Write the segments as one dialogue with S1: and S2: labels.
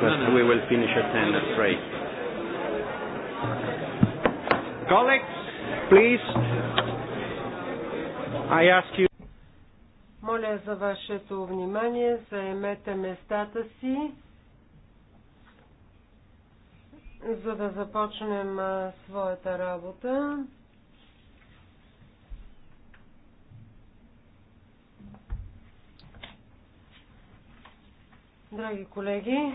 S1: breakfast. We will finish at
S2: 10 at 3. Colleagues, please. I ask you.
S3: Моля за вашето внимание, заемете местата си, за да започнем своята работа. Драги колеги,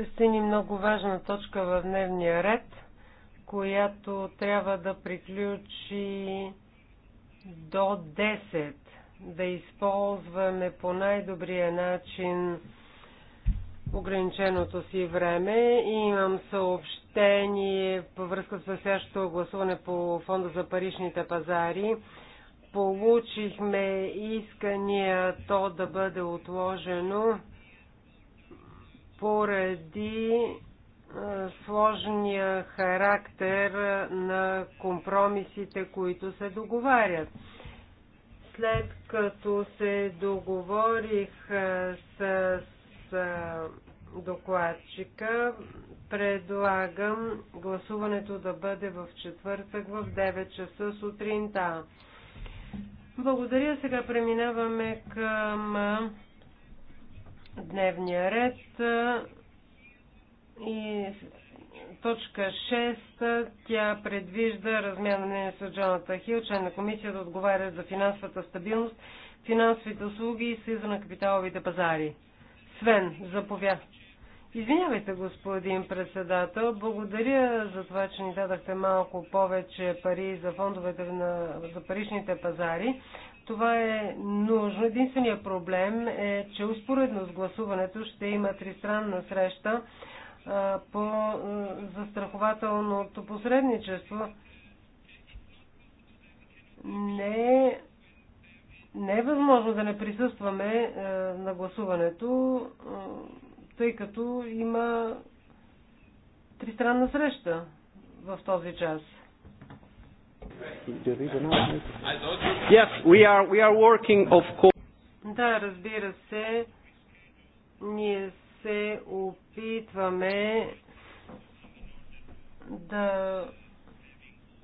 S3: Пресени много важна точка в дневния ред, която трябва да приключи до 10. Да използваме по най-добрия начин ограниченото си време. И имам съобщение във връзка с предстоящото гласуване по Фонда за паричните пазари. Получихме искания то да бъде отложено поради сложния характер на компромисите, които се договарят. След като се договорих с, с докладчика, предлагам гласуването да бъде в четвъртък в 9 часа сутринта. Благодаря. Сега преминаваме към дневния ред и точка 6 тя предвижда размяна с Джоната Хил, член на комисията да отговаря за финансовата стабилност, финансовите услуги и съюза на капиталовите пазари. Свен, заповя. Извинявайте, господин председател. Благодаря за това, че ни дадахте малко повече пари за фондовете на, за паричните пазари. Това е нужно. Единственият проблем е, че успоредно с гласуването ще има тристранна среща по застрахователното посредничество. Не, не е възможно да не присъстваме на гласуването, тъй като има тристранна среща в този час. Yes, we are,
S2: we are working, of course.
S3: Да, разбира се, ние се опитваме да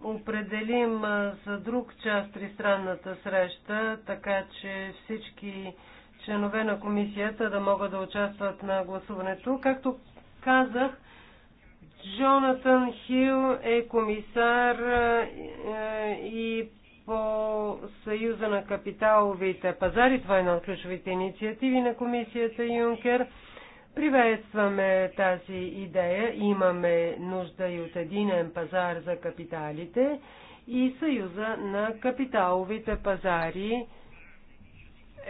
S3: определим за друг част тристранната среща, така че всички членове на комисията да могат да участват на гласуването. Както казах, Джонатан Хил е комисар е, и по Съюза на капиталовите пазари. Това е една от ключовите инициативи на комисията Юнкер. Приветстваме тази идея. Имаме нужда и от единен пазар за капиталите и Съюза на капиталовите пазари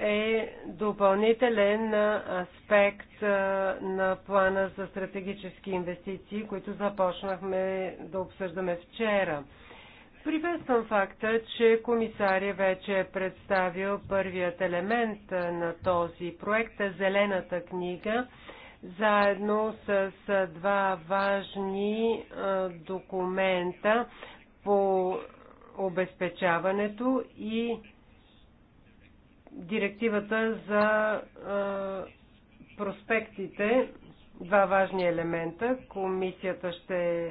S3: е допълнителен аспект на плана за стратегически инвестиции, които започнахме да обсъждаме вчера. Приветствам факта, че комисаря вече е представил първият елемент на този проект е Зелената книга, заедно с два важни документа по обезпечаването и директивата за проспектите. Два важни елемента. Комисията ще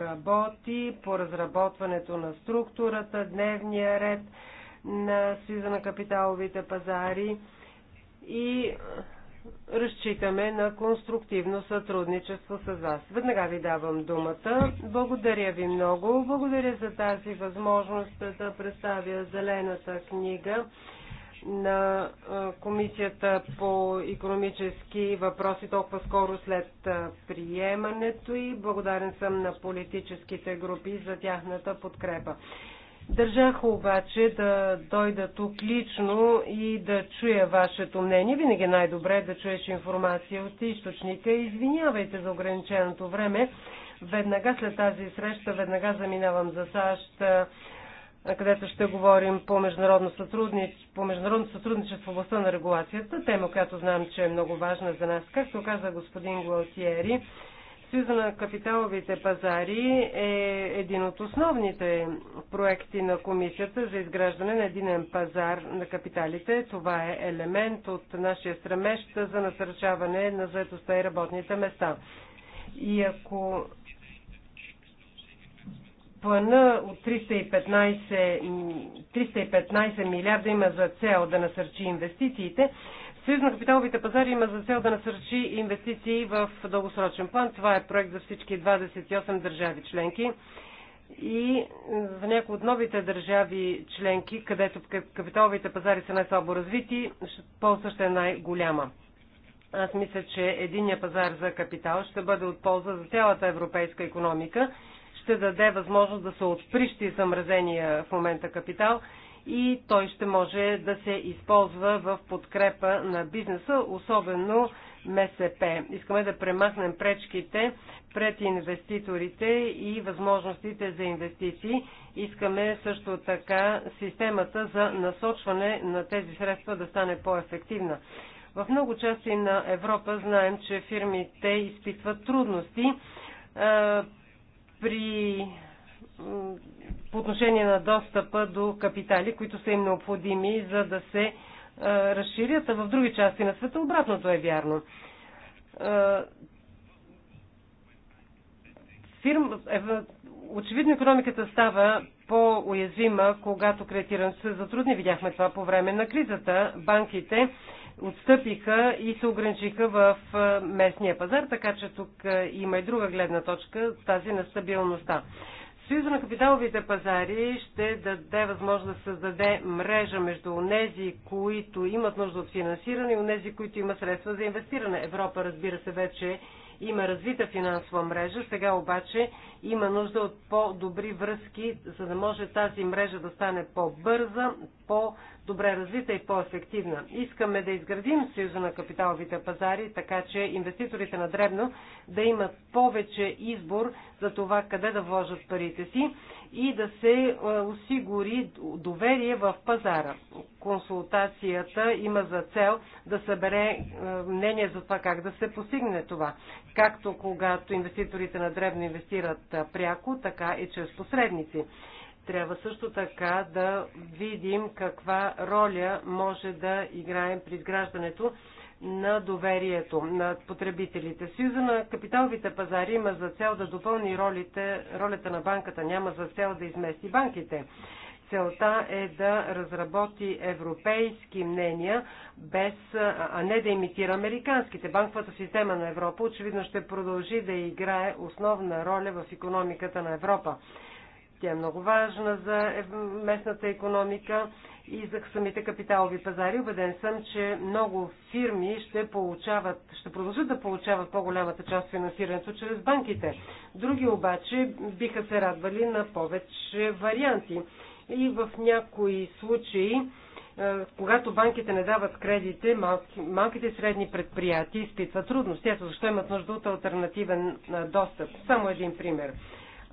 S3: работи по разработването на структурата, дневния ред на Съюза на капиталовите пазари и разчитаме на конструктивно сътрудничество с вас. Веднага ви давам думата. Благодаря ви много. Благодаря за тази възможност да представя зелената книга на Комисията по економически въпроси толкова скоро след приемането и благодарен съм на политическите групи за тяхната подкрепа. Държах обаче да дойда тук лично и да чуя вашето мнение. Винаги е най-добре е да чуеш информация от източника. Извинявайте за ограниченото време. Веднага след тази среща, веднага заминавам за САЩ където ще говорим по международно, сътрудничество, по международно сътрудничество в областта на регулацията, тема, която знам, че е много важна за нас. Както каза господин Гуалтиери, Съюза на капиталовите пазари е един от основните проекти на Комисията за изграждане на единен пазар на капиталите. Това е елемент от нашия стремеж за насърчаване на заедостта и работните места. И ако Плана от 315, 315 милиарда има за цел да насърчи инвестициите. Съюз на капиталовите пазари има за цел да насърчи инвестиции в дългосрочен план. Това е проект за всички 28 държави членки. И в някои от новите държави членки, където капиталовите пазари са най-слабо развити, полза ще е най-голяма. Аз мисля, че единия пазар за капитал ще бъде от полза за цялата европейска економика ще даде възможност да се отприщи замразения в момента капитал и той ще може да се използва в подкрепа на бизнеса, особено МСП. Искаме да премахнем пречките пред инвеститорите и възможностите за инвестиции. Искаме също така системата за насочване на тези средства да стане по-ефективна. В много части на Европа знаем, че фирмите изпитват трудности при по отношение на достъпа до капитали, които са им необходими, за да се разширят, а в други части на света обратното е вярно. Фирм, е, очевидно економиката става по-уязвима, когато кредитирането се затрудни. Видяхме това по време на кризата. Банките отстъпиха и се ограничиха в местния пазар, така че тук има и друга гледна точка, тази на стабилността. Съюза на капиталовите пазари ще даде възможност да създаде мрежа между онези, които имат нужда от финансиране и онези, които имат средства за инвестиране. Европа, разбира се, вече има развита финансова мрежа, сега обаче има нужда от по-добри връзки, за да може тази мрежа да стане по-бърза, по-добре развита и по-ефективна. Искаме да изградим Съюза на капиталовите пазари, така че инвеститорите на дребно да имат повече избор за това къде да вложат парите си и да се осигури доверие в пазара. Консултацията има за цел да събере мнение за това как да се постигне това. Както когато инвеститорите на древно инвестират пряко, така и чрез посредници. Трябва също така да видим каква роля може да играем при изграждането на доверието на потребителите. Съюза на капиталовите пазари има за цел да допълни ролите, ролята на банката, няма за цел да измести банките. Целта е да разработи европейски мнения, без, а не да имитира американските. Банковата система на Европа очевидно ще продължи да играе основна роля в економиката на Европа. Тя е много важна за местната економика и за самите капиталови пазари. Убеден съм, че много фирми ще, получават, ще продължат да получават по-голямата част от финансирането чрез банките. Други обаче биха се радвали на повече варианти. И в някои случаи е, когато банките не дават кредите, малките и средни предприятия изпитват трудности. Ето защо имат нужда от альтернативен е, достъп. Само един пример.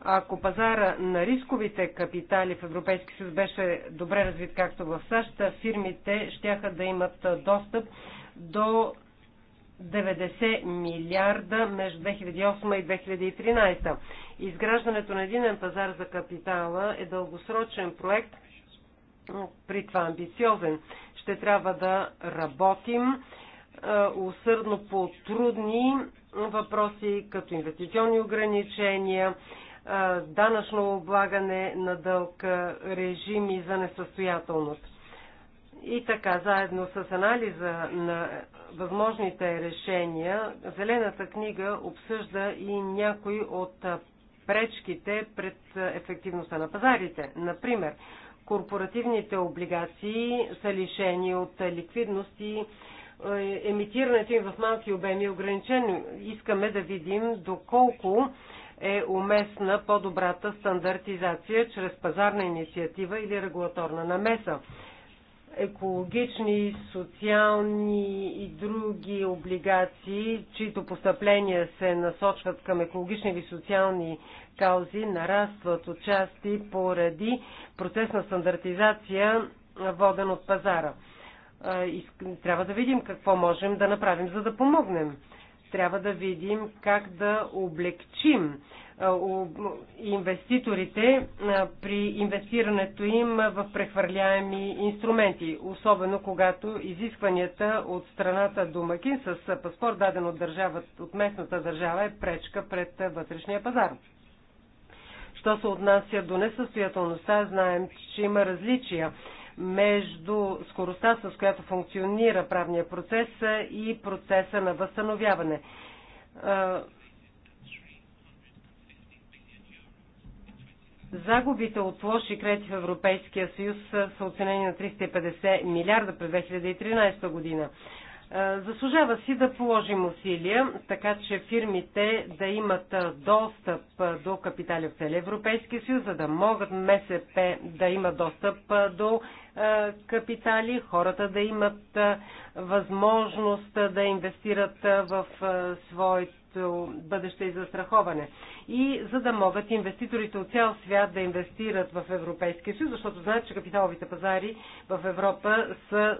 S3: Ако пазара на рисковите капитали в Европейски съюз беше добре развит както в САЩ, фирмите щяха да имат достъп до 90 милиарда между 2008 и 2013. Изграждането на единен пазар за капитала е дългосрочен проект, при това амбициозен. Ще трябва да работим усърдно по трудни въпроси, като инвестиционни ограничения, данъчно облагане на дълг, режими за несъстоятелност. И така, заедно с анализа на възможните решения, Зелената книга обсъжда и някои от пречките пред ефективността на пазарите. Например, корпоративните облигации са лишени от ликвидност и емитирането им в малки обеми е ограничено. Искаме да видим доколко е уместна по-добрата стандартизация чрез пазарна инициатива или регулаторна намеса. Екологични, социални и други облигации, чието постъпления се насочват към екологични или социални каузи, нарастват отчасти поради процес на стандартизация, воден от пазара. Трябва да видим какво можем да направим, за да помогнем. Трябва да видим как да облегчим инвеститорите при инвестирането им в прехвърляеми инструменти, особено когато изискванията от страната Думакин с паспорт, даден от, държавата, от местната държава, е пречка пред вътрешния пазар. Що се отнася до несъстоятелността, знаем, че има различия между скоростта, с която функционира правния процес и процеса на възстановяване. Загубите от лоши кредити в Европейския съюз са оценени на 350 милиарда през 2013 година. Е, заслужава си да положим усилия, така че фирмите да имат е, достъп е, до капитали в целия Европейски съюз, за да могат МСП да имат достъп до капитали, хората да имат възможност да инвестират в своето бъдеще и застраховане. И за да могат инвеститорите от цял свят да инвестират в Европейския съюз, защото знаят, че капиталовите пазари в Европа са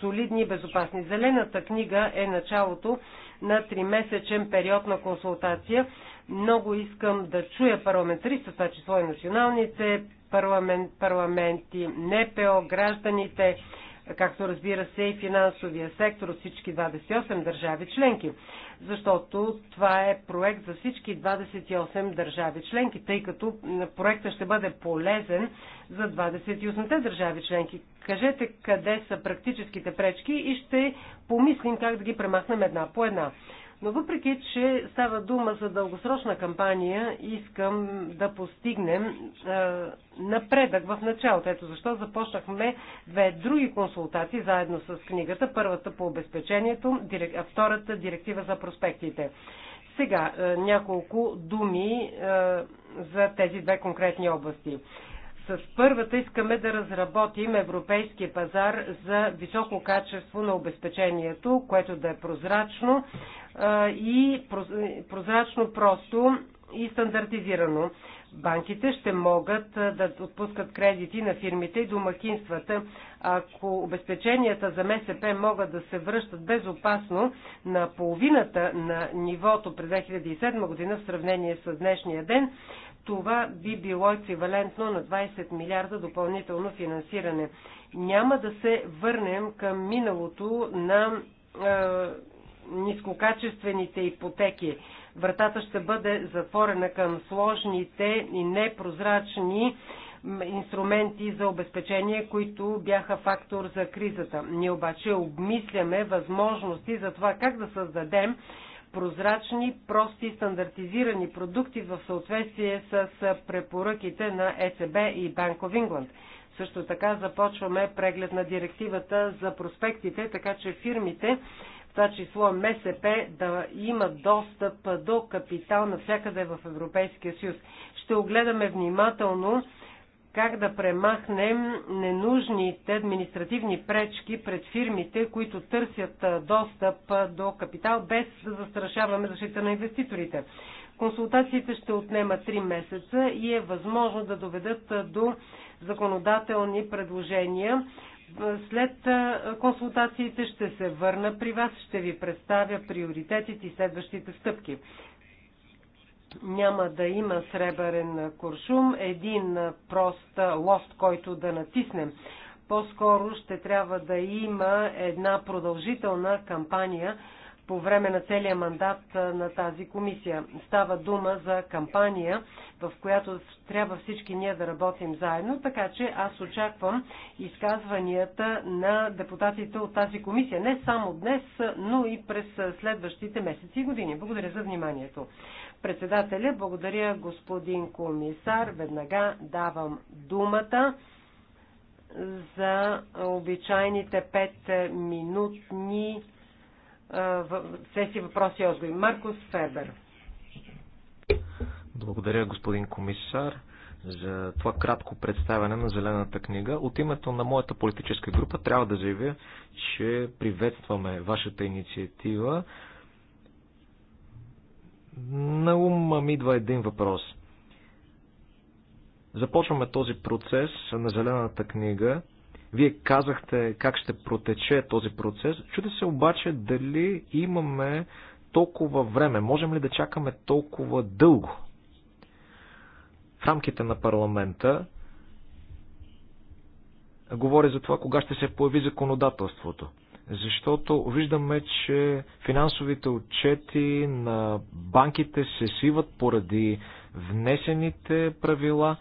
S3: солидни и безопасни. Зелената книга е началото на тримесечен период на консултация. Много искам да чуя парламентаристите, това число и националните парламент, парламенти, НПО, гражданите, както разбира се и финансовия сектор от всички 28 държави членки, защото това е проект за всички 28 държави членки, тъй като проекта ще бъде полезен за 28-те държави членки. Кажете къде са практическите пречки и ще помислим как да ги премахнем една по една. Но въпреки, че става дума за дългосрочна кампания, искам да постигнем е, напредък в началото. Ето защо започнахме две други консултации заедно с книгата. Първата по обезпечението, а втората директива за проспектите. Сега е, няколко думи е, за тези две конкретни области. С първата искаме да разработим Европейския пазар за високо качество на обезпечението, което да е прозрачно и прозрачно просто и стандартизирано. Банките ще могат да отпускат кредити на фирмите и домакинствата. Ако обезпеченията за МСП могат да се връщат безопасно на половината на нивото през 2007 година в сравнение с днешния ден, това би било еквивалентно на 20 милиарда допълнително финансиране. Няма да се върнем към миналото на е, нискокачествените ипотеки. Вратата ще бъде затворена към сложните и непрозрачни инструменти за обезпечение, които бяха фактор за кризата. Ние обаче обмисляме възможности за това как да създадем прозрачни, прости стандартизирани продукти в съответствие с препоръките на ЕЦБ и Банк of England. Също така започваме преглед на директивата за проспектите, така че фирмите, в това число МСП, да имат достъп до капитал навсякъде в Европейския съюз. Ще огледаме внимателно как да премахнем ненужните административни пречки пред фирмите, които търсят достъп до капитал, без да застрашаваме защита на инвеститорите. Консултациите ще отнема 3 месеца и е възможно да доведат до законодателни предложения. След консултациите ще се върна при вас, ще ви представя приоритетите и следващите стъпки няма да има сребърен куршум, един прост лост, който да натиснем. По-скоро ще трябва да има една продължителна кампания по време на целия мандат на тази комисия. Става дума за кампания, в която трябва всички ние да работим заедно, така че аз очаквам изказванията на депутатите от тази комисия. Не само днес, но и през следващите месеци и години. Благодаря за вниманието. Председателя, благодаря господин комисар. Веднага давам думата за обичайните 5-минутни сесии въпроси и отговори. Маркус Фебер.
S2: Благодаря, господин комисар, за това кратко представяне на Зелената книга. От името на моята политическа група трябва да заявя, че приветстваме вашата инициатива на ума ми идва един въпрос. Започваме този процес на Зелената книга. Вие казахте как ще протече този процес. Чуде се обаче дали имаме толкова време. Можем ли да чакаме толкова дълго? В рамките на парламента говори за това кога ще се появи законодателството защото виждаме, че финансовите отчети на банките се свиват поради внесените правила.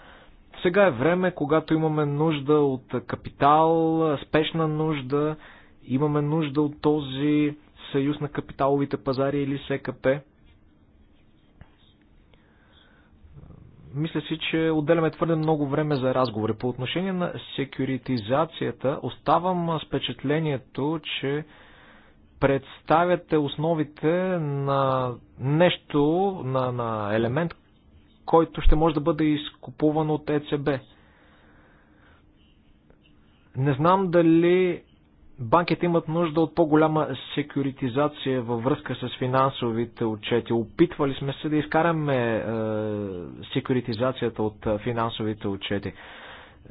S2: Сега е време, когато имаме нужда от капитал, спешна нужда, имаме нужда от този съюз на капиталовите пазари или СКП. мисля си, че отделяме твърде много време за разговори. По отношение на секюритизацията, оставам с впечатлението, че представяте основите на нещо, на, на елемент, който ще може да бъде изкупуван от ЕЦБ. Не знам дали банките имат нужда от по-голяма секюритизация във връзка с финансовите отчети. Опитвали сме се да изкараме е, секюритизацията от е, финансовите отчети.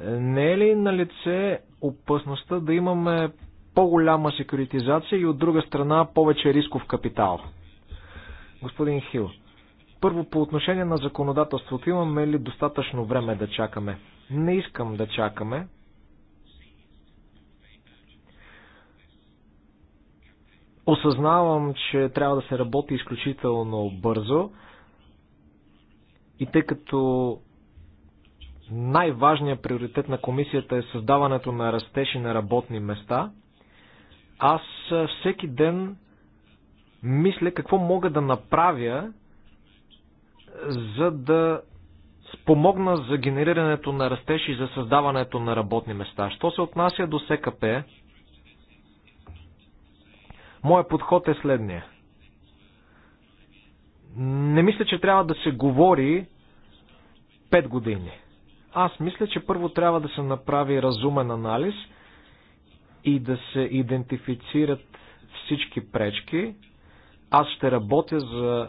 S2: Не е ли на лице опасността да имаме по-голяма секюритизация и от друга страна повече рисков капитал? Господин Хил, първо по отношение на законодателството имаме ли достатъчно време да чакаме? Не искам да чакаме, Осъзнавам, че трябва да се работи изключително бързо и тъй като най-важният приоритет на комисията е създаването на растеж и на работни места, аз всеки ден мисля какво мога да направя, за да спомогна за генерирането на растеж и за създаването на работни места. Що се отнася до СКП, Моя подход е следния. Не мисля, че трябва да се говори 5 години. Аз мисля, че първо трябва да се направи разумен анализ и да се идентифицират всички пречки. Аз ще работя за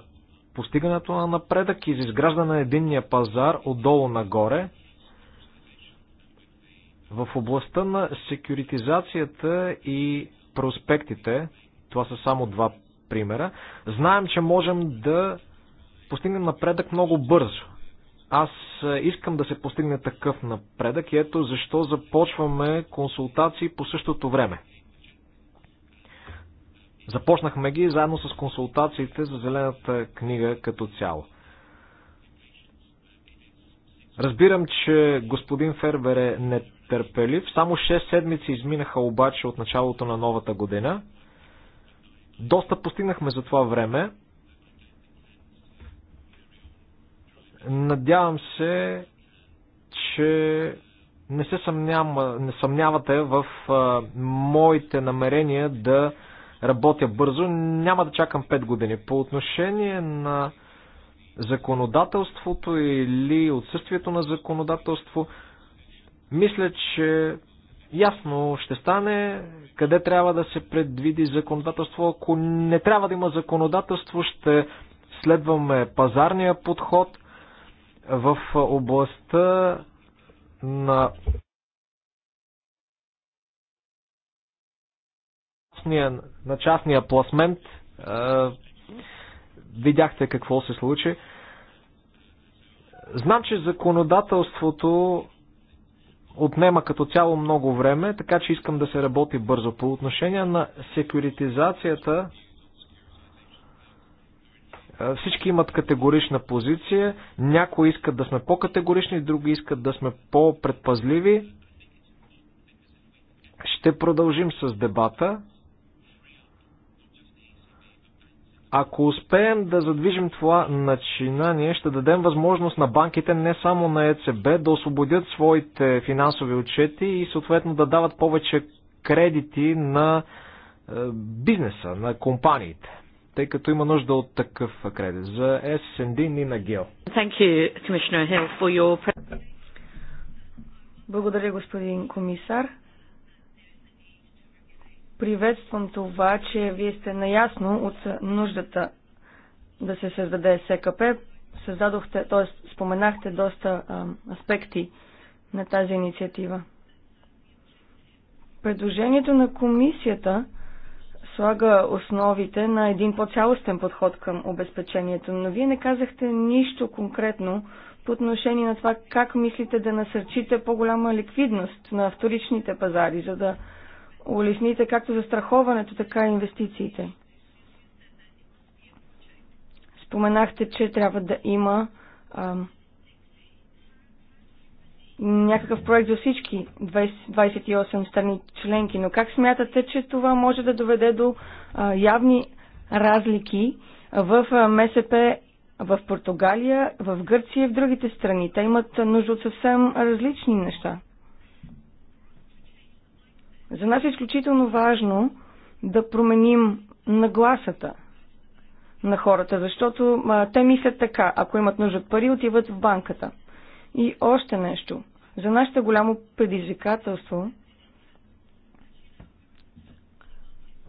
S2: постигането на напредък и за изграждане на единния пазар отдолу нагоре. В областта на секюритизацията и проспектите това са само два примера. Знаем, че можем да постигнем напредък много бързо. Аз е, искам да се постигне такъв напредък и ето защо започваме консултации по същото време. Започнахме ги заедно с консултациите за Зелената книга като цяло. Разбирам, че господин Фербер е нетърпелив. Само 6 седмици изминаха обаче от началото на новата година. Доста постигнахме за това време. Надявам се, че не се съмнява, не съмнявате в а, моите намерения да работя бързо. Няма да чакам 5 години. По отношение на законодателството или отсъствието на законодателство, мисля, че Ясно ще стане къде трябва да се предвиди законодателство. Ако не трябва да има законодателство, ще следваме пазарния подход в областта на на частния пласмент. Видяхте какво се случи. Знам, че законодателството отнема като цяло много време, така че искам да се работи бързо. По отношение на секюритизацията, всички имат категорична позиция. Някои искат да сме по-категорични, други искат да сме по-предпазливи. Ще продължим с дебата. Ако успеем да задвижим това начинание, ще дадем възможност на банките, не само на ЕЦБ, да освободят своите финансови отчети и съответно да дават повече кредити на е, бизнеса, на компаниите, тъй като има нужда от такъв кредит. За SND Нина Гео.
S4: Благодаря, господин комисар. Приветствам това, че вие сте наясно от нуждата да се създаде СКП. Създадохте, т.е. споменахте доста а, аспекти на тази инициатива. Предложението на комисията слага основите на един по-цялостен подход към обезпечението, но вие не казахте нищо конкретно по отношение на това как мислите да насърчите по-голяма ликвидност на вторичните пазари, за да улесните както застраховането, така и инвестициите. Споменахте, че трябва да има ам, някакъв проект за всички 28 страни членки, но как смятате, че това може да доведе до а, явни разлики в МСП в Португалия, в Гърция и в другите страни? Те имат нужда от съвсем различни неща. За нас е изключително важно да променим нагласата на хората, защото а, те мислят така. Ако имат нужда от пари, отиват в банката. И още нещо. За нашето голямо предизвикателство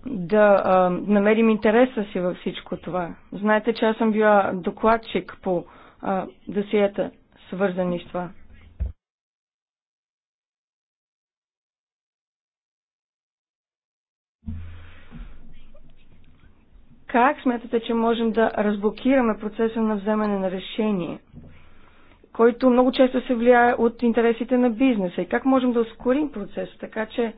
S4: да а, намерим интереса си във всичко това. Знаете, че аз съм била докладчик по а, досията, свързани с това. Как смятате, че можем да разблокираме процеса на вземане на решение, който много често се влияе от интересите на бизнеса? И как можем да ускорим процеса, така че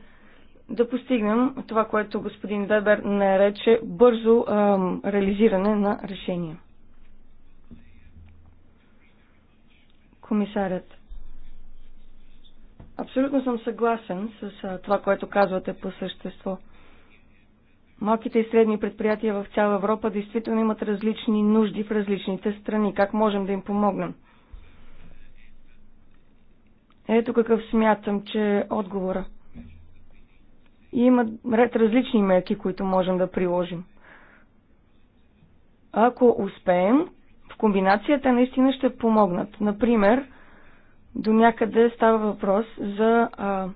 S4: да постигнем това, което господин Вебер нарече бързо ам, реализиране на решение? Комисарят. Абсолютно съм съгласен с а, това, което казвате по същество. Малките и средни предприятия в цяла Европа действително имат различни нужди в различните страни. Как можем да им помогнем? Ето какъв смятам, че е отговора. И има ред различни мерки, които можем да приложим. Ако успеем, в комбинацията наистина ще помогнат. Например, до някъде става въпрос за а,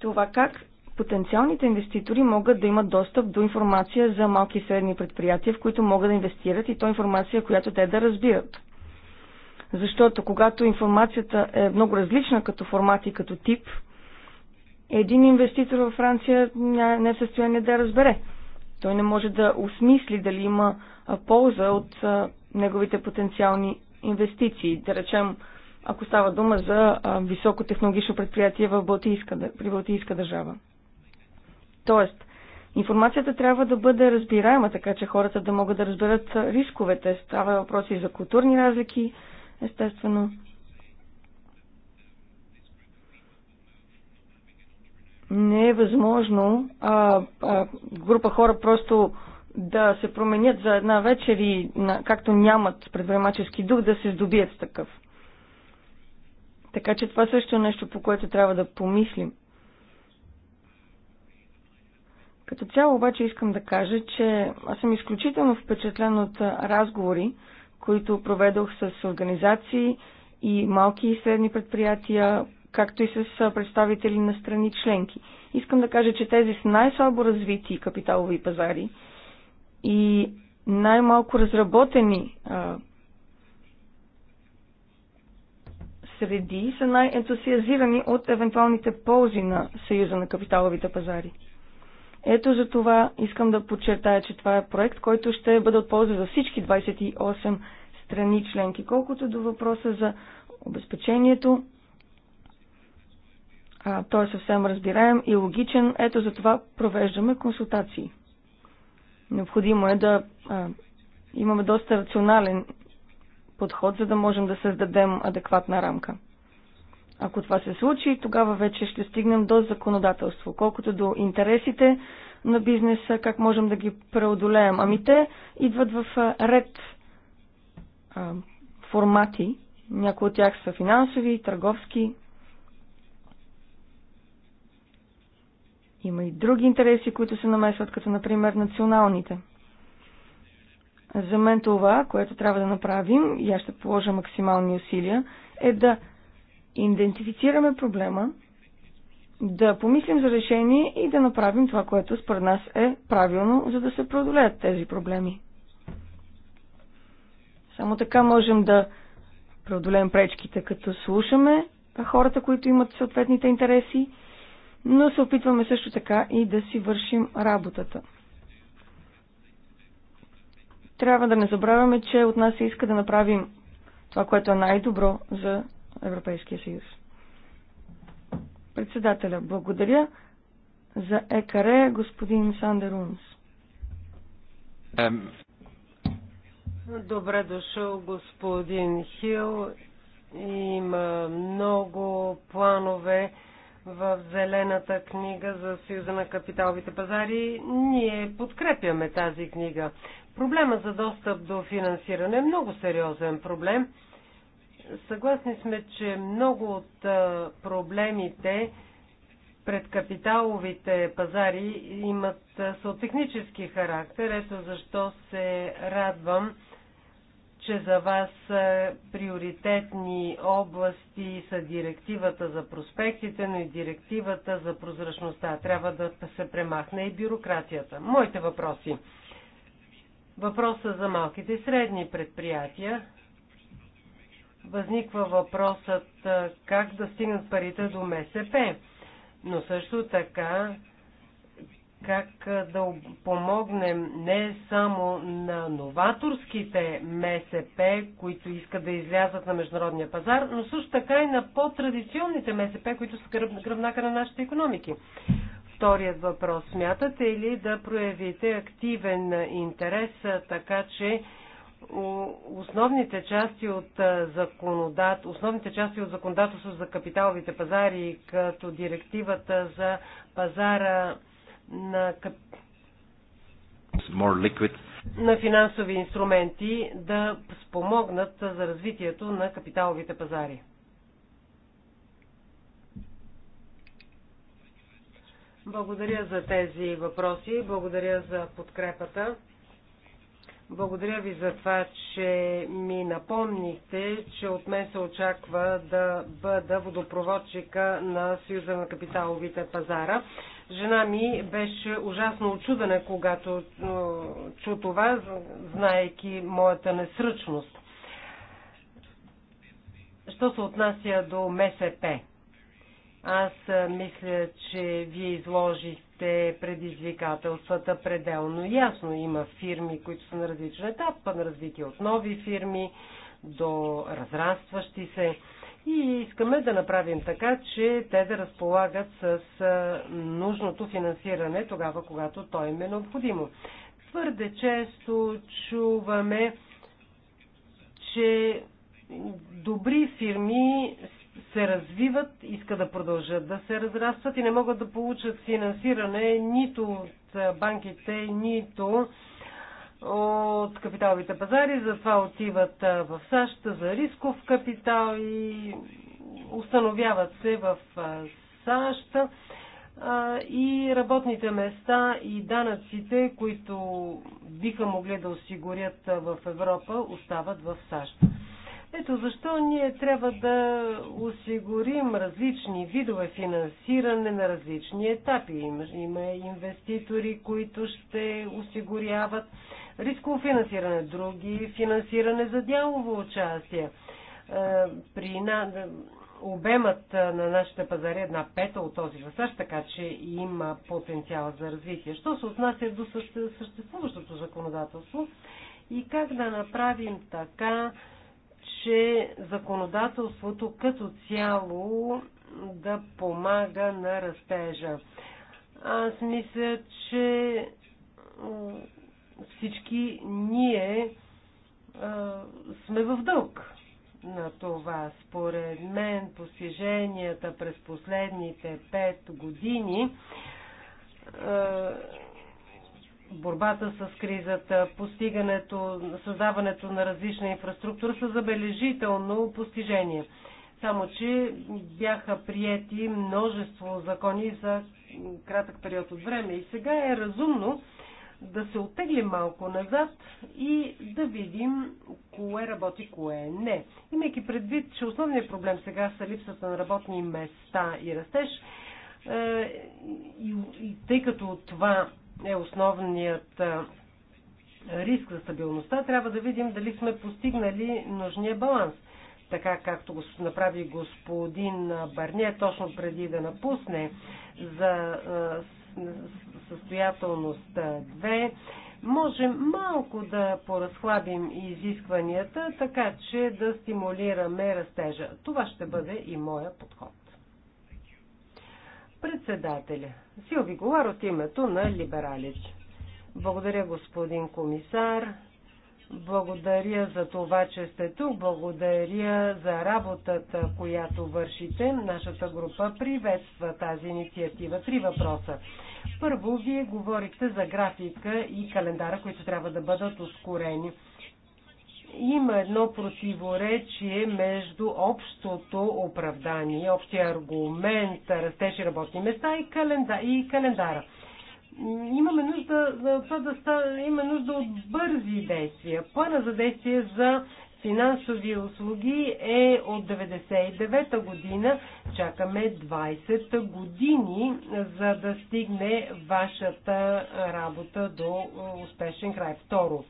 S4: това как потенциалните инвеститори могат да имат достъп до информация за малки и средни предприятия, в които могат да инвестират и то информация, която те да разбират. Защото когато информацията е много различна като формат и като тип, един инвеститор във Франция не е в състояние да разбере. Той не може да осмисли дали има полза от неговите потенциални инвестиции. Да речем, ако става дума за високотехнологично предприятие в Балтийска, при Балтийска държава. Тоест, информацията трябва да бъде разбираема, така че хората да могат да разберат рисковете. Става въпроси за културни разлики, естествено. Не е възможно а, а, група хора просто да се променят за една вечер и, както нямат предприемачески дух, да се здобият с такъв. Така че това също е нещо, по което трябва да помислим. Като цяло обаче искам да кажа, че аз съм изключително впечатлен от разговори, които проведох с организации и малки и средни предприятия, както и с представители на страни членки. Искам да кажа, че тези с най-слабо развити капиталови пазари и най-малко разработени а, среди са най-ентусиазирани от евентуалните ползи на Съюза на капиталовите пазари. Ето за това искам да подчертая, че това е проект, който ще бъде от полза за всички 28 страни членки. Колкото до въпроса за обезпечението, а, той е съвсем разбираем и логичен. Ето за това провеждаме консултации. Необходимо е да а, имаме доста рационален подход, за да можем да създадем адекватна рамка. Ако това се случи, тогава вече ще стигнем до законодателство. Колкото до интересите на бизнеса, как можем да ги преодолеем? Ами те идват в ред а, формати. Някои от тях са финансови, търговски. Има и други интереси, които се намесват, като например националните. За мен това, което трябва да направим, и аз ще положа максимални усилия, е да идентифицираме проблема, да помислим за решение и да направим това, което според нас е правилно, за да се преодолеят тези проблеми. Само така можем да преодолеем пречките, като слушаме хората, които имат съответните интереси, но се опитваме също така и да си вършим работата. Трябва да не забравяме, че от нас се иска да направим това, което е най-добро за Европейския съюз. Председателя, благодаря за ЕКАРЕ, господин Сандер Унс.
S3: Добре дошъл, господин Хил. Има много планове в Зелената книга за Съюза на капиталовите пазари. Ние подкрепяме тази книга. Проблема за достъп до финансиране е много сериозен проблем Съгласни сме, че много от проблемите пред капиталовите пазари имат са технически характер. Ето защо се радвам, че за вас приоритетни области са директивата за проспектите, но и директивата за прозрачността. Трябва да се премахне и бюрокрацията. Моите въпроси. Въпроса за малките и средни предприятия възниква въпросът как да стигнат парите до МСП, но също така как да помогнем не само на новаторските МСП, които искат да излязат на международния пазар, но също така и на по-традиционните МСП, които са гръбнака на нашите економики. Вторият въпрос. Смятате ли да проявите активен интерес, така че основните части от, законодат, основните части от законодателство за капиталовите пазари, като директивата за пазара на, кап... на финансови инструменти, да спомогнат за развитието на капиталовите пазари. Благодаря за тези въпроси, благодаря за подкрепата. Благодаря ви за това, че ми напомнихте, че от мен се очаква да бъда водопроводчика на Съюза на капиталовите пазара. Жена ми беше ужасно очудена, когато чу това, знаеки моята несръчност. Що се отнася до МСП? Аз мисля, че вие изложихте те предизвикателствата пределно ясно. Има фирми, които са на различен етап, на развитие от нови фирми до разрастващи се. И искаме да направим така, че те да разполагат с нужното финансиране тогава, когато то им е необходимо. Твърде често чуваме, че добри фирми се развиват, искат да продължат да се разрастват и не могат да получат финансиране нито от банките, нито от капиталовите пазари, затова отиват в САЩ за рисков капитал и установяват се в САЩ и работните места и данъците, които биха могли да осигурят в Европа, остават в САЩ. Ето защо ние трябва да осигурим различни видове финансиране на различни етапи. Има инвеститори, които ще осигуряват рисково финансиране, други финансиране за дялово участие. Е, при на... обемът на нашите пазари е една пета от този в така че има потенциал за развитие. Що се отнася до съществуващото законодателство и как да направим така, че законодателството като цяло да помага на растежа. Аз мисля, че всички ние а, сме в дълг на това. Според мен постиженията през последните пет години а, борбата с кризата, постигането, създаването на различна инфраструктура са забележително постижение. Само, че бяха приети множество закони за кратък период от време. И сега е разумно да се отегли малко назад и да видим кое работи, кое не. Имайки предвид, че основният проблем сега са липсата на работни места и растеж, е, и, и тъй като това е основният риск за стабилността, трябва да видим дали сме постигнали нужния баланс. Така както го направи господин Барне точно преди да напусне за състоятелност 2, можем малко да поразхлабим изискванията, така че да стимулираме растежа. Това ще бъде и моя подход. Председателя. Силви Голар от името на либералите. Благодаря, господин комисар. Благодаря за това, че сте тук. Благодаря за работата, която вършите. Нашата група приветства тази инициатива. Три въпроса. Първо, вие говорихте за графика и календара, които трябва да бъдат ускорени има едно противоречие между общото оправдание, общия аргумент, растеж и работни места и, календа, и календара. Имаме нужда, това да става, има нужда от бързи действия. Плана за действие за финансови услуги е от 1999 година. Чакаме 20 години, за да стигне вашата работа до успешен край. Второ,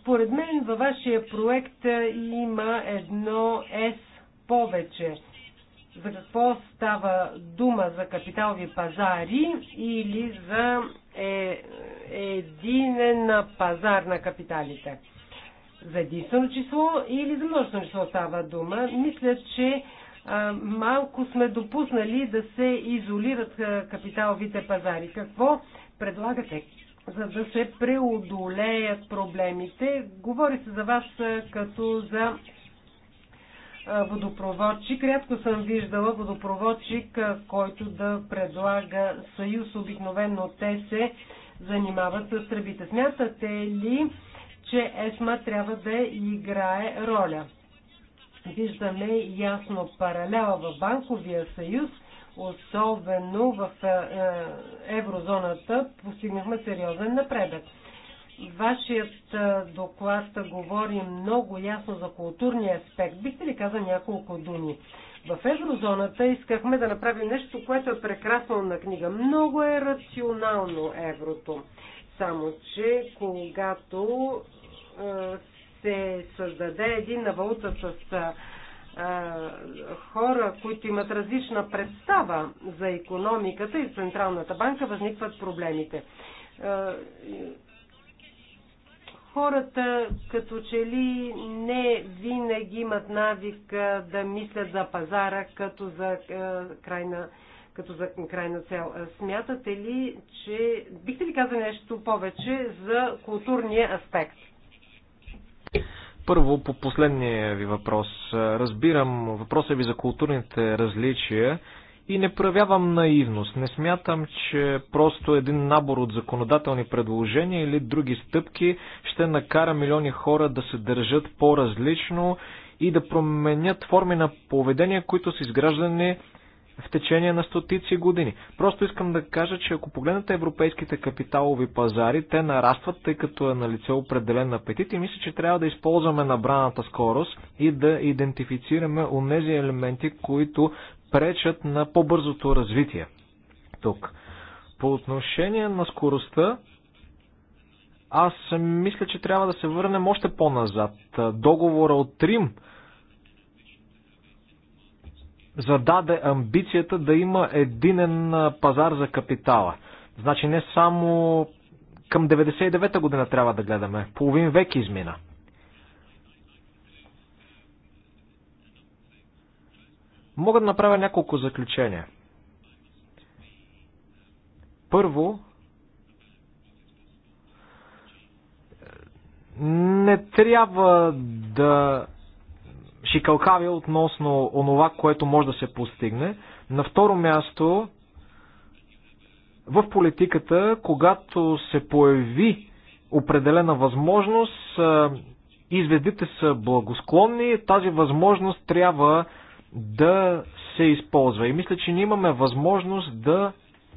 S3: според мен във вашия проект има едно S повече. За какво става дума? За капиталови пазари или за е, единен пазар на капиталите? За единствено число или за множествено число става дума? Мисля, че а, малко сме допуснали да се изолират капиталовите пазари. Какво предлагате? за да се преодолеят проблемите. Говори се за вас е, като за е, водопроводчик. Рядко съм виждала водопроводчик, е, който да предлага съюз. Обикновено те се занимават с тръбите. Смятате ли, че ЕСМА трябва да играе роля? Виждаме ясно паралела в Банковия съюз – особено в е, е, еврозоната, постигнахме сериозен напредък. Вашият е, доклад говори много ясно за културния аспект. Бихте ли каза няколко думи? В еврозоната искахме да направим нещо, което е прекрасно на книга. Много е рационално еврото. Само, че когато се създаде един на валута с е, хора, които имат различна представа за економиката и Централната банка, възникват проблемите. Е, хората като че ли не винаги имат навик да мислят за пазара като за е, крайна като за крайна цел. Смятате ли, че... Бихте ли казали нещо повече за културния аспект?
S2: Първо, по последния ви въпрос. Е, разбирам въпроса е ви за културните различия и не проявявам наивност. Не смятам, че просто един набор от законодателни предложения или други стъпки ще накара милиони хора да се държат по-различно и да променят форми на поведение, които са изграждани в течение на стотици години. Просто искам да кажа, че ако погледнете европейските капиталови пазари, те нарастват, тъй като е на лице определен апетит и мисля, че трябва да използваме набраната скорост и да идентифицираме онези елементи, които пречат на по-бързото развитие тук. По отношение на скоростта, аз мисля, че трябва да се върнем още по-назад. Договора от Рим зададе амбицията да има единен пазар за капитала. Значи не само към 99-та година трябва да гледаме. Половин век измина. Мога да направя няколко заключения. Първо, не трябва да шикалкавя относно онова, което може да се постигне. На второ място, в политиката, когато се появи определена възможност, изведите са благосклонни, тази възможност трябва да се използва. И мисля, че ние имаме възможност да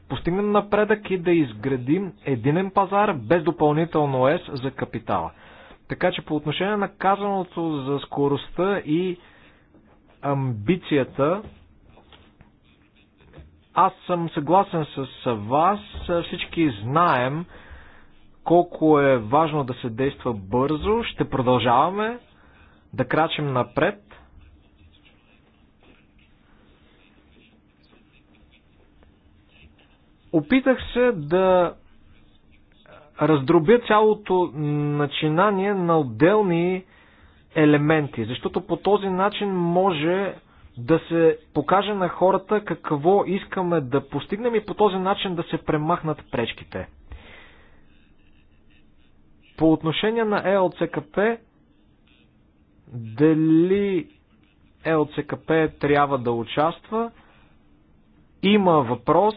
S2: постигнем напредък и да изградим единен пазар без допълнително ЕС за капитала. Така че по отношение на казаното за скоростта и амбицията, аз съм съгласен с вас. Всички знаем колко е важно да се действа бързо. Ще продължаваме да крачим напред. Опитах се да раздробя цялото начинание на отделни елементи, защото по този начин може да се покаже на хората какво искаме да постигнем и по този начин да се премахнат пречките. По отношение на ЕЛЦКП, дали ЕЛЦКП трябва да участва, има въпрос,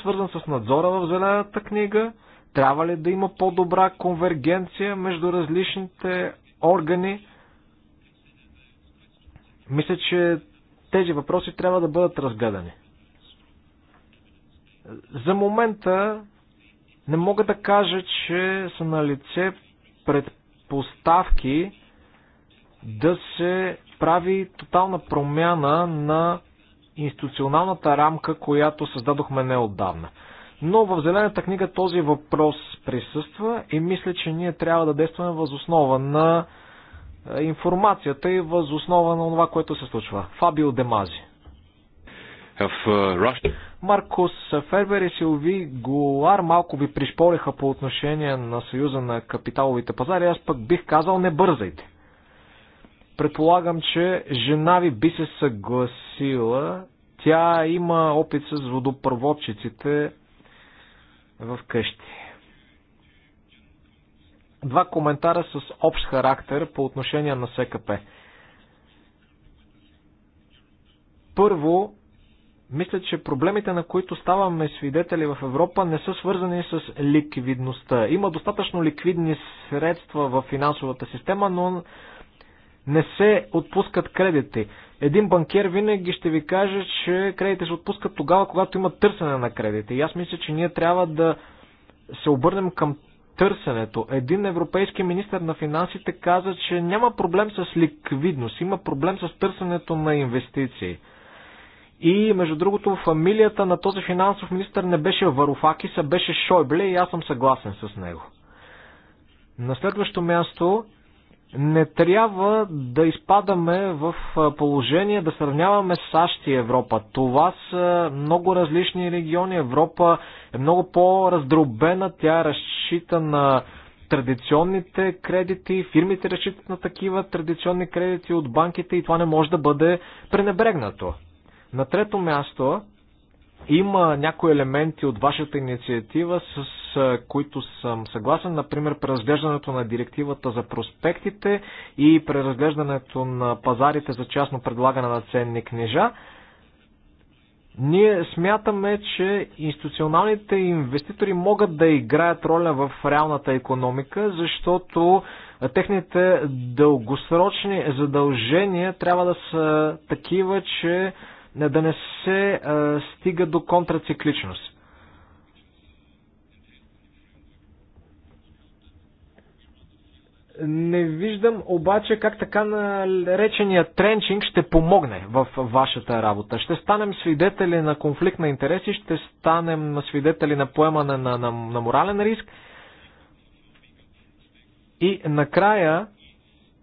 S2: свързан с надзора в зелената книга – трябва ли да има по-добра конвергенция между различните органи? Мисля, че тези въпроси трябва да бъдат разгледани. За момента не мога да кажа, че са на лице предпоставки да се прави тотална промяна на институционалната рамка, която създадохме неотдавна. Но в Зелената книга този въпрос присъства и мисля, че ние трябва да действаме възоснова на е, информацията и възоснова на това, което се случва. Фабио Демази. Uh, Маркус Фербер и Силви Голар малко ви пришпориха по отношение на Съюза на капиталовите пазари. Аз пък бих казал не бързайте. Предполагам, че жена ви би се съгласила. Тя има опит с водопроводчиците в къщи. Два коментара с общ характер по отношение на СКП. Първо, мисля, че проблемите, на които ставаме свидетели в Европа, не са свързани с ликвидността. Има достатъчно ликвидни средства в финансовата система, но не се отпускат кредити. Един банкер винаги ще ви каже, че кредите се отпускат тогава, когато има търсене на кредите. И аз мисля, че ние трябва да се обърнем към търсенето. Един европейски министр на финансите каза, че няма проблем с ликвидност, има проблем с търсенето на инвестиции. И, между другото, фамилията на този финансов министр не беше Варуфакис, а беше Шойбле и аз съм съгласен с него. На следващо място, не трябва да изпадаме в положение да сравняваме САЩ и Европа. Това са много различни региони. Европа е много по-раздробена, тя разчита на традиционните кредити, фирмите разчитат на такива традиционни кредити от банките и това не може да бъде пренебрегнато. На трето място, има някои елементи от вашата инициатива, с които съм съгласен, например преразглеждането на директивата за проспектите и преразглеждането на пазарите за частно предлагане на ценни книжа. Ние смятаме, че институционалните инвеститори могат да играят роля в реалната економика, защото техните дългосрочни задължения трябва да са такива, че да не се стига до контрацикличност. Не виждам обаче как така наречения тренчинг ще помогне в вашата работа. Ще станем свидетели на конфликт на интереси, ще станем свидетели на поемане на, на, на морален риск. И накрая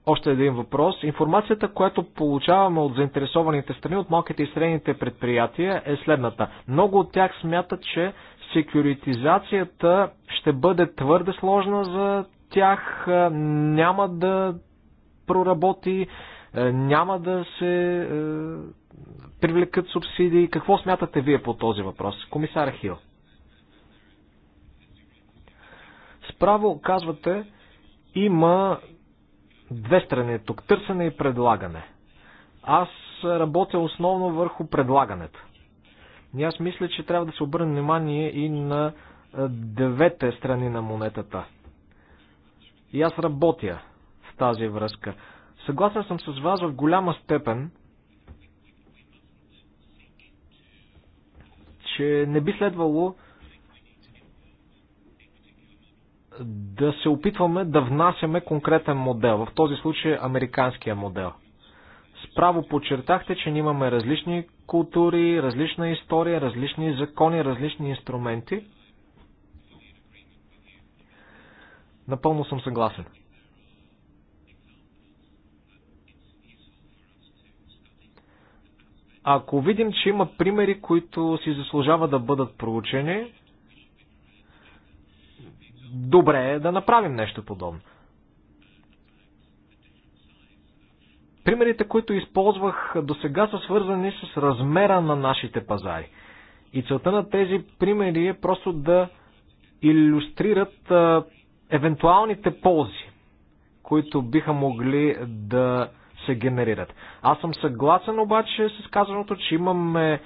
S2: още един въпрос. Информацията, която получаваме от заинтересованите страни, от малките и средните предприятия е следната. Много от тях смятат, че секюритизацията ще бъде твърде сложна за тях, няма да проработи, няма да се е, привлекат субсидии. Какво смятате вие по този въпрос? Комисар Хил. Справо казвате, има две страни е тук търсене и предлагане. Аз работя основно върху предлагането. И аз мисля, че трябва да се обърне внимание и на двете страни на монетата. И аз работя в тази връзка. Съгласен съм с вас в голяма степен, че не би следвало да се опитваме да внасяме конкретен модел, в този случай американския модел. Справо подчертахте, че имаме различни култури, различна история, различни закони, различни инструменти. Напълно съм съгласен. Ако видим, че има примери, които си заслужава да бъдат проучени, добре е да направим нещо подобно. Примерите, които използвах до сега, са свързани с размера на нашите пазари. И целта на тези примери е просто да иллюстрират а, евентуалните ползи, които биха могли да се генерират. Аз съм съгласен обаче с казаното, че имаме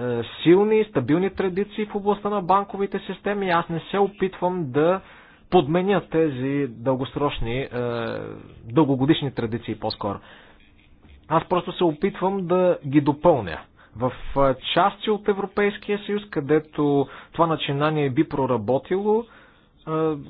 S2: е, силни и стабилни традиции в областта на банковите системи. Аз не се опитвам да подменя тези дългосрочни, е, дългогодишни традиции по-скоро. Аз просто се опитвам да ги допълня. В е, части от Европейския съюз, където това начинание би проработило,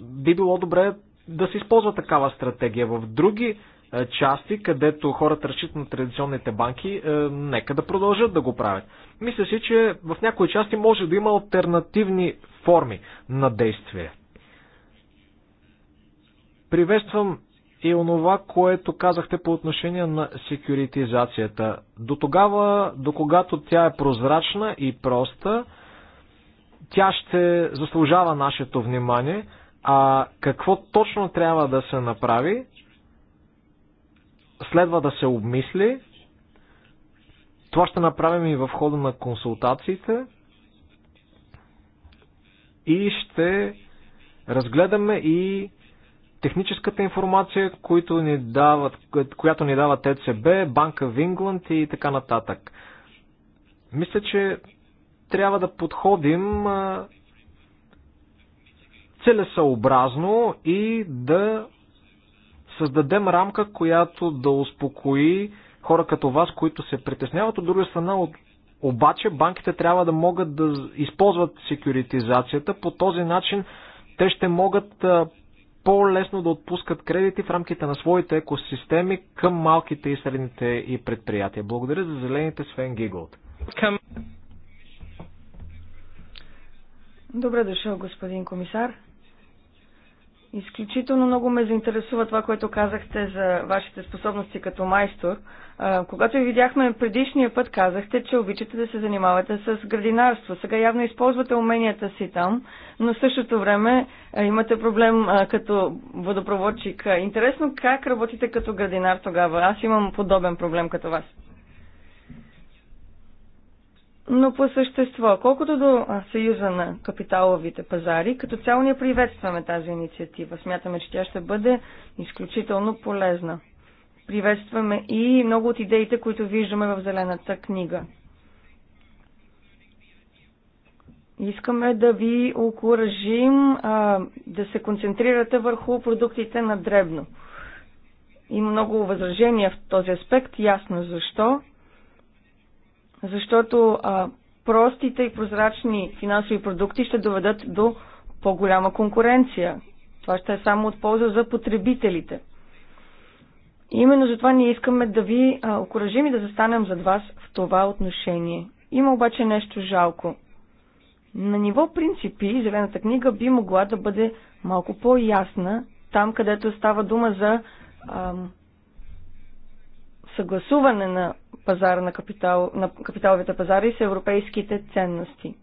S2: би било добре да се използва такава стратегия. В други е, части, където хората разчитат на традиционните банки, е, нека да продължат да го правят. Мисля си, че в някои части може да има альтернативни форми на действие. Приветствам и онова, което казахте по отношение на секюритизацията. До тогава, до когато тя е прозрачна и проста, тя ще заслужава нашето внимание. А какво точно трябва да се направи, следва да се обмисли. Това ще направим и в хода на консултациите. И ще разгледаме и техническата информация, която ни дават, която ни дават ЕЦБ, Банка в Ингланд и така нататък. Мисля, че трябва да подходим целесъобразно и да създадем рамка, която да успокои хора като вас, които се притесняват. От друга страна, от... обаче банките трябва да могат да използват секюритизацията. По този начин те ще могат по-лесно да отпускат кредити в рамките на своите екосистеми към малките и средните и предприятия. Благодаря за зелените Свен Гиголд. Към...
S4: Добре дошъл, господин комисар. Изключително много ме заинтересува това, което казахте за вашите способности като майстор. Когато ви видяхме предишния път, казахте, че обичате да се занимавате с градинарство. Сега явно използвате уменията си там, но в същото време имате проблем като водопроводчик. Интересно как работите като градинар тогава? Аз имам подобен проблем като вас. Но по същество, колкото до Съюза на капиталовите пазари, като цяло ние приветстваме тази инициатива. Смятаме, че тя ще бъде изключително полезна. Приветстваме и много от идеите, които виждаме в Зелената книга. Искаме да ви окоръжим да се концентрирате върху продуктите на дребно. Има много възражения в този аспект, ясно защо защото а, простите и прозрачни финансови продукти ще доведат до по-голяма конкуренция. Това ще е само от полза за потребителите. И именно затова ние искаме да ви окоръжим и да застанем зад вас в това отношение. Има обаче нещо жалко. На ниво принципи, Зелената книга би могла да бъде малко по-ясна, там където става дума за ам, съгласуване на пазара на, капитал, на капиталовите пазари с европейските ценности.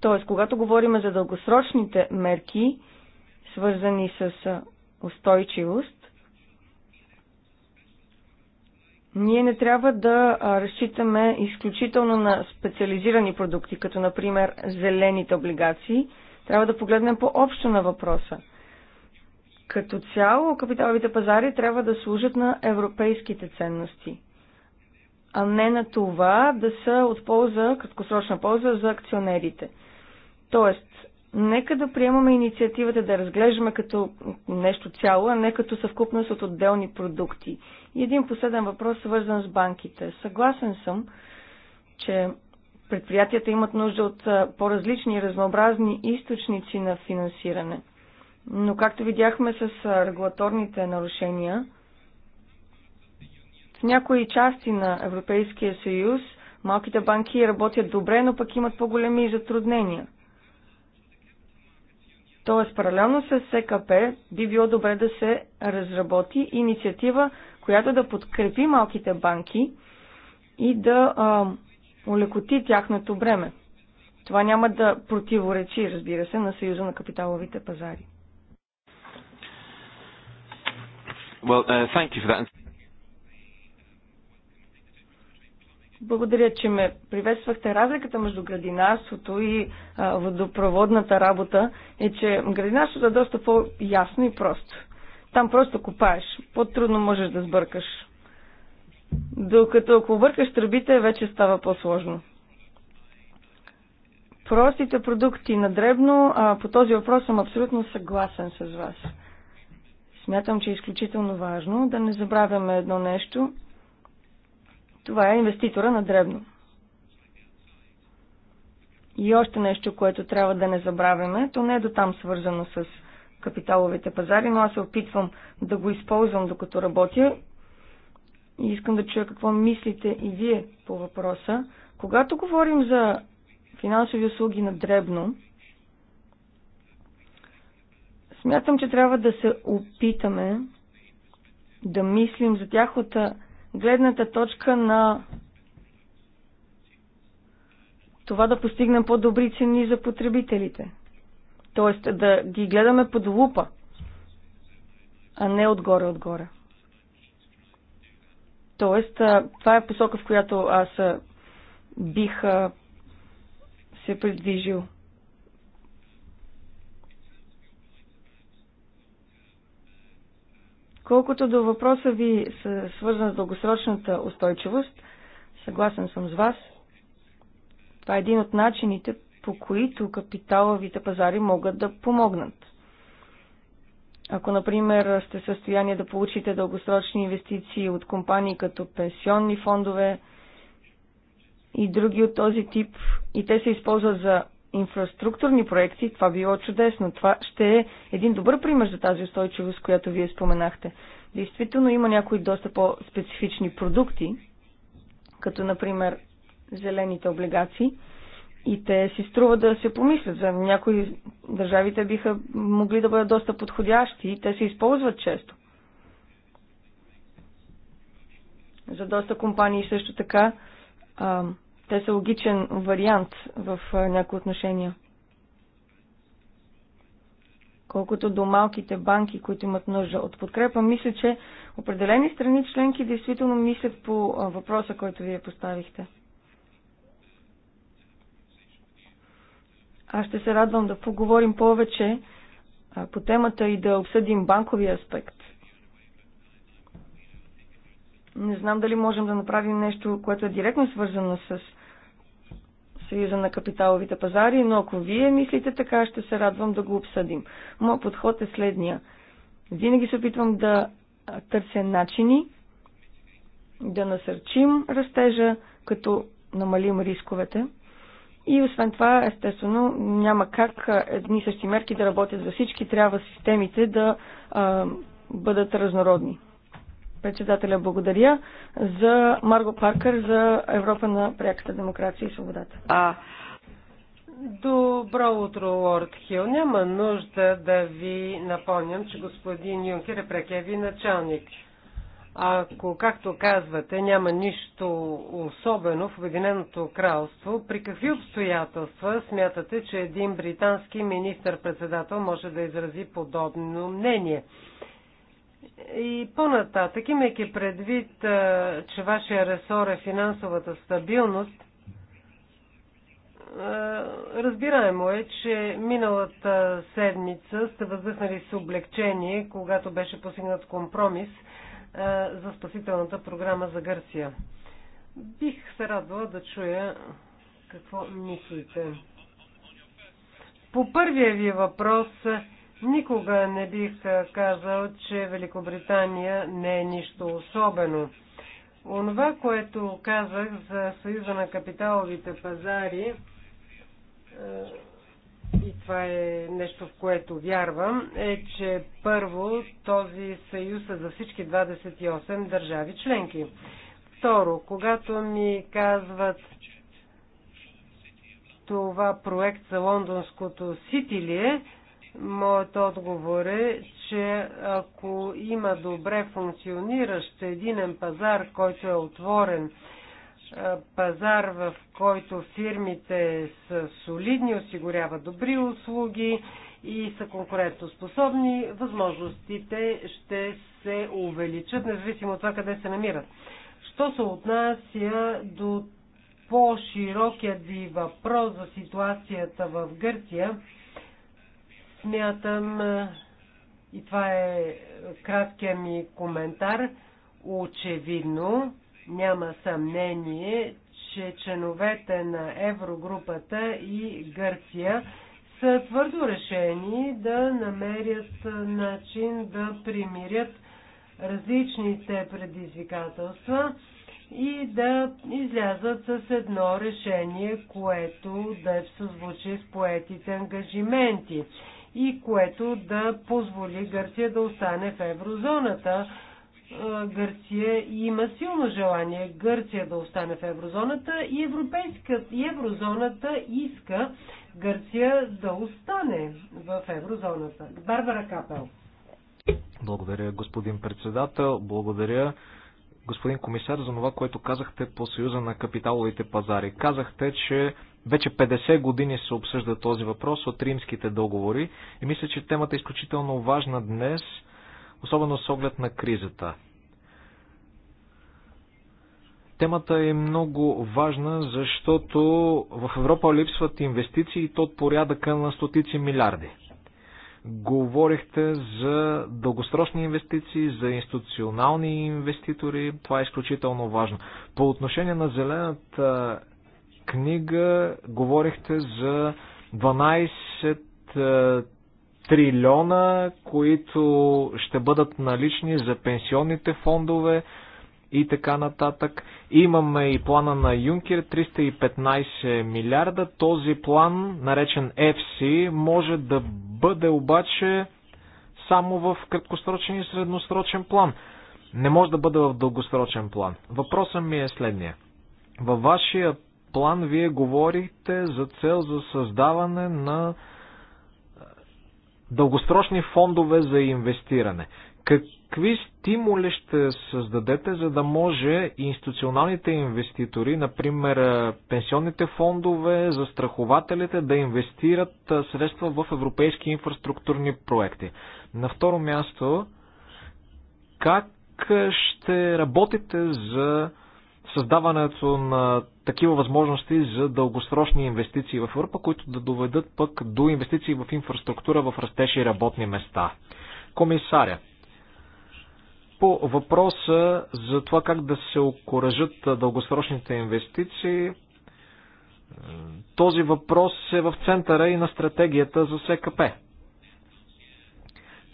S4: Тоест, когато говорим за дългосрочните мерки, свързани с устойчивост, ние не трябва да разчитаме изключително на специализирани продукти, като например зелените облигации. Трябва да погледнем по-общо на въпроса – като цяло, капиталовите пазари трябва да служат на европейските ценности, а не на това да са от полза, краткосрочна полза за акционерите. Тоест, нека да приемаме инициативата да разглеждаме като нещо цяло, а не като съвкупност от отделни продукти. И един последен въпрос, свързан с банките. Съгласен съм, че предприятията имат нужда от по-различни разнообразни източници на финансиране – но както видяхме с регулаторните нарушения, в някои части на Европейския съюз малките банки работят добре, но пък имат по-големи затруднения. Тоест, паралелно с СКП би било добре да се разработи инициатива, която да подкрепи малките банки и да а, улекоти тяхното бреме. Това няма да противоречи, разбира се, на Съюза на капиталовите пазари.
S1: Well, uh, thank you for that.
S4: Благодаря, че ме приветствахте. Разликата между градинарството и а, водопроводната работа е, че градинарството е доста по-ясно и просто. Там просто купаеш, По-трудно можеш да сбъркаш. Докато ако объркаш тръбите, вече става по-сложно. Простите продукти на дребно, а, по този въпрос съм абсолютно съгласен с вас. Смятам, че е изключително важно да не забравяме едно нещо. Това е инвеститора на дребно. И още нещо, което трябва да не забравяме, то не е до там свързано с капиталовите пазари, но аз се опитвам да го използвам докато работя и искам да чуя какво мислите и вие по въпроса. Когато говорим за финансови услуги на дребно, Смятам, че трябва да се опитаме да мислим за тях от гледната точка на това да постигнем по-добри цени за потребителите. Тоест да ги гледаме под лупа, а не отгоре-отгоре. Тоест, това е посока, в която аз бих се придвижил. Колкото до въпроса ви, свързан с дългосрочната устойчивост, съгласен съм с вас. Това е един от начините, по които капиталовите пазари могат да помогнат. Ако, например, сте в състояние да получите дългосрочни инвестиции от компании като пенсионни фондове и други от този тип, и те се използват за инфраструктурни проекти, това било чудесно. Това ще е един добър пример за тази устойчивост, която вие споменахте. Действително има някои доста по-специфични продукти, като например зелените облигации, и те си струва да се помислят. За някои държавите биха могли да бъдат доста подходящи и те се използват често. За доста компании също така те са логичен вариант в някои отношения. Колкото до малките банки, които имат нужда от подкрепа, мисля, че определени страни членки действително мислят по въпроса, който вие поставихте. Аз ще се радвам да поговорим повече по темата и да обсъдим банковия аспект. Не знам дали можем да направим нещо, което е директно свързано с Съюза на капиталовите пазари, но ако вие мислите така, ще се радвам да го обсъдим. Моят подход е следния. Винаги се опитвам да търся начини да насърчим растежа, като намалим рисковете. И освен това, естествено, няма как едни същи мерки да работят за всички. Трябва системите да а, бъдат разнородни. Председателя, благодаря за Марго Паркър за Европа на пряката демокрация и свободата.
S3: А, Добро утро, Лорд Хил. Няма нужда да ви напомням, че господин Юнкер е прекеви началник. Ако, както казвате, няма нищо особено в Обединеното кралство, при какви обстоятелства смятате, че един британски министър-председател може да изрази подобно мнение? И по-нататък, имайки предвид, че вашия ресор е финансовата стабилност, разбираемо е, че миналата седмица сте въздъхнали с облегчение, когато беше постигнат компромис за спасителната програма за Гърция. Бих се радвала да чуя какво мислите. По първия ви въпрос Никога не бих казал, че Великобритания не е нищо особено. Онова, което казах за Съюза на капиталовите пазари, и това е нещо, в което вярвам, е, че първо този съюз е за всички 28 държави членки. Второ, когато ми казват това проект за лондонското Сити ли е, Моят отговор е, че ако има добре функциониращ единен пазар, който е отворен, е, пазар, в който фирмите са солидни, осигуряват добри услуги и са конкурентоспособни, възможностите ще се увеличат, независимо от това къде се намират. Що се отнася до по-широкият ви въпрос за ситуацията в Гърция, Смятам, е, и това е краткия ми коментар, очевидно няма съмнение, че членовете на Еврогрупата и Гърция са твърдо решени да намерят начин да примирят различните предизвикателства и да излязат с едно решение, което да е в съзвучие с поетите ангажименти и което да позволи Гърция да остане в еврозоната. Гърция има силно желание Гърция да остане в еврозоната и, Европейската и еврозоната иска Гърция да остане в еврозоната. Барбара Капел.
S2: Благодаря, господин председател. Благодаря, господин комисар, за това, което казахте по Съюза на капиталовите пазари. Казахте, че вече 50 години се обсъжда този въпрос от римските договори и мисля, че темата е изключително важна днес, особено с оглед на кризата. Темата е много важна, защото в Европа липсват инвестиции и то от порядъка на стотици милиарди. Говорихте за дългосрочни инвестиции, за институционални инвеститори. Това е изключително важно. По отношение на зелената книга говорихте за 12 е, трилиона, които ще бъдат налични за пенсионните фондове и така нататък. Имаме и плана на Юнкер 315 милиарда. Този план, наречен FC, може да бъде обаче само в краткосрочен и средносрочен план. Не може да бъде в дългосрочен план. Въпросът ми е следния. Във вашия план вие говорихте за цел за създаване на е, дългосрочни фондове за инвестиране. Какви стимули ще създадете, за да може институционалните инвеститори, например е, пенсионните фондове, застрахователите да инвестират е, средства в европейски инфраструктурни проекти? На второ място, как ще работите за създаването на такива възможности за дългосрочни инвестиции в Европа, които да доведат пък до инвестиции в инфраструктура, в растеж и работни места. Комисаря, по въпроса за това как да се окоръжат дългосрочните инвестиции, този въпрос е в центъра и на стратегията за СКП.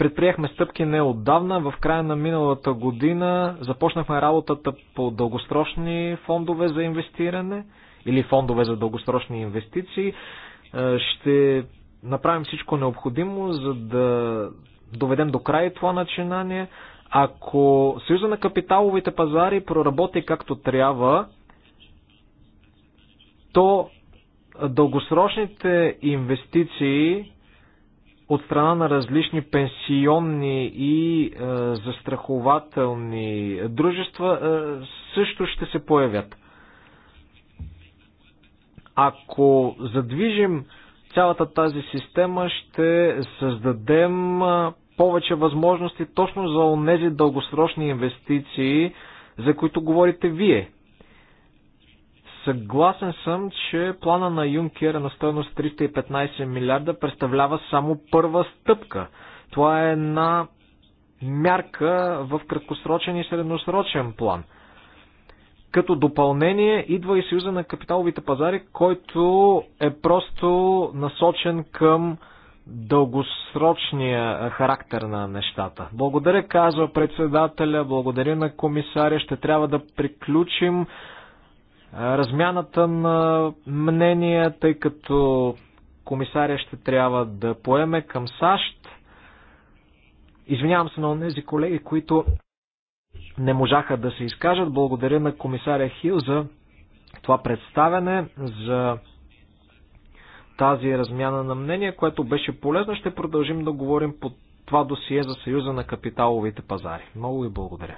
S2: Предприехме стъпки неотдавна. В края на миналата година започнахме работата по дългосрочни фондове за инвестиране или фондове за дългосрочни инвестиции. Е, ще направим всичко необходимо, за да доведем до край това начинание. Ако Съюза на капиталовите пазари проработи както трябва, то дългосрочните инвестиции от страна на различни пенсионни и е, застрахователни дружества е, също ще се появят. Ако задвижим цялата тази система, ще създадем е, повече възможности точно за онези дългосрочни инвестиции, за които говорите вие. Съгласен съм, че плана на Юнкер е на стоеност 315 милиарда представлява само първа стъпка. Това е една мярка в краткосрочен и средносрочен план. Като допълнение идва и Съюза на капиталовите пазари, който е просто насочен към дългосрочния характер на нещата. Благодаря, казва председателя, благодаря на комисаря. Ще трябва да приключим размяната на мнения, тъй като комисаря ще трябва да поеме към САЩ. Извинявам се на тези колеги, които не можаха да се изкажат. Благодаря на комисаря Хил за това представяне, за тази размяна на мнения, което беше полезно. Ще продължим да говорим по това досие за Съюза на капиталовите пазари. Много ви благодаря.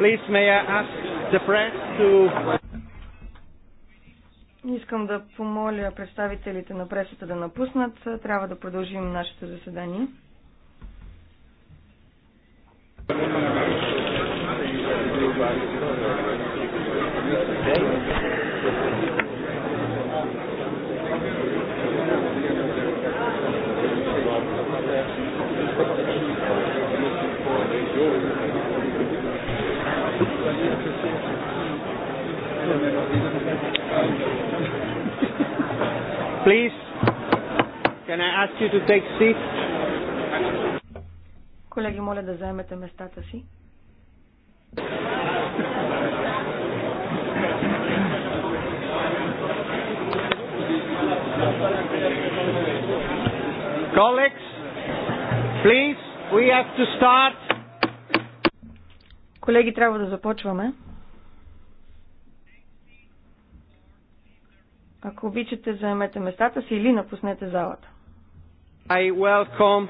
S1: Please may I ask the press to...
S4: Искам да помоля представителите на пресата да напуснат. Трябва да продължим нашето заседание.
S1: Thank you. Please, can I ask you to take seat?
S4: Колеги, моля да заемете местата си.
S2: Colleagues, please, we have to start.
S4: Колеги, трябва да започваме. Ако обичате, заемете местата си или напуснете залата.
S2: I welcome.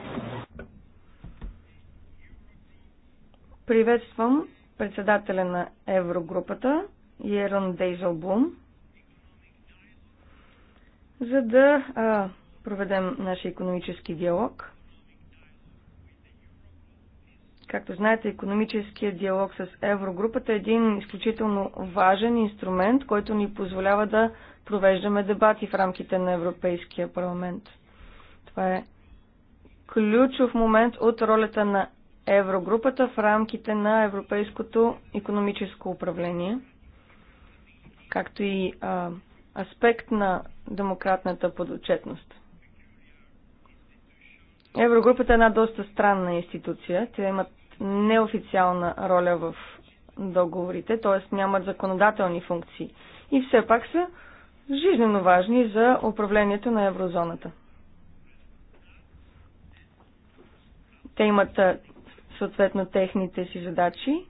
S4: Приветствам председателя на Еврогрупата Ерон Дейзелбум, за да а, проведем нашия економически диалог. Както знаете, економическият диалог с Еврогрупата е един изключително важен инструмент, който ни позволява да провеждаме дебати в рамките на Европейския парламент. Това е ключов момент от ролята на Еврогрупата в рамките на Европейското економическо управление, както и а, аспект на демократната подотчетност. Еврогрупата е една доста странна институция. Те имат неофициална роля в договорите, т.е. нямат законодателни функции. И все пак са жизненно важни за управлението на еврозоната. Те имат съответно техните си задачи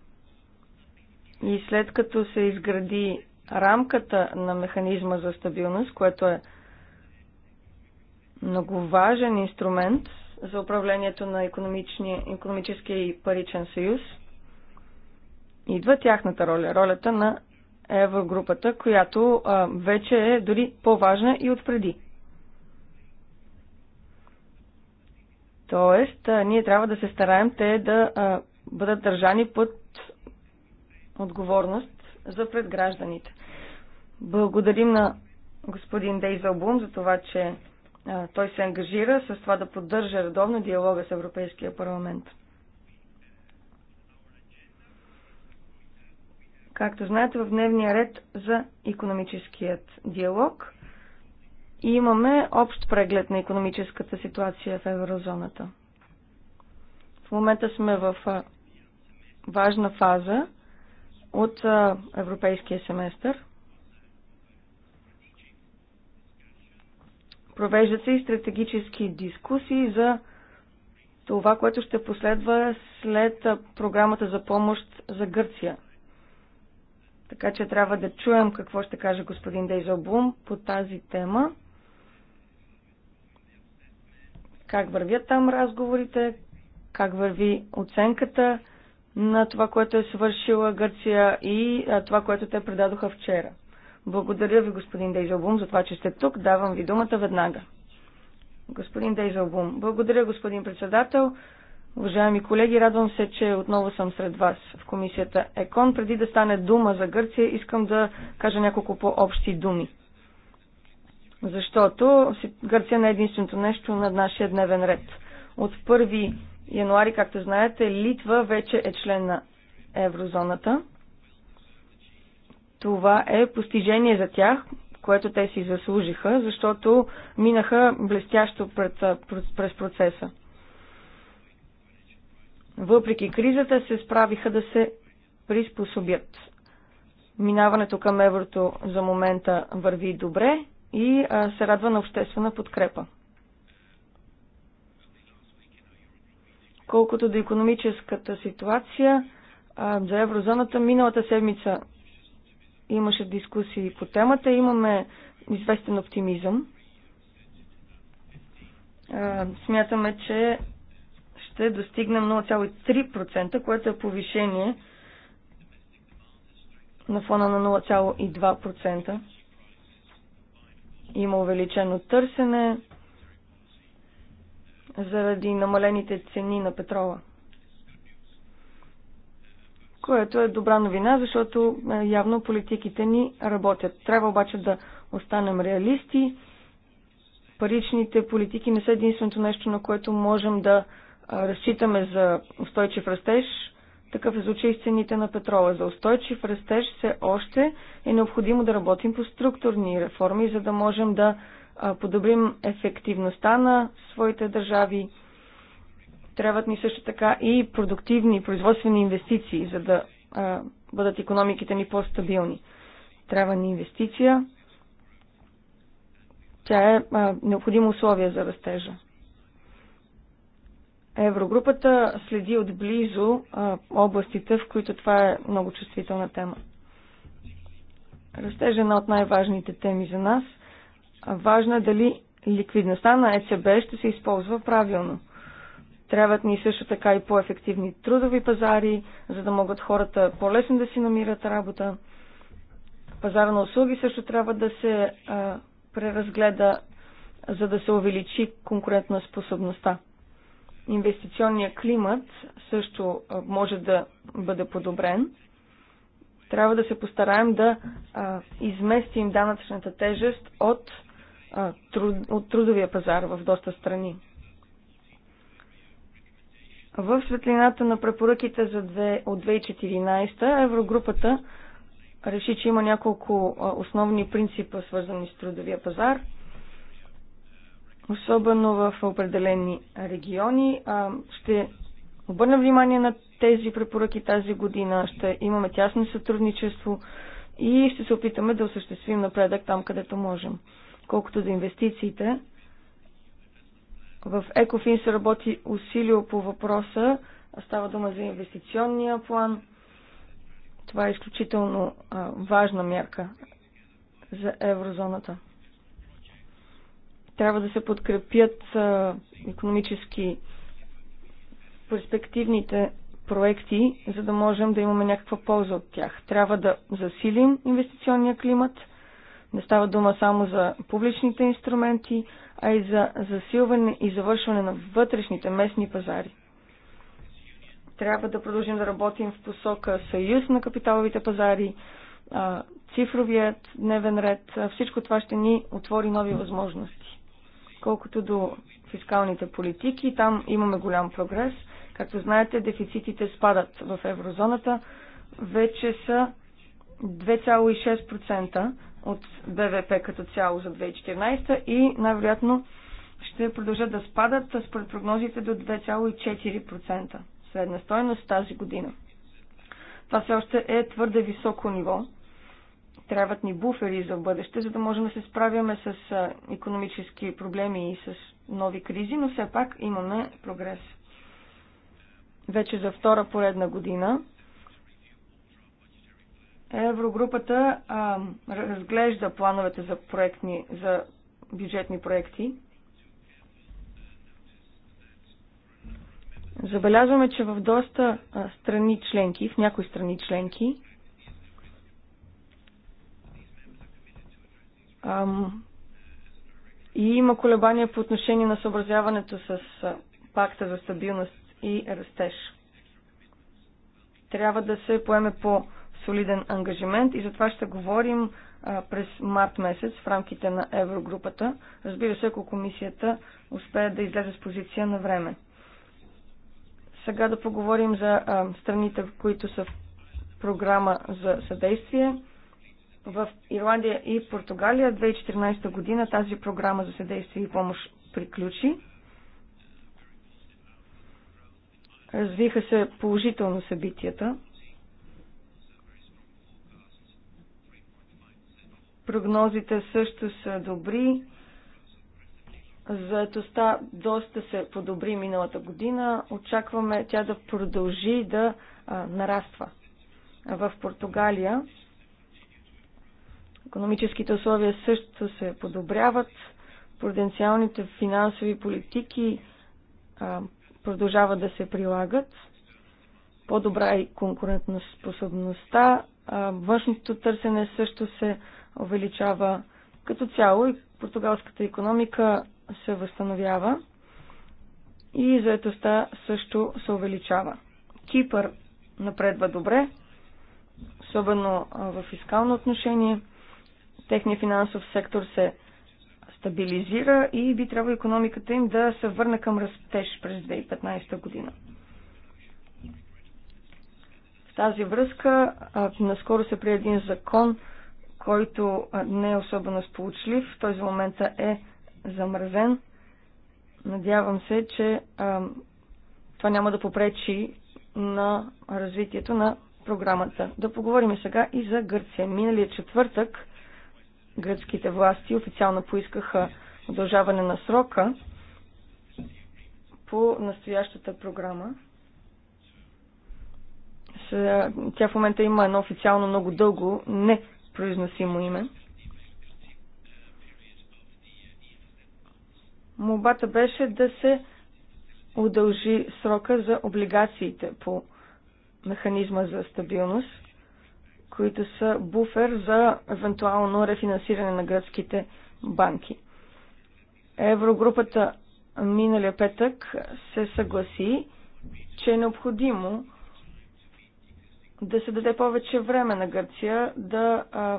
S4: и след като се изгради рамката на механизма за стабилност, което е много важен инструмент за управлението на економическия и паричен съюз, идва тяхната роля, ролята на еврогрупата, която а, вече е дори по-важна и отпреди. Тоест, а, ние трябва да се стараем те да а, бъдат държани под отговорност за пред гражданите. Благодарим на господин Бун за това, че а, той се ангажира с това да поддържа редовно диалога с Европейския парламент. Както знаете, в дневния ред за економическият диалог и имаме общ преглед на економическата ситуация в еврозоната. В момента сме в важна фаза от европейския семестър. Провеждат се и стратегически дискусии за това, което ще последва след програмата за помощ за Гърция – така че трябва да чуем какво ще каже господин Дейзоблум по тази тема. Как вървят там разговорите, как върви оценката на това, което е свършила Гърция и това, което те предадоха вчера. Благодаря ви, господин бум, за това, че сте тук. Давам ви думата веднага. Господин Дейзелбум, благодаря, господин председател. Уважаеми колеги, радвам се, че отново съм сред вас в комисията ЕКОН. Преди да стане дума за Гърция, искам да кажа няколко по-общи думи. Защото Гърция не е единственото нещо на нашия дневен ред. От 1 януари, както знаете, Литва вече е член на еврозоната. Това е постижение за тях, което те си заслужиха, защото минаха блестящо през процеса въпреки кризата, се справиха да се приспособят. Минаването към еврото за момента върви добре и се радва на обществена подкрепа. Колкото до економическата ситуация за еврозоната, миналата седмица имаше дискусии по темата. Имаме известен оптимизъм. Смятаме, че ще достигнем 0,3%, което е повишение на фона на 0,2%. Има увеличено търсене заради намалените цени на петрола. Което е добра новина, защото е, явно политиките ни работят. Трябва обаче да останем реалисти. Паричните политики не са единственото нещо, на което можем да разчитаме за устойчив растеж, такъв е случай с цените на петрола. За устойчив растеж все още е необходимо да работим по структурни реформи, за да можем да подобрим ефективността на своите държави. Трябват ни също така и продуктивни производствени инвестиции, за да а, бъдат економиките ни по-стабилни. Трябва ни инвестиция. Тя е а, необходимо условие за растежа. Еврогрупата следи отблизо а, областите, в които това е много чувствителна тема. Растежа е една от най-важните теми за нас. Важно е дали ликвидността на ЕЦБ ще се използва правилно. Трябват ни също така и по-ефективни трудови пазари, за да могат хората по-лесно да си намират работа. Пазара на услуги също трябва да се а, преразгледа, за да се увеличи конкурентна способността. Инвестиционният климат също може да бъде подобрен. Трябва да се постараем да а, изместим данъчната тежест от, а, труд, от трудовия пазар в доста страни. В светлината на препоръките за две, от 2014 Еврогрупата реши, че има няколко основни принципа, свързани с трудовия пазар – особено в определени региони. Ще обърна внимание на тези препоръки тази година. Ще имаме тясно сътрудничество и ще се опитаме да осъществим напредък там, където можем. Колкото за инвестициите, в Екофин се работи усилио по въпроса. Става дума за инвестиционния план. Това е изключително важна мярка за еврозоната. Трябва да се подкрепят економически перспективните проекти, за да можем да имаме някаква полза от тях. Трябва да засилим инвестиционния климат. Не става дума само за публичните инструменти, а и за засилване и завършване на вътрешните местни пазари. Трябва да продължим да работим в посока съюз на капиталовите пазари, цифровият дневен ред. Всичко това ще ни отвори нови възможности. Колкото до фискалните политики, там имаме голям прогрес. Както знаете, дефицитите спадат в еврозоната. Вече са 2,6% от БВП като цяло за 2014 и най-вероятно ще продължат да спадат според прогнозите до 2,4% средна стоеност, тази година. Това все още е твърде високо ниво Трябват ни буфери за бъдеще, за да можем да се справяме с економически проблеми и с нови кризи, но все пак имаме прогрес. Вече за втора поредна година Еврогрупата а, разглежда плановете за, проектни, за бюджетни проекти. Забелязваме, че в доста а, страни членки, в някои страни членки, Ам, и има колебания по отношение на съобразяването с пакта за стабилност и растеж. Трябва да се поеме по солиден ангажимент и за това ще говорим а, през март месец в рамките на Еврогрупата. Разбира се, ако комисията успее да излезе с позиция на време. Сега да поговорим за а, страните, които са в програма за съдействие. В Ирландия и Португалия 2014 година тази програма за съдействие и помощ приключи. Развиха се положително събитията. Прогнозите също са добри. Заетостта доста се подобри миналата година. Очакваме тя да продължи да а, нараства. В Португалия Економическите условия също се подобряват. Пруденциалните финансови политики а, продължават да се прилагат. По-добра е конкурентоспособността. Външното търсене също се увеличава. Като цяло и португалската економика се възстановява и заетостта също се увеличава. Кипър напредва добре, особено в фискално отношение – техния финансов сектор се стабилизира и би трябвало економиката им да се върне към растеж през 2015 година. В тази връзка наскоро се прие един закон, който не е особено сполучлив. В този момента е замразен. Надявам се, че а, това няма да попречи на развитието на програмата. Да поговорим сега и за Гърция. Миналия четвъртък гръцките власти официално поискаха удължаване на срока по настоящата програма. Тя в момента има едно официално много дълго непроизносимо име. Молбата беше да се удължи срока за облигациите по механизма за стабилност – които са буфер за евентуално рефинансиране на гръцките банки. Еврогрупата миналия петък се съгласи, че е необходимо да се даде повече време на Гърция да а,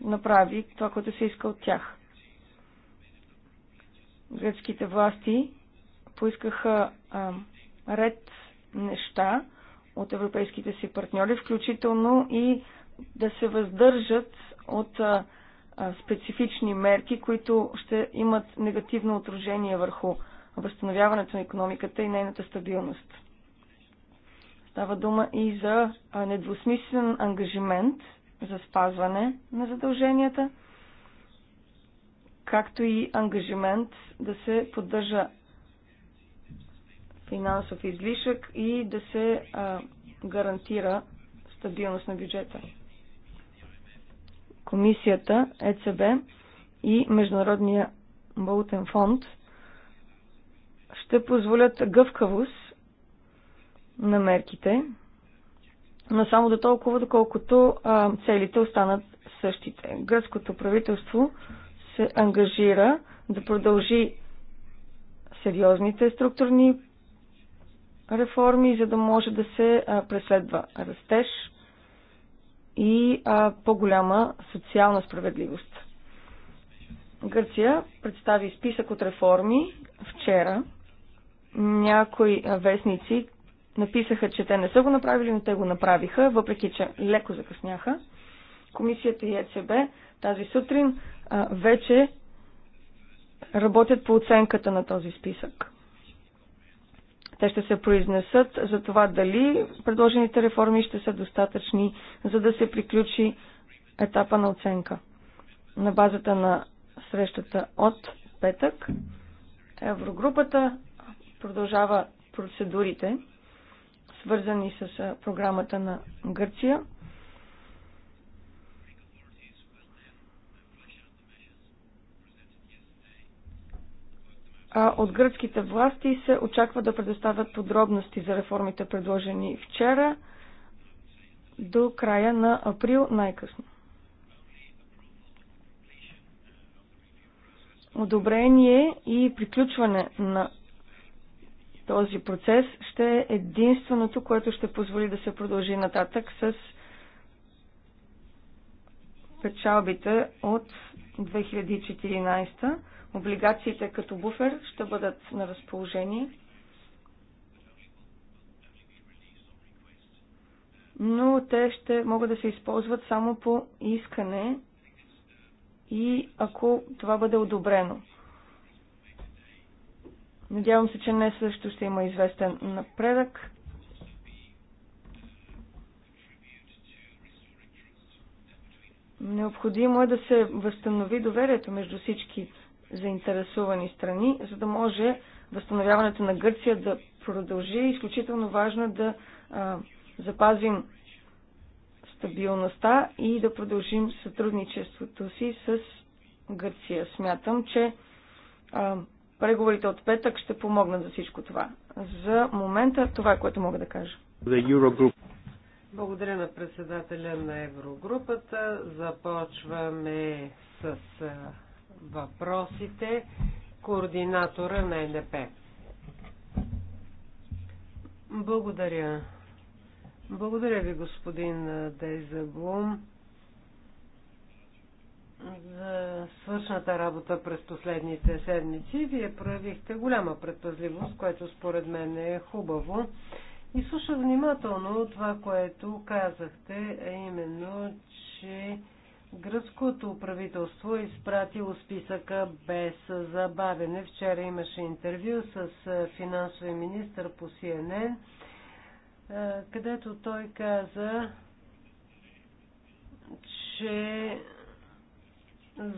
S4: направи това, което се иска от тях. Гръцките власти поискаха а, ред неща от европейските си партньори, включително и да се въздържат от специфични мерки, които ще имат негативно отражение върху възстановяването на економиката и нейната стабилност. Става дума и за недвусмислен ангажимент за спазване на задълженията, както и ангажимент да се поддържа финансов излишък и да се а, гарантира стабилност на бюджета комисията, ЕЦБ и Международния валутен фонд ще позволят гъвкавост на мерките, но само до толкова, доколкото а, целите останат същите. Гръцкото правителство се ангажира да продължи сериозните структурни реформи, за да може да се преследва растеж, и по-голяма социална справедливост. Гърция представи списък от реформи вчера. Някои вестници написаха, че те не са го направили, но те го направиха, въпреки че леко закъсняха. Комисията и ЕЦБ тази сутрин вече работят по оценката на този списък. Те ще се произнесат за това дали предложените реформи ще са достатъчни, за да се приключи етапа на оценка. На базата на срещата от петък, Еврогрупата продължава процедурите, свързани с програмата на Гърция. от гръцките власти се очаква да предоставят подробности за реформите, предложени вчера до края на април най-късно. Одобрение и приключване на този процес ще е единственото, което ще позволи да се продължи нататък с печалбите от 2014 Облигациите като буфер ще бъдат на разположение, но те ще могат да се използват само по искане и ако това бъде одобрено. Надявам се, че не също ще има известен напредък. Необходимо е да се възстанови доверието между всички заинтересувани страни, за да може възстановяването на Гърция да продължи. Изключително важно е да а, запазим стабилността и да продължим сътрудничеството си с Гърция. Смятам, че а, преговорите от петък ще помогнат за всичко това. За момента това е което мога да кажа. Благодаря
S3: на председателя на Еврогрупата. Започваме с въпросите, координатора на НДП. Благодаря. Благодаря ви, господин Дейзаблум, за свършната работа през последните седмици. Вие проявихте голяма предпазливост, което според мен е хубаво. И слушах внимателно това, което казахте, а именно, че Гръцкото правителство е изпратило списъка без забавене. Вчера имаше интервю с финансовия министр по CNN, където той каза, че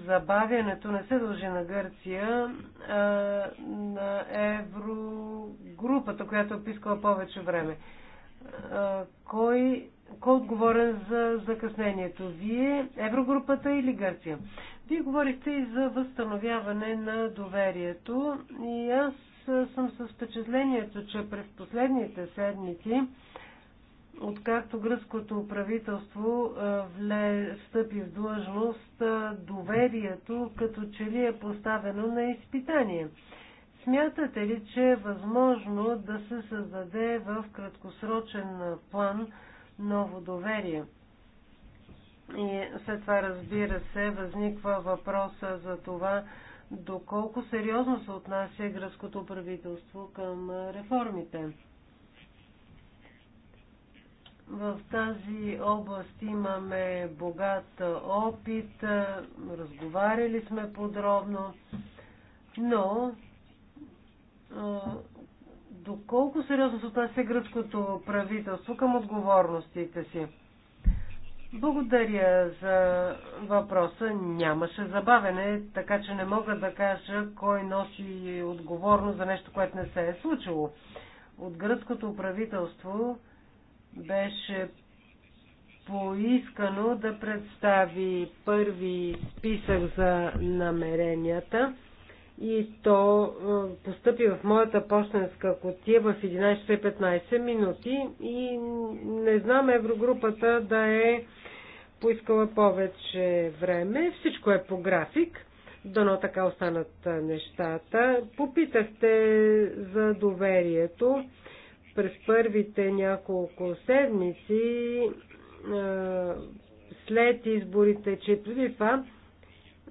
S3: забавянето не се дължи на Гърция, а на еврогрупата, която е поискала повече време. Кой кой е отговорен за закъснението? Вие, Еврогрупата или Гърция? Вие говорихте и за възстановяване на доверието и аз съм с впечатлението, че през последните седмици, откакто гръцкото правителство вле, стъпи в длъжност, доверието като че ли е поставено на изпитание. Смятате ли, че е възможно да се създаде в краткосрочен план – ново доверие. И след това, разбира се, възниква въпроса за това, доколко сериозно се отнася гръцкото правителство към реформите. В тази област имаме богат опит, разговаряли сме подробно, но доколко сериозно се отнася гръцкото правителство към отговорностите си? Благодаря за въпроса. Нямаше забавене, така че не мога да кажа кой носи отговорност за нещо, което не се е случило. От гръцкото правителство беше поискано да представи първи списък за намеренията и то е, постъпи в моята почтенска котия в 11.15 минути и не знам Еврогрупата да е поискала повече време. Всичко е по график. Дано така останат е, нещата. Попитахте за доверието. През първите няколко седмици е, след изборите, че преди това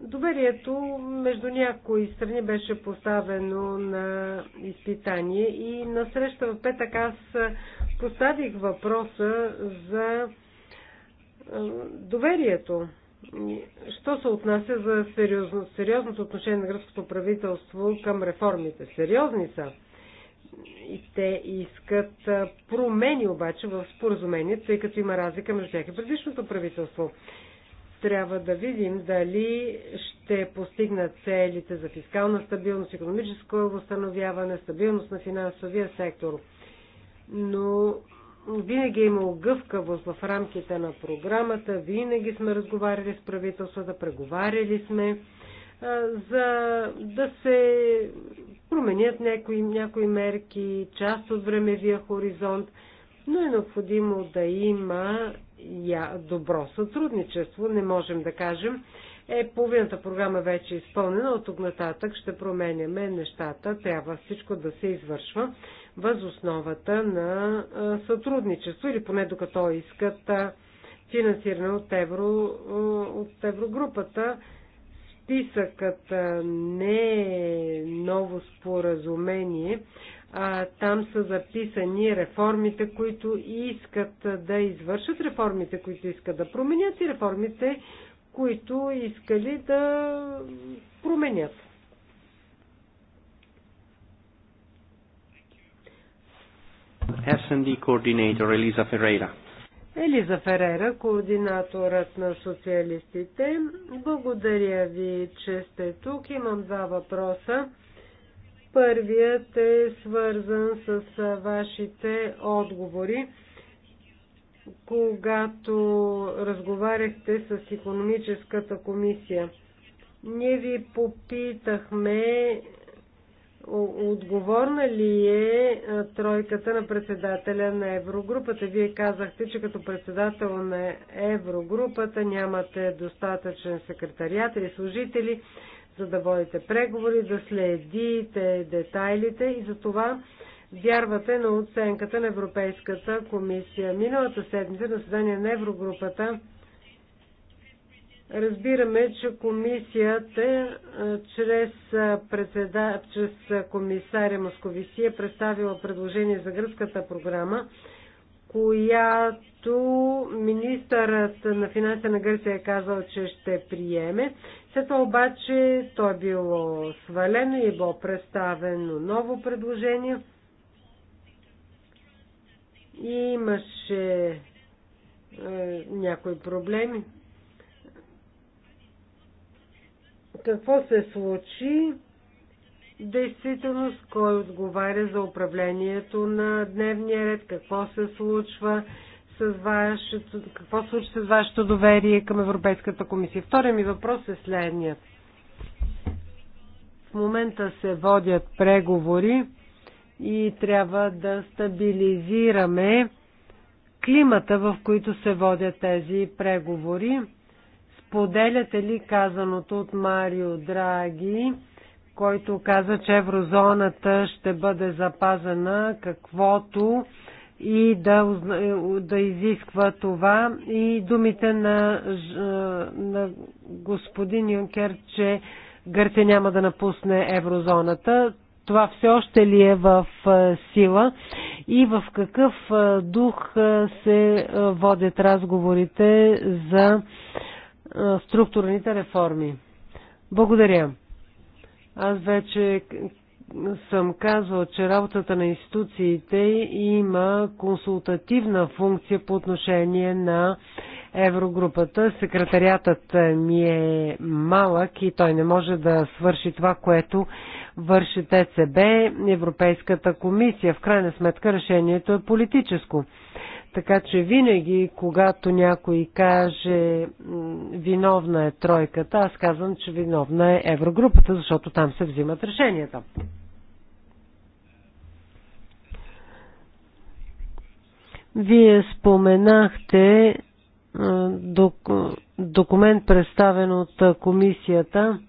S3: Доверието между някои страни беше поставено на изпитание и на среща в петък аз поставих въпроса за доверието. Що се отнася за сериозно, сериозното отношение на гръцкото правителство към реформите? Сериозни са. И те искат промени обаче в споразумение, тъй като има разлика между тях и предишното правителство. Трябва да видим дали ще постигнат целите за фискална стабилност, економическо възстановяване, стабилност на финансовия сектор. Но винаги е имало гъвкавост в рамките на програмата, винаги сме разговаряли с правителствата, преговаряли сме за да се променят някои, някои мерки, част от времевия хоризонт, но е необходимо да има добро сътрудничество. Не можем да кажем, е, половината програма вече е изпълнена, от тук нататък ще променяме нещата, трябва всичко да се извършва въз основата на сътрудничество или поне докато искат финансиране от, евро, от еврогрупата. Списъкът не е ново споразумение, а, там са записани реформите, които искат да извършат, реформите, които искат да променят и реформите, които искали да променят.
S1: SND координатор Елиза Ферейра.
S3: Елиза Ферера, координаторът на социалистите. Благодаря ви, че сте тук. Имам два въпроса. Първият е свързан с вашите отговори. Когато разговаряхте с економическата комисия, ние ви попитахме отговорна ли е тройката на председателя на Еврогрупата? Вие казахте, че като председател на Еврогрупата нямате достатъчен секретарият или служители, за да водите преговори, да следите детайлите и за това вярвате на оценката на Европейската комисия. Миналата седмица на съдание на Еврогрупата разбираме, че комисията е, чрез, е, председа, чрез комисаря Московиси е представила предложение за гръцката програма, която министърът на финансите на Гърция е казал, че ще приеме. След това обаче то е било свалено и е било представено ново предложение. И имаше е, някои проблеми. Какво се случи? Действителност, кой отговаря за управлението на дневния ред, какво се случва, с вашето, какво случи с вашето доверие към Европейската комисия? Втория ми въпрос е следният. В момента се водят преговори и трябва да стабилизираме климата, в които се водят тези преговори. Споделяте ли казаното от Марио Драги, който каза, че еврозоната ще бъде запазена, каквото и да, е, да изисква това. И думите на, е, на господин Юнкер, че Гърция няма да напусне еврозоната, това все още ли е в е, сила и в какъв дух се водят разговорите за структурните реформи? Благодаря. Аз вече съм казвал, че работата на институциите има консултативна функция по отношение на Еврогрупата. Секретариатът ми е малък и той не може да свърши това, което върши ТЦБ, Европейската комисия. В крайна сметка решението е политическо. Така че винаги, когато някой каже виновна е тройката, аз казвам, че виновна е еврогрупата, защото там се взимат решенията. Вие споменахте документ представен от комисията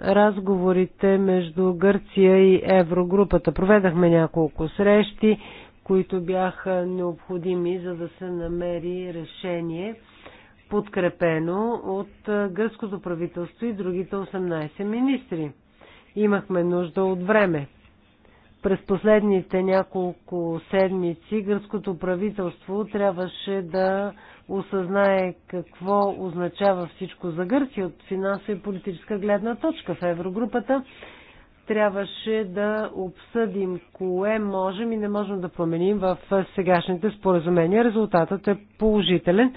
S3: разговорите между Гърция и Еврогрупата. Проведахме няколко срещи които бяха необходими, за да се намери решение, подкрепено от гръцкото правителство и другите 18 министри. Имахме нужда от време. През последните няколко седмици гръцкото правителство трябваше да осъзнае какво означава всичко за Гърция от финансова и политическа гледна точка в Еврогрупата трябваше да обсъдим кое можем и не можем да променим в сегашните споразумения. Резултатът е положителен.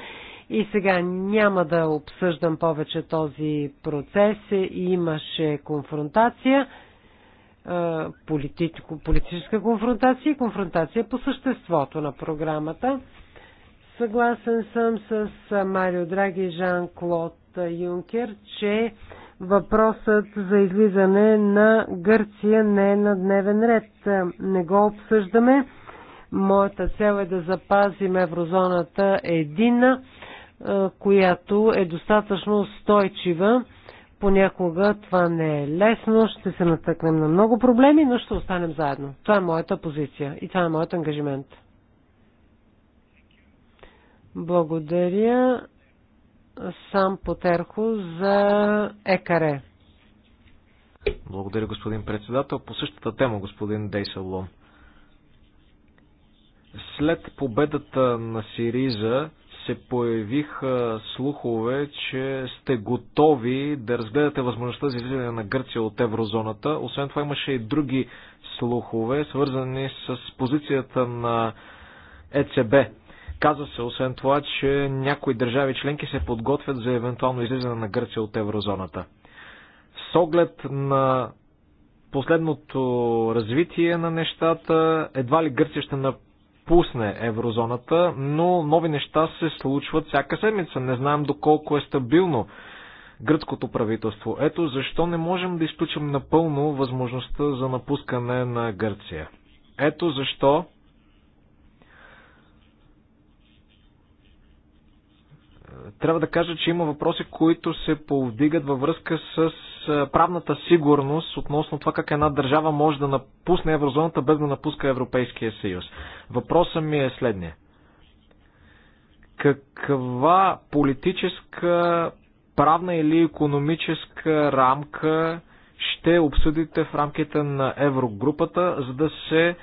S3: И сега няма да обсъждам повече този процес. Имаше конфронтация, политическа конфронтация и конфронтация по съществото на програмата. Съгласен съм с Марио Драги и Жан-Клод Юнкер, че Въпросът за излизане на Гърция не е на дневен ред. Не го обсъждаме. Моята цел е да запазим еврозоната едина, е, която е достатъчно устойчива. Понякога това не е лесно, ще се натъкнем на много проблеми, но ще останем заедно. Това е моята позиция и това е моят ангажимент. Благодаря. Сам Потерхо за ЕКАРЕ.
S2: Благодаря, господин председател. По същата тема, господин Дейсалон. След победата на Сириза се появиха слухове, че сте готови да разгледате възможността за излизане на Гърция от еврозоната. Освен това имаше и други слухове, свързани с позицията на ЕЦБ каза се, освен това, че някои държави членки се подготвят за евентуално излизане на Гърция от еврозоната. С оглед на последното развитие на нещата, едва ли Гърция ще напусне еврозоната, но нови неща се случват всяка седмица. Не знаем доколко е стабилно гръцкото правителство. Ето защо не можем да изключим напълно възможността за напускане на Гърция. Ето защо трябва да кажа, че има въпроси, които се повдигат във връзка с правната сигурност относно това как една държава може да напусне еврозоната без да напуска Европейския съюз. Въпросът ми е следния. Каква политическа, правна или економическа рамка ще обсъдите в рамките на еврогрупата, за да се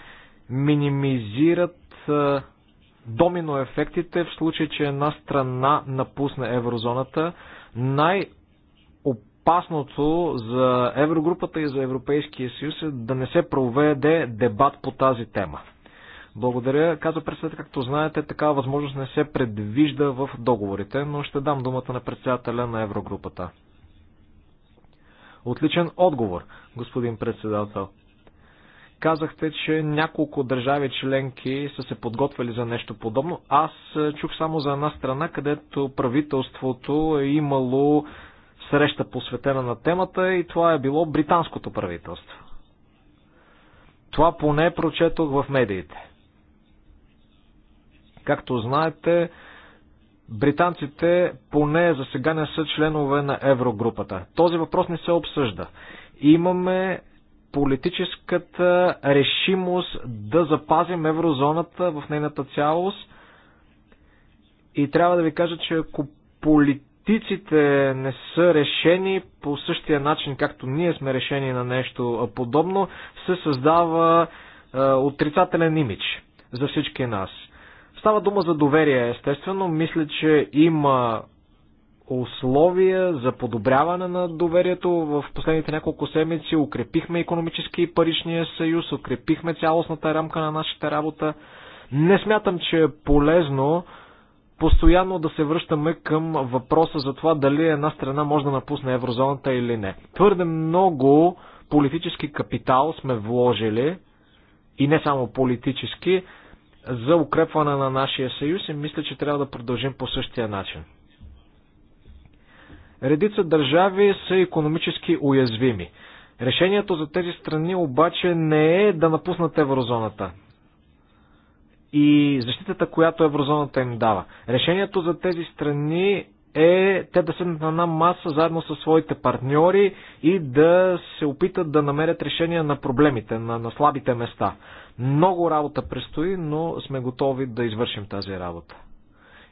S2: минимизират домино ефектите в случай, че една страна напусне еврозоната. Най-опасното за еврогрупата и за Европейския съюз е да не се проведе дебат по тази тема. Благодаря. Каза председател, както знаете, такава възможност не се предвижда в договорите, но ще дам думата на председателя на Еврогрупата. Отличен отговор, господин председател. Казахте, че няколко държави членки са се подготвили за нещо подобно. Аз е, чух само за една страна, където правителството е имало среща посветена на темата и това е било британското правителство. Това поне прочетох в медиите. Както знаете, британците поне за сега не са членове на еврогрупата. Този въпрос не се обсъжда. Имаме политическата решимост да запазим еврозоната в нейната цялост. И трябва да ви кажа, че ако политиците не са решени по същия начин, както ние сме решени на нещо подобно, се създава е, отрицателен имидж за всички нас. Става дума за доверие, естествено. Мисля, че има условия за подобряване на доверието. В последните няколко седмици укрепихме економически и паричния съюз, укрепихме цялостната рамка на нашата работа. Не смятам, че е полезно постоянно да се връщаме към въпроса за това дали една страна може да напусне еврозоната или не. Твърде много политически капитал сме вложили, и не само политически, за укрепване на нашия съюз и мисля, че трябва да продължим по същия начин. Редица държави са економически уязвими. Решението за тези страни обаче не е да напуснат еврозоната и защитата, която еврозоната им дава. Решението за тези страни е те да седнат на една маса заедно със своите партньори и да се опитат да намерят решение на проблемите, на, на слабите места. Много работа предстои, но сме готови да извършим тази работа.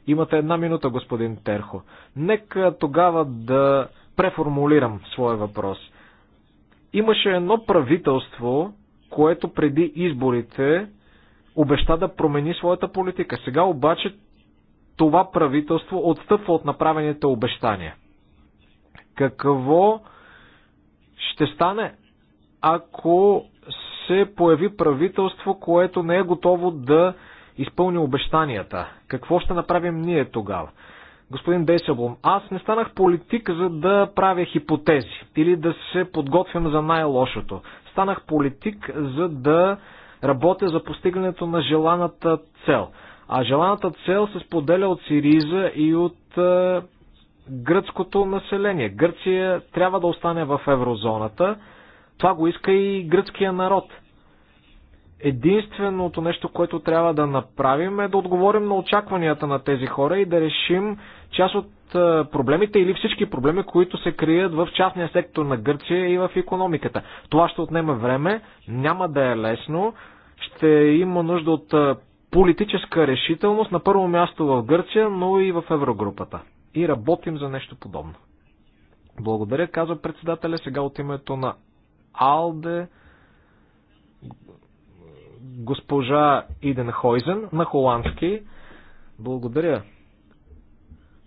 S2: Имате една минута, господин Терхо. Нека тогава да преформулирам своя въпрос. Имаше едно правителство, което преди изборите обеща да промени своята политика. Сега обаче това правителство отстъпва от направените обещания. Какво ще стане, ако се появи правителство, което не е готово да изпълни обещанията. Какво ще направим ние тогава? Господин Дейсеблом, аз не станах политик, за да правя хипотези или да се подготвям за най-лошото. Станах политик, за да работя за постигането на желаната цел. А желаната цел се споделя от Сириза и от е, гръцкото население. Гърция трябва да остане в еврозоната. Това го иска и гръцкия народ единственото нещо, което трябва да направим е да отговорим на очакванията на тези хора и да решим част от е, проблемите или всички проблеми, които се крият в частния сектор на Гърция и в економиката. Това ще отнеме време, няма да е лесно, ще има нужда от е, политическа решителност на първо място в Гърция, но и в Еврогрупата. И работим за нещо подобно. Благодаря, казва председателя. Сега от името на Алде госпожа Иден Хойзен на холандски. Благодаря.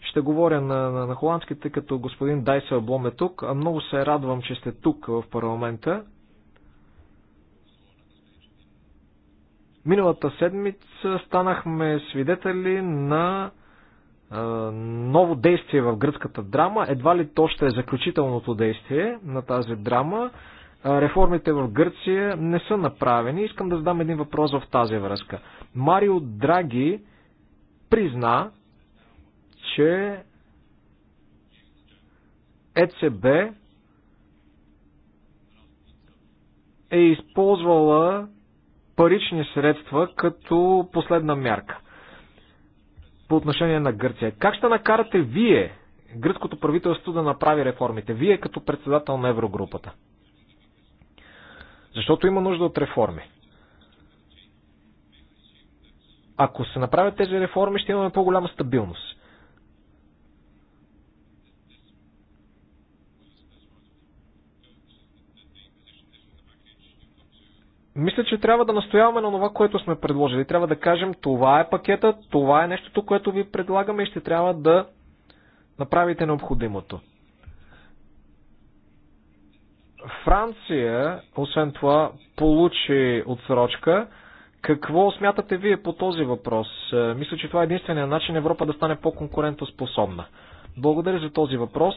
S2: Ще говоря на, на, на холандски, тъй като господин Дайсел Блом е тук. Много се радвам, че сте тук в парламента. Миналата седмица станахме свидетели на е, ново действие в гръцката драма. Едва ли то ще е заключителното действие на тази драма реформите в Гърция не са направени. Искам да задам един въпрос в тази връзка. Марио Драги призна, че ЕЦБ е използвала парични средства като последна мярка по отношение на Гърция. Как ще накарате вие гръцкото правителство да направи реформите? Вие като председател на Еврогрупата. Защото има нужда от реформи. Ако се направят тези реформи, ще имаме по-голяма стабилност. мисля, че трябва да настояваме на това, което сме предложили. Трябва да кажем, това е пакета, това е нещото, което ви предлагаме и ще трябва да направите необходимото. Франция, освен това, получи отсрочка. Какво смятате вие по този въпрос? Е, мисля, че това е единствения начин Европа да стане по-конкурентоспособна. Благодаря за този въпрос.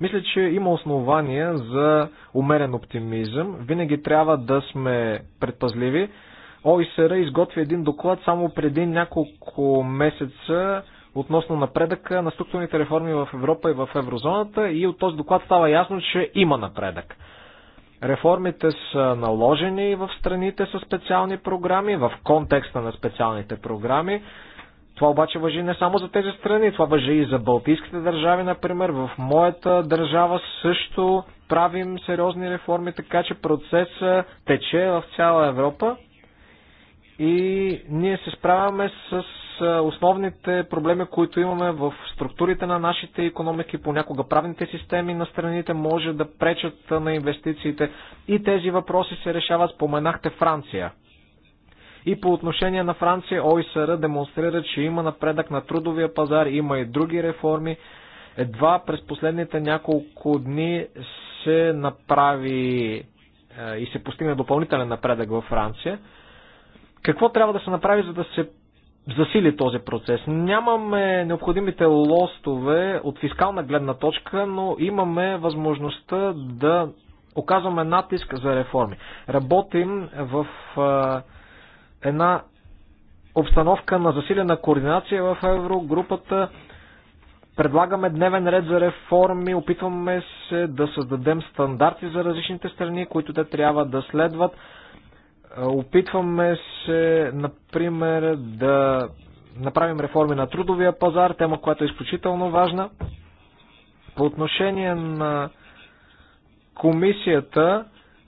S2: Мисля, че има основания за умерен оптимизъм. Винаги трябва да сме предпазливи. ОИСР изготви един доклад само преди няколко месеца относно напредъка на структурните реформи в Европа и в еврозоната и от този доклад става ясно, че има напредък. Реформите са наложени в страните с специални програми, в контекста на специалните програми. Това обаче въжи не само за тези страни, това въжи и за балтийските държави, например. В моята държава също правим сериозни реформи, така че процесът тече в цяла Европа и ние се справяме с основните проблеми, които имаме в структурите на нашите економики, понякога правните системи на страните може да пречат на инвестициите и тези въпроси се решават. Споменахте Франция. И по отношение на Франция, ОИСР демонстрира, че има напредък на трудовия пазар, има и други реформи. Едва през последните няколко дни се направи и се постигне допълнителен напредък във Франция. Какво трябва да се направи, за да се засили този процес. Нямаме необходимите лостове от фискална гледна точка, но имаме възможността да оказваме натиск за реформи. Работим в а, една обстановка на засилена координация в еврогрупата. Предлагаме дневен ред за реформи, опитваме се да създадем стандарти за различните страни, които те трябва да следват. Опитваме се, например, да направим реформи на трудовия пазар, тема, която е изключително важна. По отношение на комисията,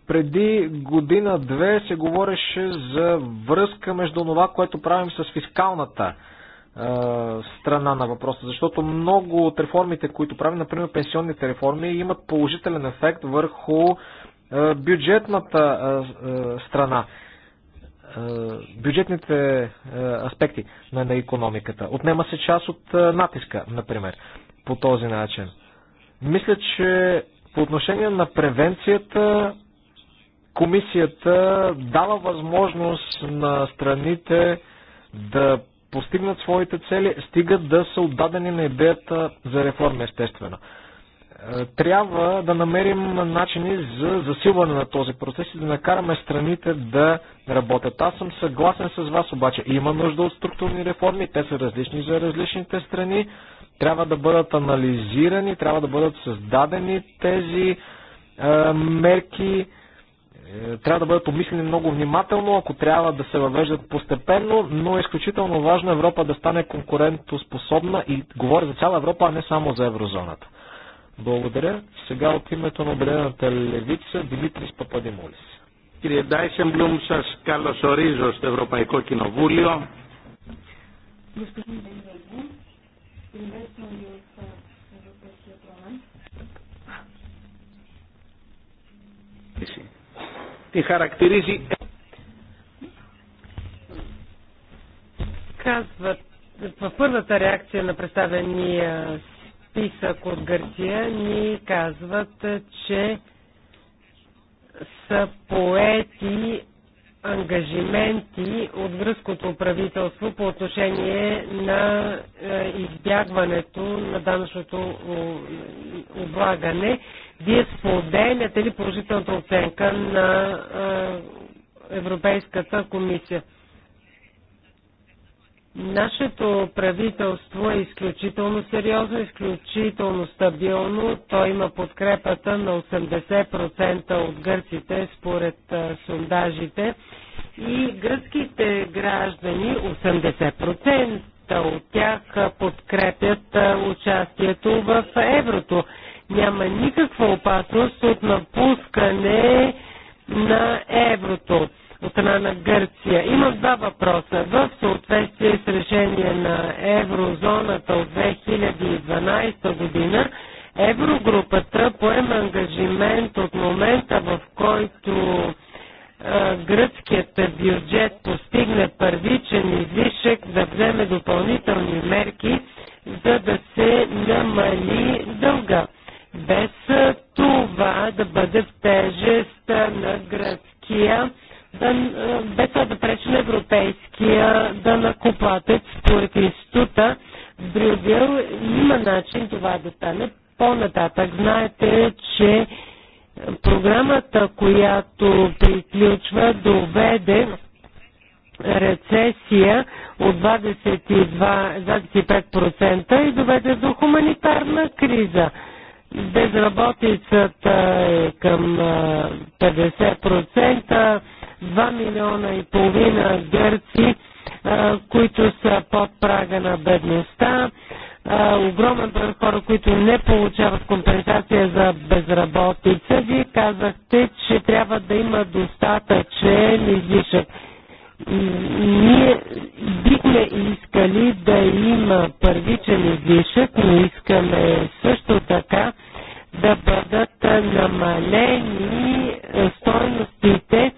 S2: преди година-две се говореше за връзка между това, което правим с фискалната страна на въпроса, защото много от реформите, които правим, например пенсионните реформи, имат положителен ефект върху е, бюджетната е, е, страна, бюджетните аспекти на економиката. Отнема се част от натиска, например, по този начин. Мисля, че по отношение на превенцията, комисията дава възможност на страните да постигнат своите цели, стигат да са отдадени на идеята за реформа, естествено трябва да намерим начини за засилване на този процес и да накараме страните да работят. Аз съм съгласен с вас, обаче има нужда от структурни реформи, те са различни за различните страни, трябва да бъдат анализирани, трябва да бъдат създадени тези е, мерки, е, трябва да бъдат обмислени много внимателно, ако трябва да се въвеждат постепенно, но е изключително важно Европа да стане конкурентоспособна и говоря за цяла Европа, а не само за еврозоната. Благодаря. Сега от името на Обедената левица Димитрис Пападимолис.
S1: Κύριε Ντάισεμπλουμ, σας καλωσορίζω στο Ευρωπαϊκό Κοινοβούλιο. Ти
S3: χαρακτηρίζει... Казват, в първата реакция на представения списък от Гърция ни казват, че са поети ангажименти от гръцкото правителство по отношение на
S1: е, избягването
S3: на данъчното облагане.
S1: Вие споделяте
S3: ли положителната оценка на е, Европейската комисия? Нашето правителство е изключително сериозно, изключително стабилно. Той има подкрепата на 80% от гърците според сондажите и гръцките граждани, 80% от тях подкрепят участието в еврото. Няма никаква опасност от напускане
S1: на еврото от страна на Гърция. Има два въпроса. В съответствие с решение на еврозоната от 2012 година, еврогрупата поема ангажимент от момента, в който гръцкият бюджет постигне първичен излишък да вземе допълнителни мерки, за да се намали дълга, без това да бъде в тежест на гръцкия да, без това да пречи на европейския данакоплатец, според института в Брюзел има начин това да стане по-нататък. Знаете, че програмата, която
S3: приключва, доведе
S1: рецесия
S3: от 22, 25% и доведе до хуманитарна криза. Безработицата е към
S1: 50%, 2 милиона и половина гърци, които са под прага на бедността, огромен брой
S3: хора, които не получават компенсация за безработица. Вие казахте, че трябва да има достатъчен излишък.
S1: Ние бихме искали да има първичен излишък, но искаме също така да бъдат намалени стойностите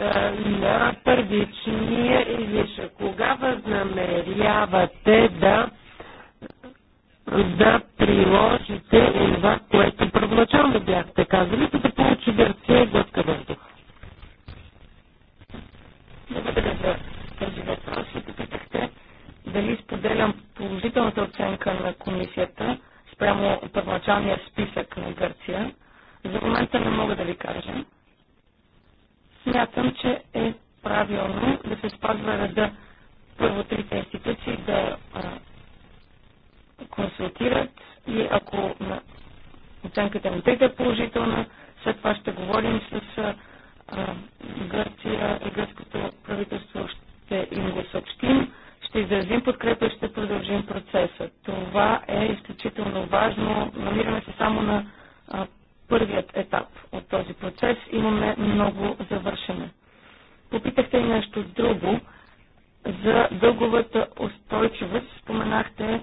S1: е, на първичния излишък. Кога възнамерявате да да приложите това, което първоначално бяхте казали, за да получи Гърция глътка въздух. Благодаря за този въпрос попитахте дали споделям положителната оценка на комисията спрямо първоначалния списък на Гърция.
S2: За момента не мога да ви
S1: кажа. Смятам, че е правилно да се спазва реда първо трите институции да а, консултират и ако оценката на трите е положителна, след това ще говорим с а, Гърция и гръцкото правителство, ще им го съобщим, ще изразим подкрепа и ще продължим процеса. Това е изключително важно. Намираме се само на а, първият етап от този процес имаме много завършене. Попитахте и нещо друго за дълговата устойчивост. Споменахте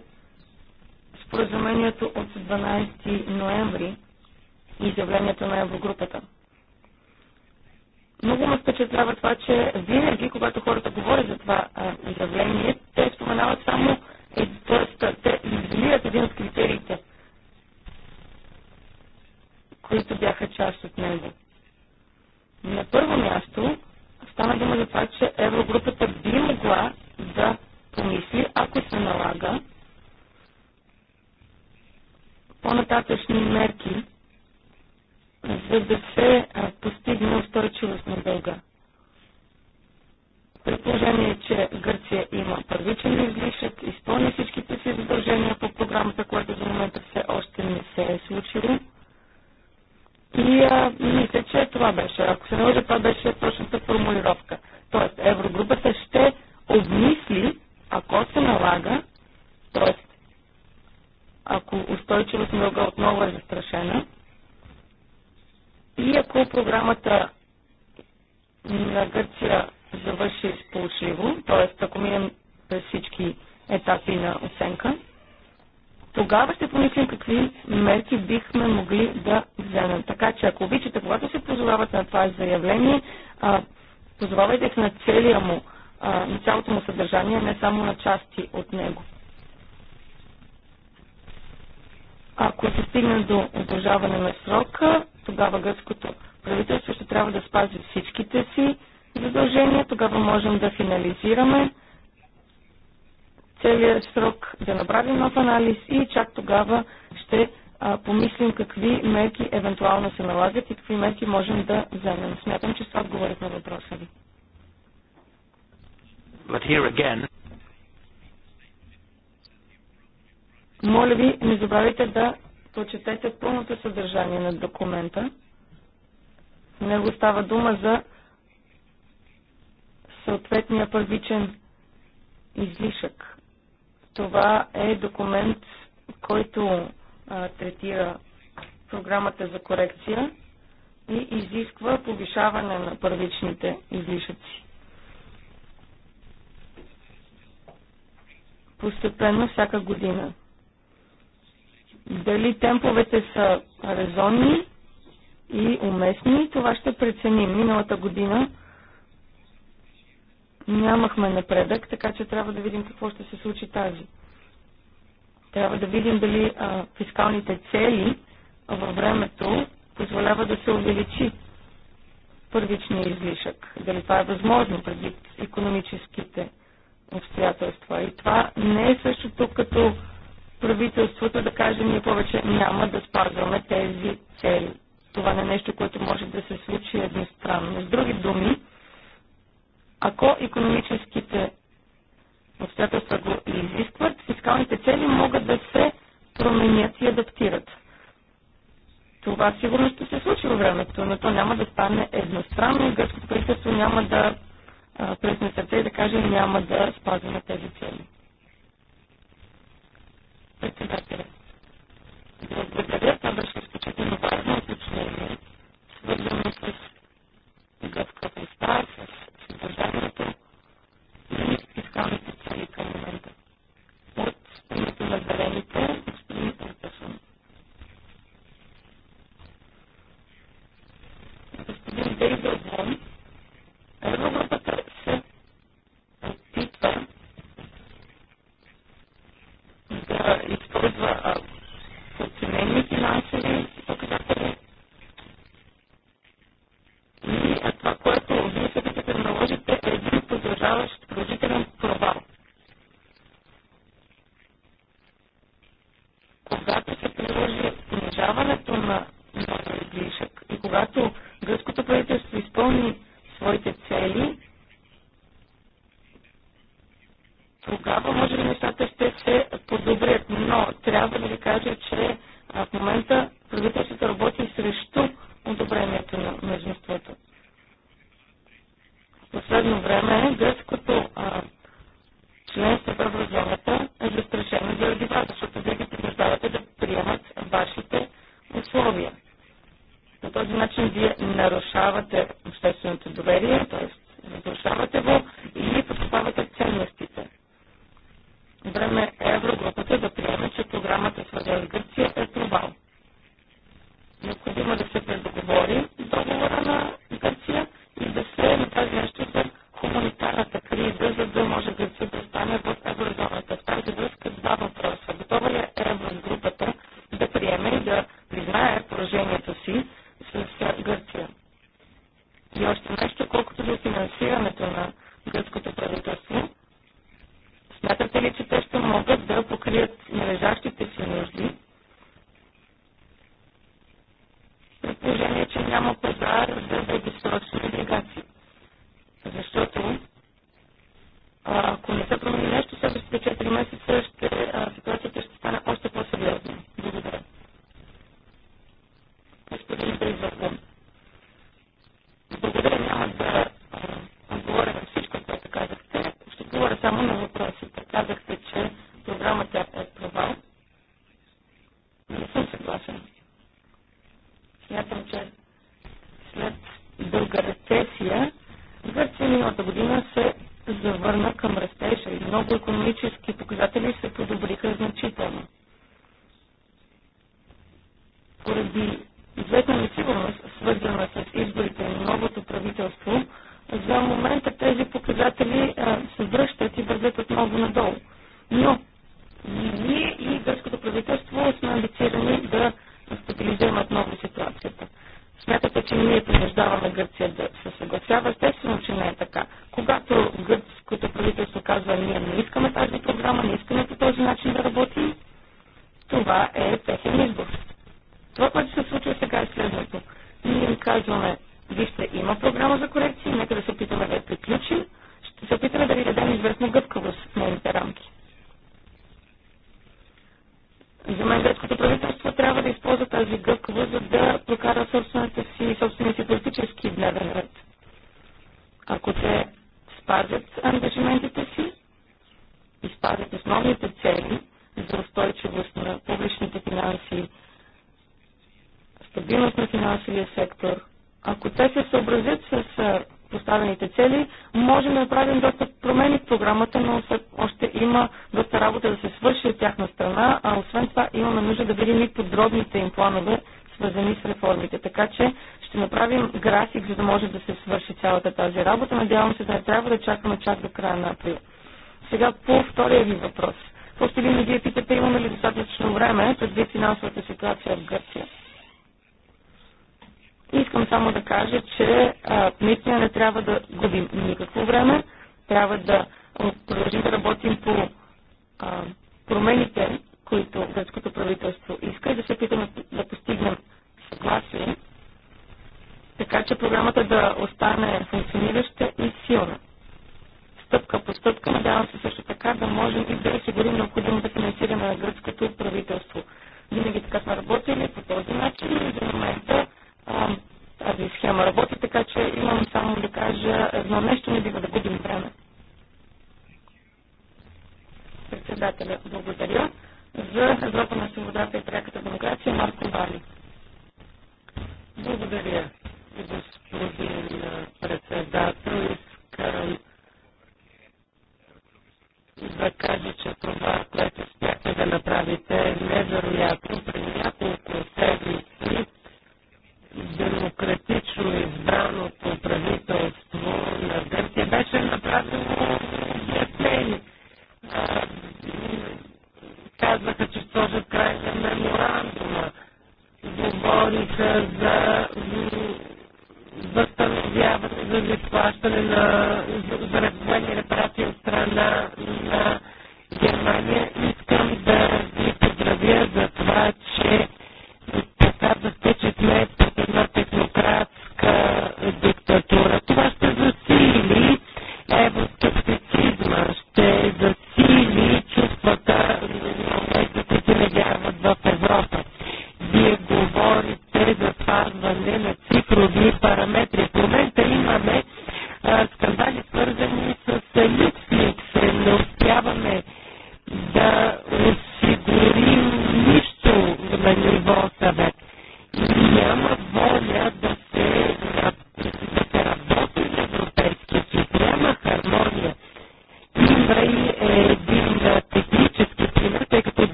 S2: споразумението
S1: от 12 ноември и изявлението на Еврогрупата. Много ме впечатлява това, че винаги, когато хората говорят за това изявление, те споменават само, т.е. те изолират един от критериите – които бяха част от него. На първо място стана дума за това, че Еврогрупата би могла да помисли, ако се налага, по-нататъчни мерки, за да се постигне устойчивост на дълга. При положение, че Гърция има първичен излишък, изпълни всичките си задължения по програмата, което до момента все още не се е случило, и а, мисля, че това беше. Ако се наложи, това беше точно изявление можем да вземем. Смятам, че това отговорих на въпроса ви. But here again... Моля ви, не забравяйте да
S4: прочетете пълното съдържание на документа. В него става дума за съответния първичен
S1: излишък.
S4: Това е документ, който
S1: а, третира програмата за корекция и изисква повишаване на първичните излишъци. Постепенно всяка година. Дали темповете са резонни и уместни, това
S4: ще преценим. Миналата година нямахме напредък, така че трябва да видим какво ще се случи тази. Трябва да видим дали а,
S1: фискалните цели във времето
S4: позволява да се увеличи
S1: първичния излишък. Дали това е възможно предвид економическите обстоятелства. И това не е същото като правителството да каже ние повече няма да спазваме тези цели. Това не е нещо, което може да се случи едностранно. С други думи, ако економическите обстоятелства го изискват, фискалните цели могат да се
S2: променят и
S1: адаптират. Това сигурно ще се случи във времето, но то няма да стане едностранно и гръцкото правителство няма да пресне сърце и да каже няма да спазваме тези цели. Председателя. Благодаря, това беше изключително важно уточнение, свързано с гъвкавостта, с съдържанието и фискалните цели към момента. От името на зелените, господин Антосон. господин Дейдел Блум, Еврогрупата се опитва да използва подценени финансови показатели и това, което вие се опитате да наложите е един продължаващ продължителен провал. Когато се приложи понижаването на, на излишък и когато гръцкото правителство изпълни своите цели, тогава може би нещата ще се подобрят. Но трябва да ви кажа, че в момента правителството работи срещу одобрението на мнозинството. В последно време гръцкото членство в еврозоната е застрашено заради вас, защото вие ги принуждавате да приемат вашите условия. По този начин вие нарушавате общественото доверие, т.е. разрушавате го и подкопавате ценностите. Време е Еврогрупата да приеме, че програмата свързана с Гърция е провал. Необходимо да се предоговори договора на Гърция и да се направи нещо за хуманитарната криза, за да може Гърция да остане в еврозоната. В тази връзка два въпроса. Готова ли е Еврогрупата да приеме и да признае поражението си с Гърция. И още нещо, колкото за финансирането на гръцкото правителство, смятате ли, че те ще могат да покрият належащите си нужди? При че няма пазар за дългосрочни облигации. Защото ако не се промени нещо, следващите 4 месеца ще, ситуацията ще стане още по-сериозна. Благодаря. Благодаря няма да отговоря на на всичко, което казахте. Казахте, само въпросите. че че програмата е Не съм съгласен. Смятам, след рецесия, година се се завърна към и много економически показатели подобриха значително. поради известна несигурност, свързана с изборите на новото правителство, за момента тези показатели а, се връщат и вървят отново надолу. Но ние и гръцкото правителство сме амбицирани да стабилизираме отново ситуацията. Смятате, че ние принуждаваме Гърция да се съгласява? Естествено, че не е така. Когато Гърция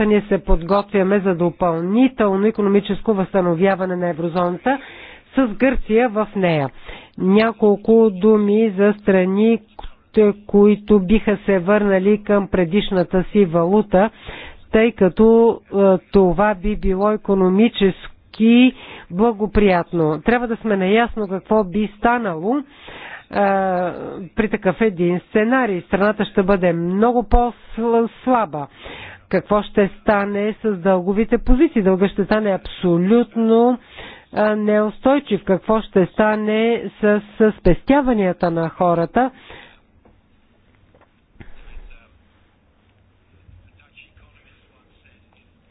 S3: момента ние се подготвяме за допълнително економическо възстановяване на еврозоната с Гърция в нея. Няколко думи за страни, които биха се върнали към предишната си валута, тъй като е, това би било економически благоприятно. Трябва да сме наясно какво би станало е, при такъв един сценарий. Страната ще бъде много по-слаба какво ще стане с дълговите позиции. Дълга ще стане абсолютно неустойчив. Какво ще стане с, спестяванията на хората.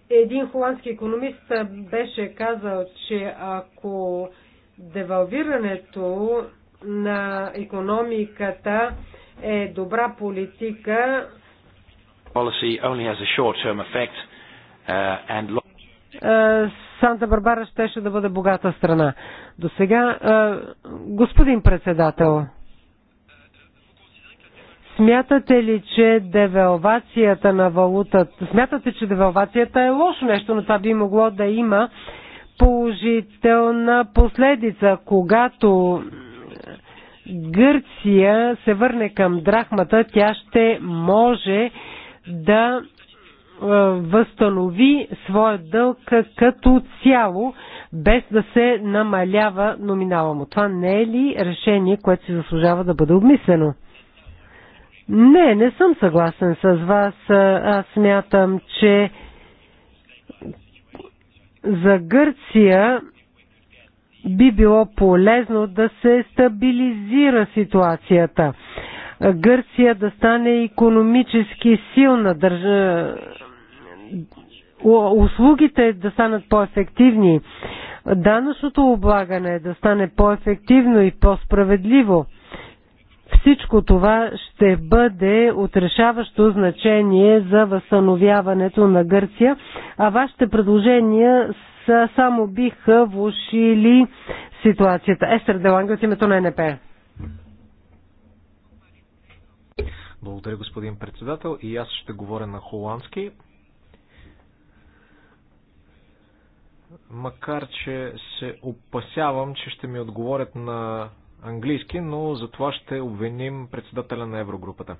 S3: Един холандски економист беше казал, че ако девалвирането на економиката е добра политика,
S1: policy only has a short-term effect uh, and
S3: е, Санта Барбара щеше да бъде богата страна. До сега, е, господин председател, смятате ли, че девалвацията на валутата, смятате, че девалвацията е лошо нещо, но това би могло да има положителна последица, когато Гърция се върне към драхмата, тя ще може да възстанови своя дълг като цяло, без да се намалява номинала му. Това не е ли решение, което си заслужава да бъде обмислено? Не, не съм съгласен с вас. Аз смятам, че за Гърция би било полезно да се стабилизира ситуацията. Гърция да стане економически силна държа, е, услугите да станат по-ефективни, данъчното облагане да стане по-ефективно и по-справедливо. Всичко това ще бъде отрешаващо значение за възстановяването на Гърция, а вашите предложения са, само биха влушили ситуацията. Естер Деланга от името на НП.
S2: Благодаря, господин председател. И аз ще говоря на холандски. Макар, че се опасявам, че ще ми отговорят на английски, но за това ще обвиним председателя на Еврогрупата.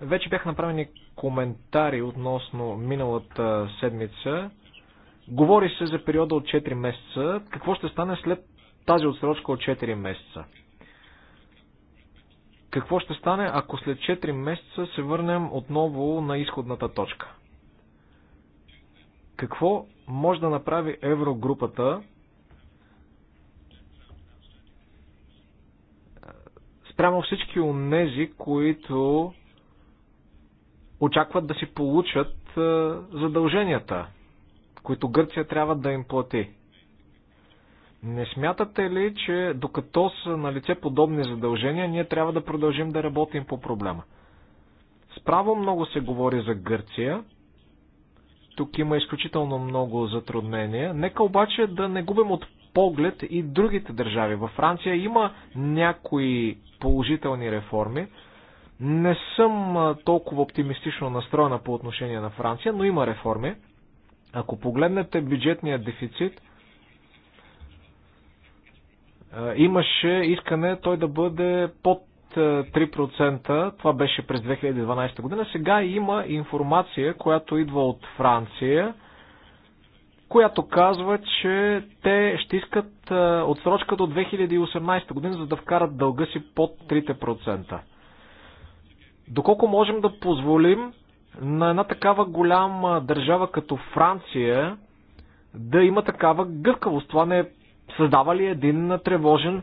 S2: Вече бяха направени коментари относно миналата седмица. Говори се за периода от 4 месеца. Какво ще стане след тази отсрочка от 4 месеца? Какво ще стане, ако след 4 месеца се върнем отново на изходната точка? Какво може да направи еврогрупата спрямо всички нези, които очакват да си получат задълженията, които Гърция трябва да им плати? Не смятате ли, че докато са на лице подобни задължения, ние трябва да продължим да работим по проблема? Справо много се говори за Гърция. Тук има изключително много затруднения. Нека обаче да не губим от поглед и другите държави. Във Франция има някои положителни реформи. Не съм толкова оптимистично настроена по отношение на Франция, но има реформи. Ако погледнете бюджетния дефицит – имаше искане той да бъде под 3%, това беше през 2012 година. Сега има информация, която идва от Франция, която казва, че те ще искат отсрочка до 2018 година, за да вкарат дълга си под 3%. Доколко можем да позволим на една такава голяма държава като Франция да има такава гъвкавост? Това не е създава ли един тревожен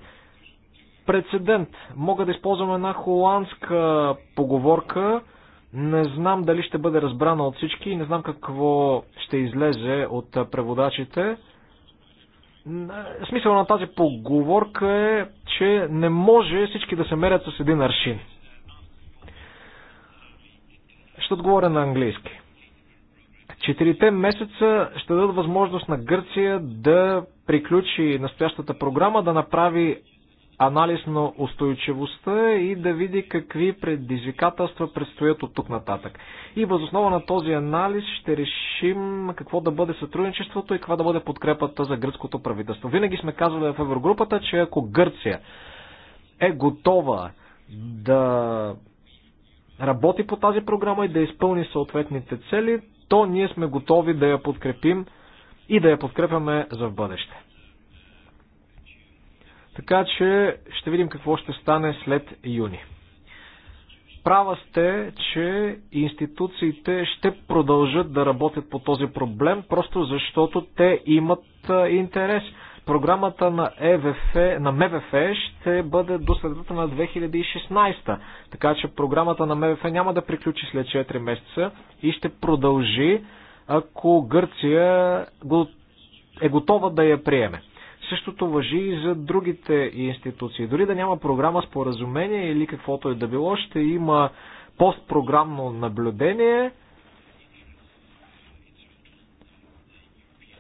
S2: прецедент. Мога да използвам една холандска поговорка, не знам дали ще бъде разбрана от всички и не знам какво ще излезе от преводачите. Смисъл на тази поговорка е, че не може всички да се мерят с един аршин. Ще отговоря на английски. Четирите месеца ще дадат възможност на Гърция да приключи настоящата програма, да направи анализ на устойчивостта и да види какви предизвикателства предстоят от тук нататък. И възоснова на този анализ ще решим какво да бъде сътрудничеството и каква да бъде подкрепата за гръцкото правителство. Винаги сме казвали в Еврогрупата, че ако Гърция е готова да работи по тази програма и да изпълни съответните цели, то ние сме готови да я подкрепим и да я подкрепяме за в бъдеще. Така че ще видим какво ще стане след юни. Права сте, че институциите ще продължат да работят по този проблем, просто защото те имат интерес програмата на, ЕВФ, на МВФ ще бъде до средата на 2016. Така че програмата на МВФ няма да приключи след 4 месеца и ще продължи, ако Гърция го, е готова да я приеме. Същото въжи и за другите институции. Дори да няма програма споразумение или каквото е да било, ще има постпрограмно наблюдение –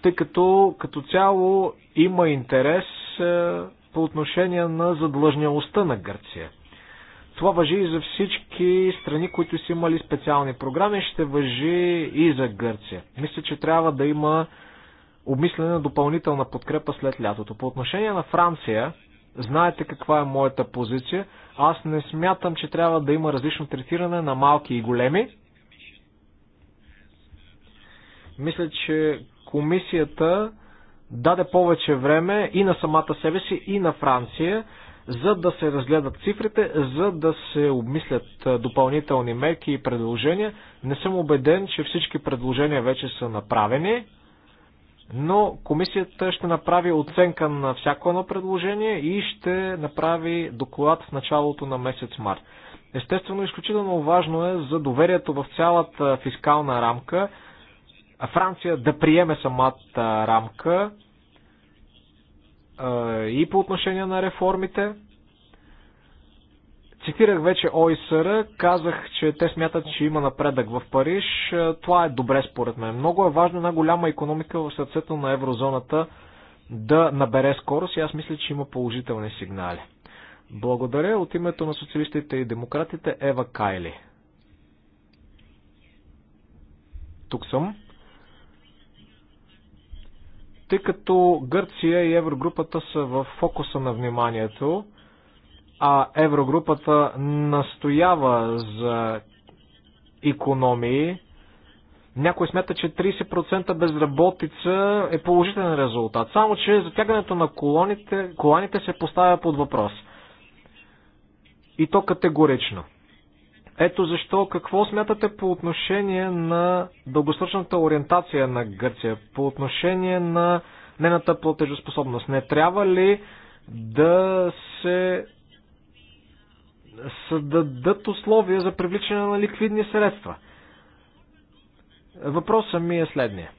S2: тъй като като цяло има интерес е, по отношение на задлъжнялостта на Гърция. Това въжи и за всички страни, които са имали специални програми, ще въжи и за Гърция. Мисля, че трябва да има обмислена на допълнителна подкрепа след лятото. По отношение на Франция, знаете каква е моята позиция. Аз не смятам, че трябва да има различно третиране на малки и големи. Мисля, че комисията даде повече време и на самата себе си, и на Франция, за да се разгледат цифрите, за да се обмислят допълнителни мерки и предложения. Не съм убеден, че всички предложения вече са направени, но комисията ще направи оценка на всяко едно предложение и ще направи доклад в началото на месец март. Естествено, изключително важно е за доверието в цялата фискална рамка Франция да приеме самата рамка и по отношение на реформите. Цитирах вече ОИСР, казах, че те смятат, че има напредък в Париж. Това е добре според мен. Много е важно една голяма економика в сърцето на еврозоната да набере скорост и аз мисля, че има положителни сигнали. Благодаря от името на социалистите и демократите Ева Кайли. Тук съм тъй като Гърция и Еврогрупата са в фокуса на вниманието, а Еврогрупата настоява за економии, някой смята, че 30% безработица е положителен резултат. Само, че затягането на колоните, коланите се поставя под въпрос. И то категорично. Ето защо какво смятате по отношение на дългосрочната ориентация на Гърция, по отношение на нената платежоспособност? Не трябва ли да се създадат условия за привличане на ликвидни средства? Въпросът ми е следния.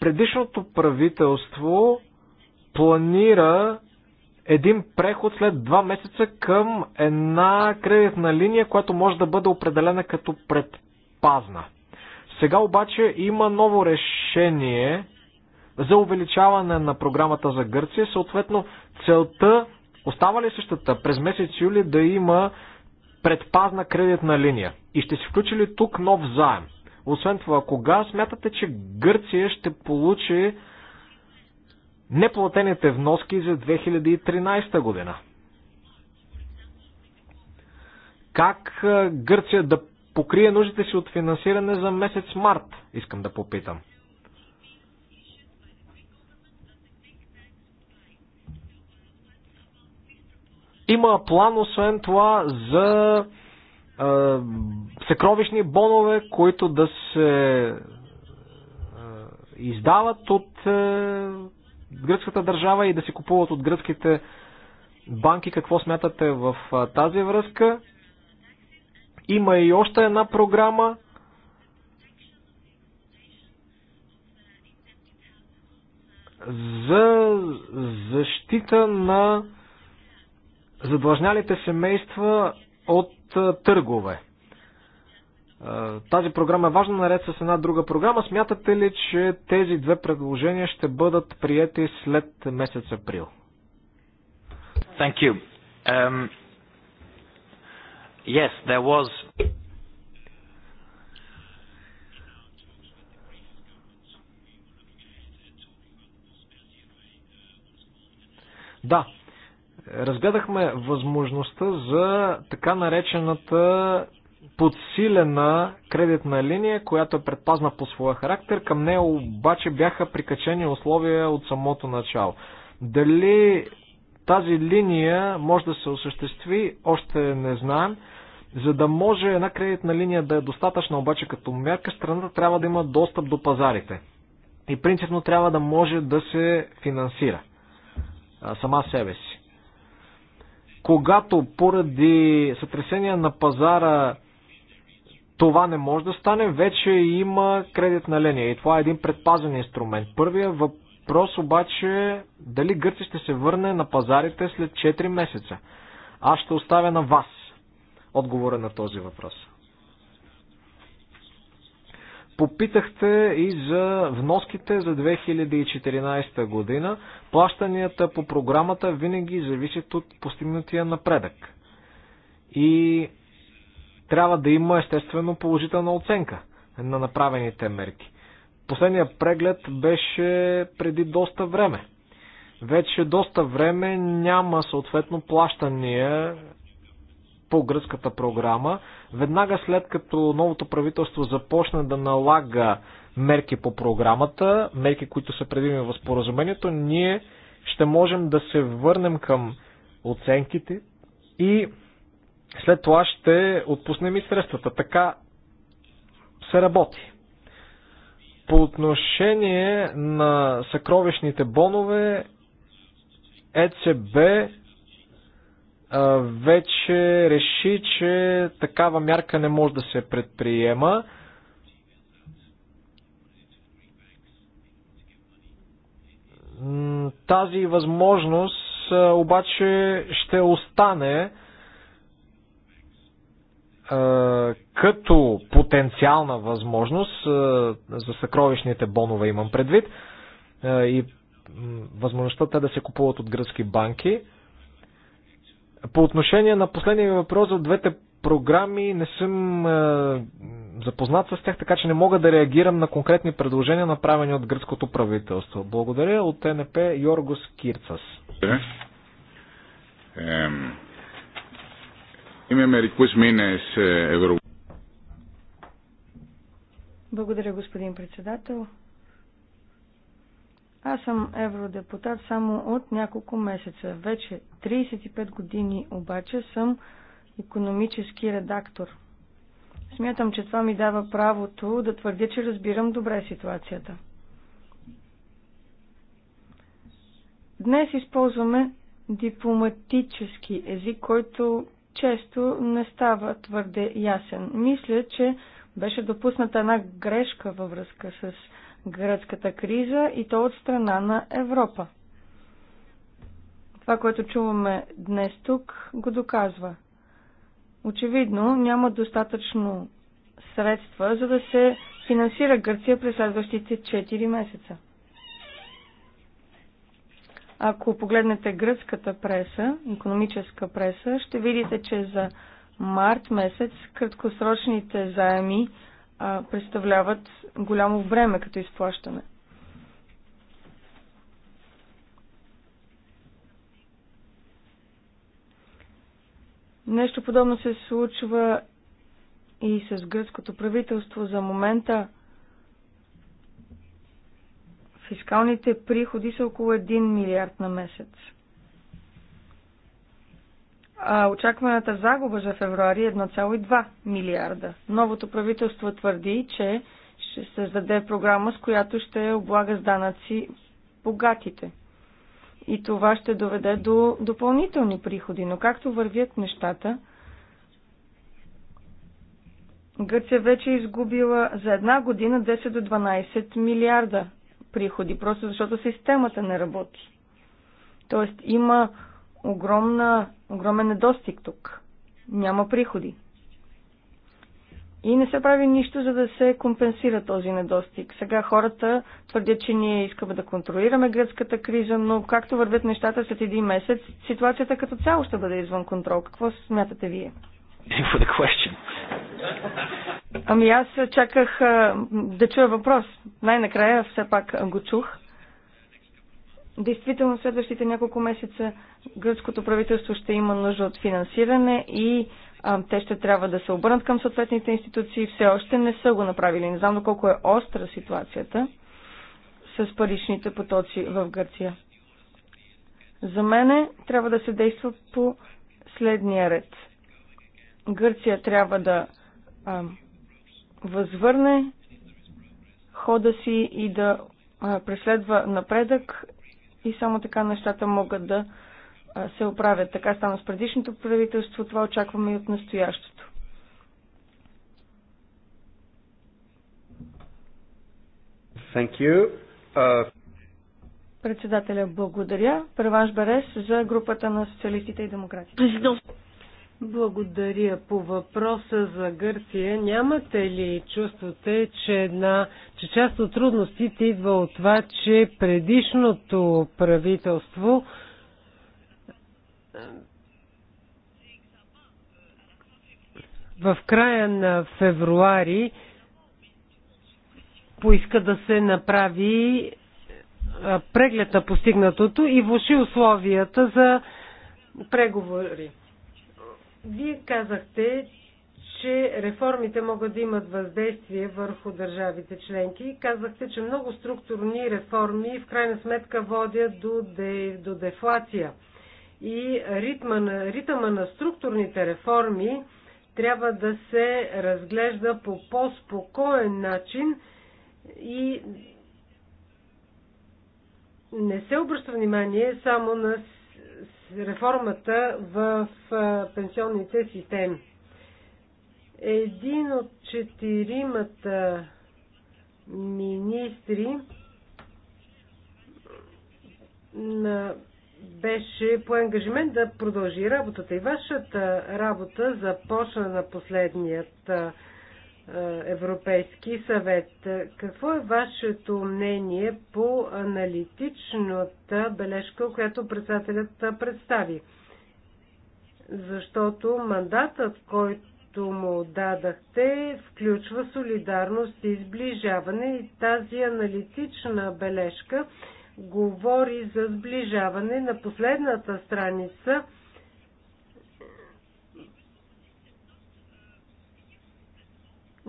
S2: Предишното правителство планира един преход след два месеца към една кредитна линия, която може да бъде определена като предпазна. Сега обаче има ново решение за увеличаване на програмата за Гърция. Съответно, целта остава ли същата през месец юли да има предпазна кредитна линия? И ще се включи ли тук нов заем? Освен това, кога смятате, че Гърция ще получи неплатените вноски за 2013 година. Как Гърция да покрие нуждите си от финансиране за месец март, искам да попитам. Има план, освен това, за е, съкровищни бонове, които да се е, издават от е, гръцката държава и да си купуват от гръцките банки. Какво смятате в тази връзка? Има и още една програма. за защита на задлъжнялите семейства от търгове. Тази програма е важна наред с една друга програма. Смятате ли, че тези две предложения ще бъдат приети след месец април? Thank you. Um, yes, there was... Да, разгледахме възможността за така наречената подсилена кредитна линия, която е предпазна по своя характер. Към нея обаче бяха прикачени условия от самото начало. Дали тази линия може да се осъществи, още не знаем. За да може една кредитна линия да е достатъчна, обаче като мярка, страната трябва да има достъп до пазарите. И принципно трябва да може да се финансира сама себе си. Когато поради сътресения на пазара това не може да стане, вече има кредитна линия и това е един предпазен инструмент. Първия въпрос обаче е дали Гърция ще се върне на пазарите след 4 месеца. Аз ще оставя на вас отговора на този въпрос. Попитахте и за вноските за 2014 година. Плащанията по програмата винаги зависят от постигнатия напредък. И трябва да има естествено положителна оценка на направените мерки. Последният преглед беше преди доста време. Вече доста време няма съответно плащания по гръцката програма. Веднага след като новото правителство започна да налага мерки по програмата, мерки, които са предвидени в споразумението, ние ще можем да се върнем към оценките и след това ще отпуснем и средствата. Така се работи. По отношение на съкровищните бонове, ЕЦБ вече реши, че такава мярка не може да се предприема. Тази възможност обаче ще остане като потенциална възможност за съкровищните бонове имам предвид и възможността те да се купуват от гръцки банки. По отношение на последния въпрос за двете програми не съм запознат с тях, така че не мога да реагирам на конкретни предложения, направени от гръцкото правителство. Благодаря от ТНП Йоргос Кирцас.
S1: Е, Είμαι μερικού μήνε Евро...
S4: Благодаря, господин председател. Аз съм евродепутат само от няколко месеца. Вече 35 години обаче съм економически редактор. Смятам, че това ми дава правото да твърдя, че разбирам добре ситуацията. Днес използваме дипломатически език, който често не става твърде ясен. Мисля, че беше допусната една грешка във връзка с гръцката криза и то от страна на Европа. Това, което чуваме днес тук, го доказва. Очевидно няма достатъчно средства, за да се финансира Гърция през следващите 4 месеца. Ако погледнете гръцката преса, економическа преса, ще видите, че за март месец краткосрочните заеми а, представляват голямо време като изплащане. Нещо подобно се случва и с гръцкото правителство за момента. Фискалните приходи са около 1 милиард на месец. А очакваната загуба за февруари е 1,2 милиарда. Новото правителство твърди, че ще създаде програма, с която ще облага с данъци богатите. И това ще доведе до допълнителни приходи. Но както вървят нещата, Гърция вече е изгубила за една година 10 до 12 милиарда приходи, просто защото системата не работи. Тоест има огромна, огромен недостиг тук. Няма приходи. И не се прави нищо, за да се компенсира този недостиг. Сега хората твърдят, че ние искаме да контролираме гръцката криза, но както вървят нещата след един месец, ситуацията като цяло ще бъде извън контрол. Какво смятате вие? Ами аз чаках да чуя въпрос. Най-накрая все пак го чух. Действително следващите няколко месеца гръцкото правителство ще има нужда от финансиране и а, те ще трябва да се обърнат към съответните институции. Все още не са го направили. Не знам доколко е остра ситуацията с паричните потоци в Гърция. За мене трябва да се действа по следния ред – Гърция трябва да а, възвърне хода си и да а, преследва напредък и само така нещата могат да а, се оправят. Така стана с предишното правителство, това очакваме и от настоящото.
S1: Thank you. Uh...
S4: Председателя, благодаря. Преванш Берес за групата на социалистите и демократите.
S3: Благодаря. По въпроса за Гърция, нямате ли чувствате, че, една, че част от трудностите идва от това, че предишното правителство в края на февруари поиска да се направи преглед на постигнатото и влуши условията за преговори. Вие казахте, че реформите могат да имат въздействие върху държавите членки казахте, че много структурни реформи в крайна сметка водят до, де, до дефлация. И ритма на, ритъма на структурните реформи трябва да се разглежда по по-спокоен начин и не се обръща внимание само на реформата в пенсионните системи. Един от четиримата министри на беше по ангажимент да продължи работата. И вашата работа започна на последният е, Европейски съвет. Какво е вашето мнение по аналитичната бележка, която председателят представи? Защото мандатът, който му дадахте, включва солидарност и сближаване и тази аналитична бележка говори за сближаване на последната страница –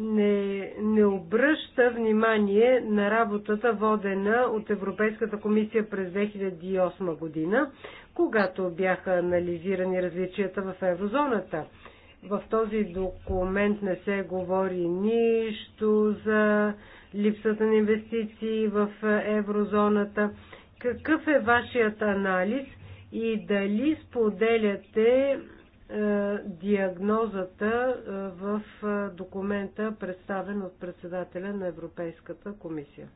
S3: не, не обръща внимание на работата водена от Европейската комисия през 2008 година, когато бяха анализирани различията в еврозоната. В този документ не се говори нищо за липсата на инвестиции в еврозоната. Какъв е вашият анализ и дали споделяте е, диагнозата е, в е, документа, представен от председателя на Европейската комисия.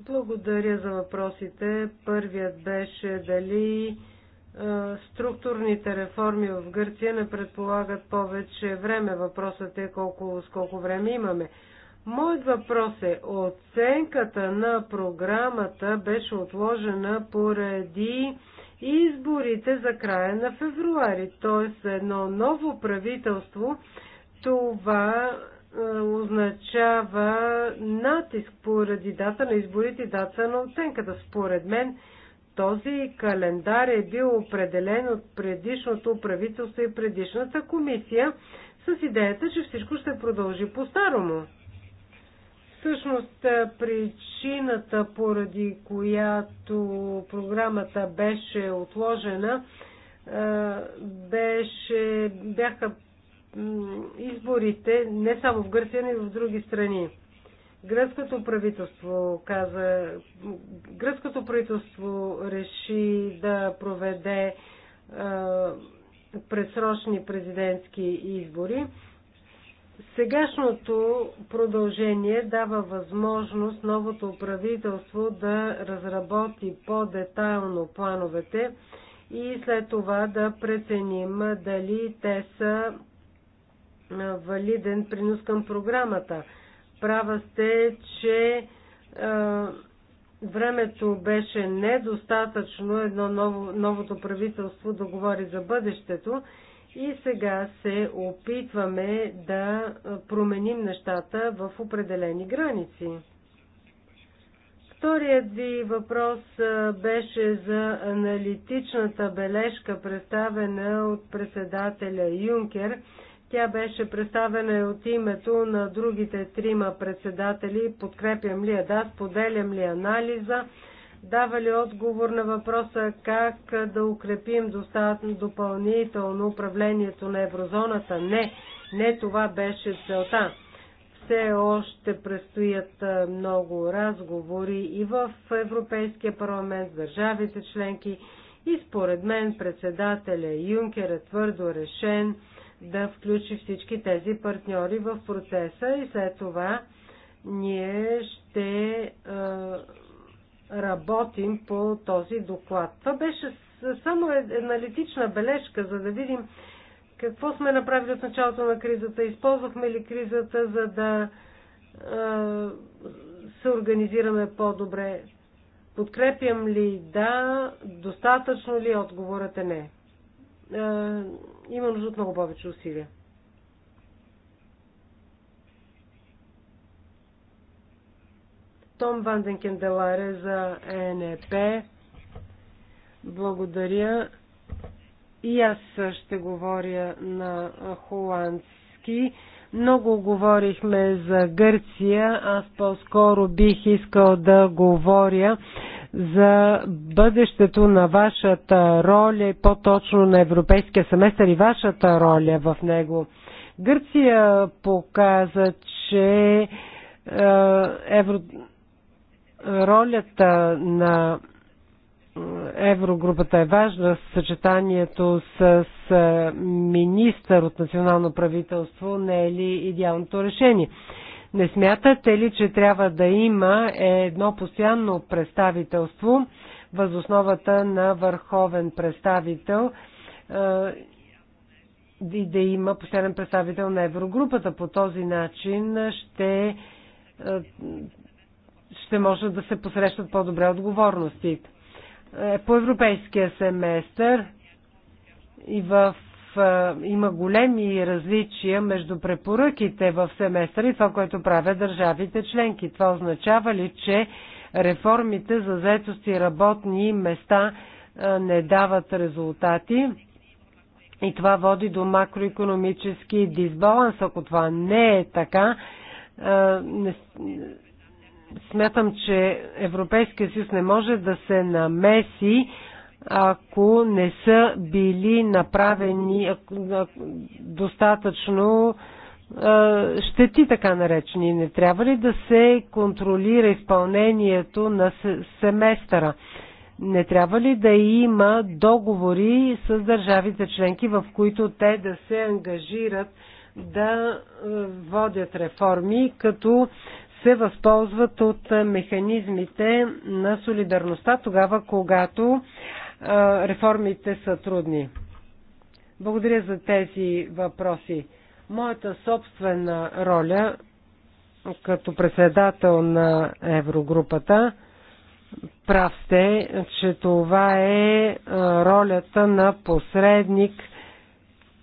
S3: Благодаря за въпросите. Първият беше дали структурните реформи в Гърция не предполагат повече време. Въпросът е колко, с колко време имаме. Моят въпрос е, оценката на програмата беше отложена поради изборите за края на февруари, т.е. едно ново правителство. Това е, означава натиск поради дата на изборите и дата на оценката. Според мен този календар е бил определен от предишното правителство и предишната комисия с идеята, че всичко ще продължи по-старому. Всъщност причината, поради която програмата беше отложена, беше, бяха изборите не само в Гърция, но и в други страни. Гръцкото правителство каза, гръцкото правителство реши да проведе а, предсрочни президентски избори. Сегашното продължение дава възможност новото правителство да разработи по-детайлно плановете и след това да преценим дали те са валиден принос към програмата. Права сте, че времето беше недостатъчно едно ново, новото правителство да говори за бъдещето и сега се опитваме да променим нещата в определени граници. Вторият ви въпрос беше за аналитичната бележка, представена от председателя Юнкер. Тя беше представена от името на другите трима председатели. Подкрепям ли я? Да, споделям ли анализа? дава ли отговор на въпроса как да укрепим достатъчно допълнително управлението на еврозоната? Не, не това беше целта. Все още предстоят много разговори и в Европейския парламент с държавите членки и според мен председателя Юнкер е твърдо решен да включи всички тези партньори в процеса и след това ние ще работим по този доклад. Това беше само е аналитична бележка, за да видим какво сме направили от началото на кризата, използвахме ли кризата, за да се организираме по-добре. Подкрепям ли да, достатъчно ли отговорът е не. има нужда от много повече усилия. Том Ванден Кенделаре за ЕНП. Благодаря. И аз ще говоря на холандски. Много говорихме за Гърция, аз по-скоро бих искал да говоря за бъдещето на вашата роля и по-точно на европейския семестър и вашата роля в него. Гърция показа, че е, евро Ролята на е, Еврогрупата е важна в съчетанието с е, министър от национално правителство не е ли идеалното решение? Не смятате ли, че трябва да има е, едно постоянно представителство възосновата на върховен представител и да има постоянен представител на Еврогрупата? По този начин ще ще може да се посрещат по-добре отговорностите. Е, по европейския семестър и в е, има големи различия между препоръките в семестър и това, което правят държавите членки. Това означава ли, че реформите за заетост и работни места е, не дават резултати? И това води до макроекономически дисбаланс. Ако това не е така, Смятам, че Европейския съюз не може да се намеси, ако не са били направени достатъчно щети, така наречени. Не трябва ли да се контролира изпълнението на семестъра? Не трябва ли да има договори с държавите членки, в които те да се ангажират да водят реформи, като се възползват от механизмите на солидарността тогава, когато реформите са трудни. Благодаря за тези въпроси. Моята собствена роля като председател на Еврогрупата прав сте, че това е ролята на посредник –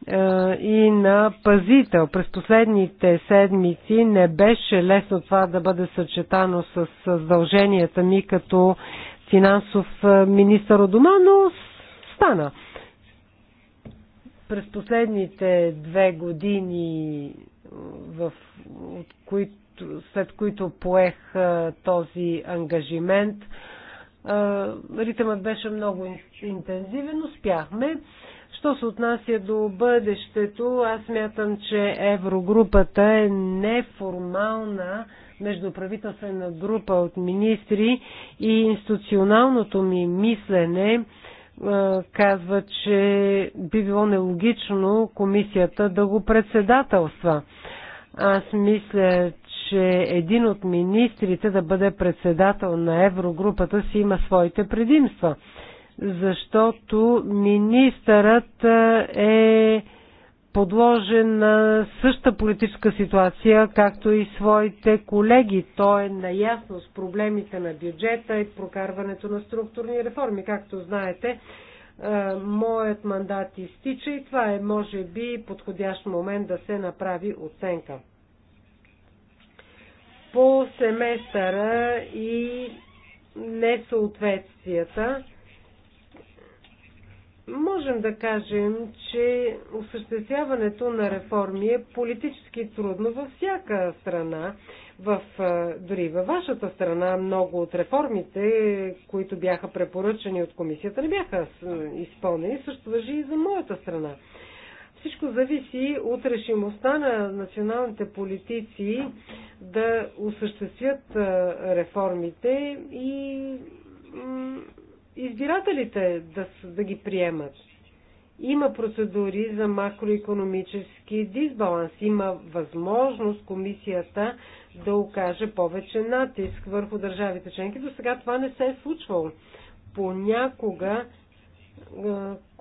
S3: е, и на пазител. През последните седмици не беше лесно това да бъде съчетано с задълженията ми като финансов е, министър от дома, но стана. През последните две години, в, от които, след които поех е, този ангажимент, ритъмът беше много интензивен, успяхме. Що се отнася до бъдещето, аз мятам, че Еврогрупата е неформална междуправителствена група от министри и институционалното ми мислене казва, че би било нелогично комисията да го председателства. Аз мисля, че един от министрите да бъде председател на Еврогрупата си има своите предимства защото министърът е, е подложен на същата политическа ситуация, както и своите колеги. Той е наясно с проблемите на бюджета и прокарването на структурни реформи. Както знаете, е, моят мандат изтича и това е, може би, подходящ момент да се направи оценка. По семестъра и несъответствията, Можем да кажем, че осъществяването на реформи е политически трудно във всяка страна, в, дори във вашата страна много от реформите, които бяха препоръчани от комисията, не бяха изпълнени, също въжи и за моята страна. Всичко зависи от решимостта на националните политици да осъществят реформите и избирателите да, да ги приемат. Има процедури за макроекономически дисбаланс. Има възможност комисията да окаже повече натиск върху държавите членки. До сега това не се е случвало. Понякога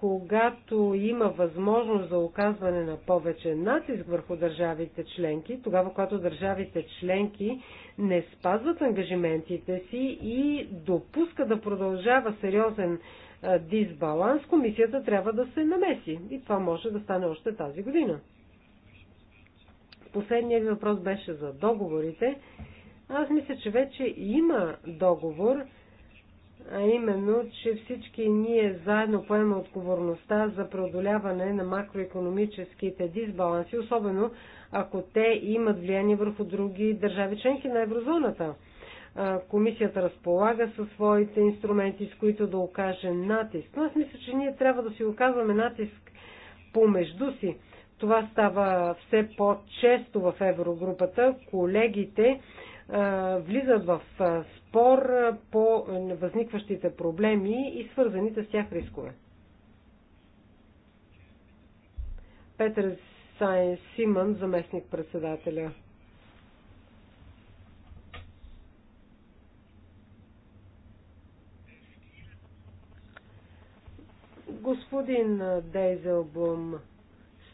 S3: когато има възможност за оказване на повече натиск върху държавите членки, тогава когато държавите членки не спазват ангажиментите си и допуска да продължава сериозен дисбаланс, комисията трябва да се намеси. И това може да стане още тази година. Последният въпрос беше за договорите. Аз мисля, че вече има договор, а именно, че всички ние заедно поемаме отговорността за преодоляване на макроекономическите дисбаланси, особено ако те имат влияние върху други държави членки на еврозоната. Комисията разполага със своите инструменти, с които да окаже натиск. Но аз мисля, че ние трябва да си оказваме натиск помежду си. Това става все по-често в еврогрупата. Колегите влизат в спор по възникващите проблеми и свързаните с тях рискове. Петър Сайн Симън, заместник председателя. Господин Дейзелбум,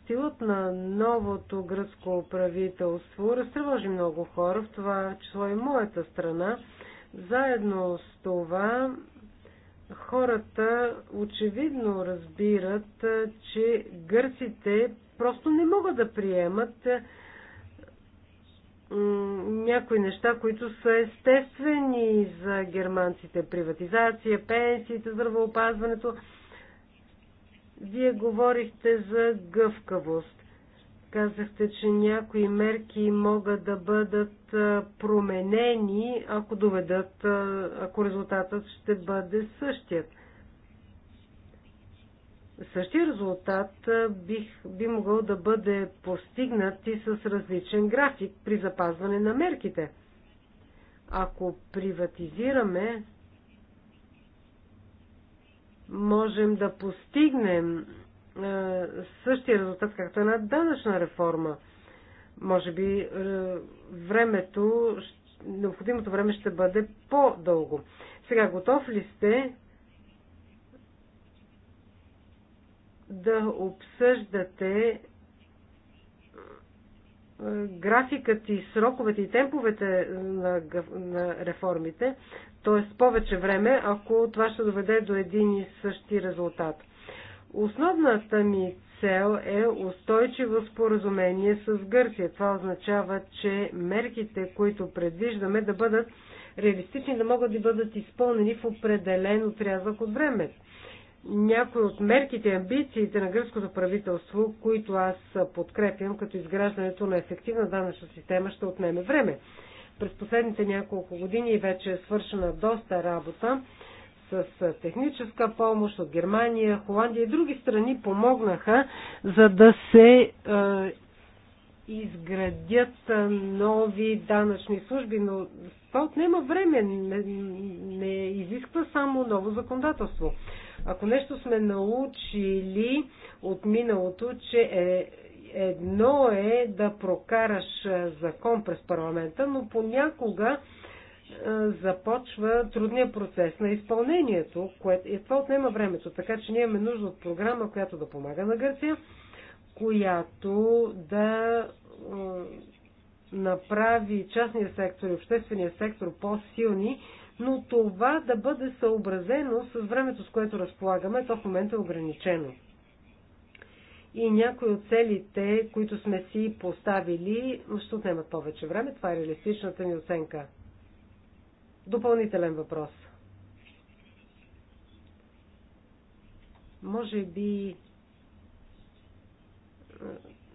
S3: Стилът на новото гръцко правителство разтревожи много хора, в това число и моята страна. Заедно с това хората очевидно разбират, че гърците просто не могат да приемат някои неща, които са естествени за германците. Приватизация, пенсиите, здравеопазването. Вие говорихте за гъвкавост. Казахте, че някои мерки могат да бъдат променени, ако доведат, ако резултатът ще бъде същият. Същия резултат бих, би могъл да бъде постигнат и с различен график при запазване на мерките. Ако приватизираме можем да постигнем същия резултат, както една данъчна реформа. Може би времето, необходимото време ще бъде по-дълго. Сега, готов ли сте да обсъждате графикът и сроковете и темповете на, на реформите, т.е. повече време, ако това ще доведе до един и същи резултат. Основната ми цел е устойчиво споразумение с Гърция. Това означава, че мерките, които предвиждаме да бъдат реалистични, да могат да бъдат изпълнени в определен отрязък от време. Някои от мерките и амбициите на гръцкото правителство, които аз подкрепям като изграждането на ефективна данъчна система, ще отнеме време. През последните няколко години вече е свършена доста работа с техническа помощ от Германия, Холандия и други страни помогнаха, за да се е, изградят нови данъчни служби, но това отнема време, не, не изисква само ново законодателство. Ако нещо сме научили от миналото, че е, Едно е да прокараш закон през парламента, но понякога започва трудния процес на изпълнението, което, и това отнема времето. Така че ние имаме нужда от програма, която да помага на Гърция, която да направи частния сектор и обществения сектор по-силни, но това да бъде съобразено с времето, с което разполагаме, то в момента е ограничено и някои от целите, които сме си поставили, ще отнемат повече време. Това е реалистичната ни оценка. Допълнителен въпрос. Може би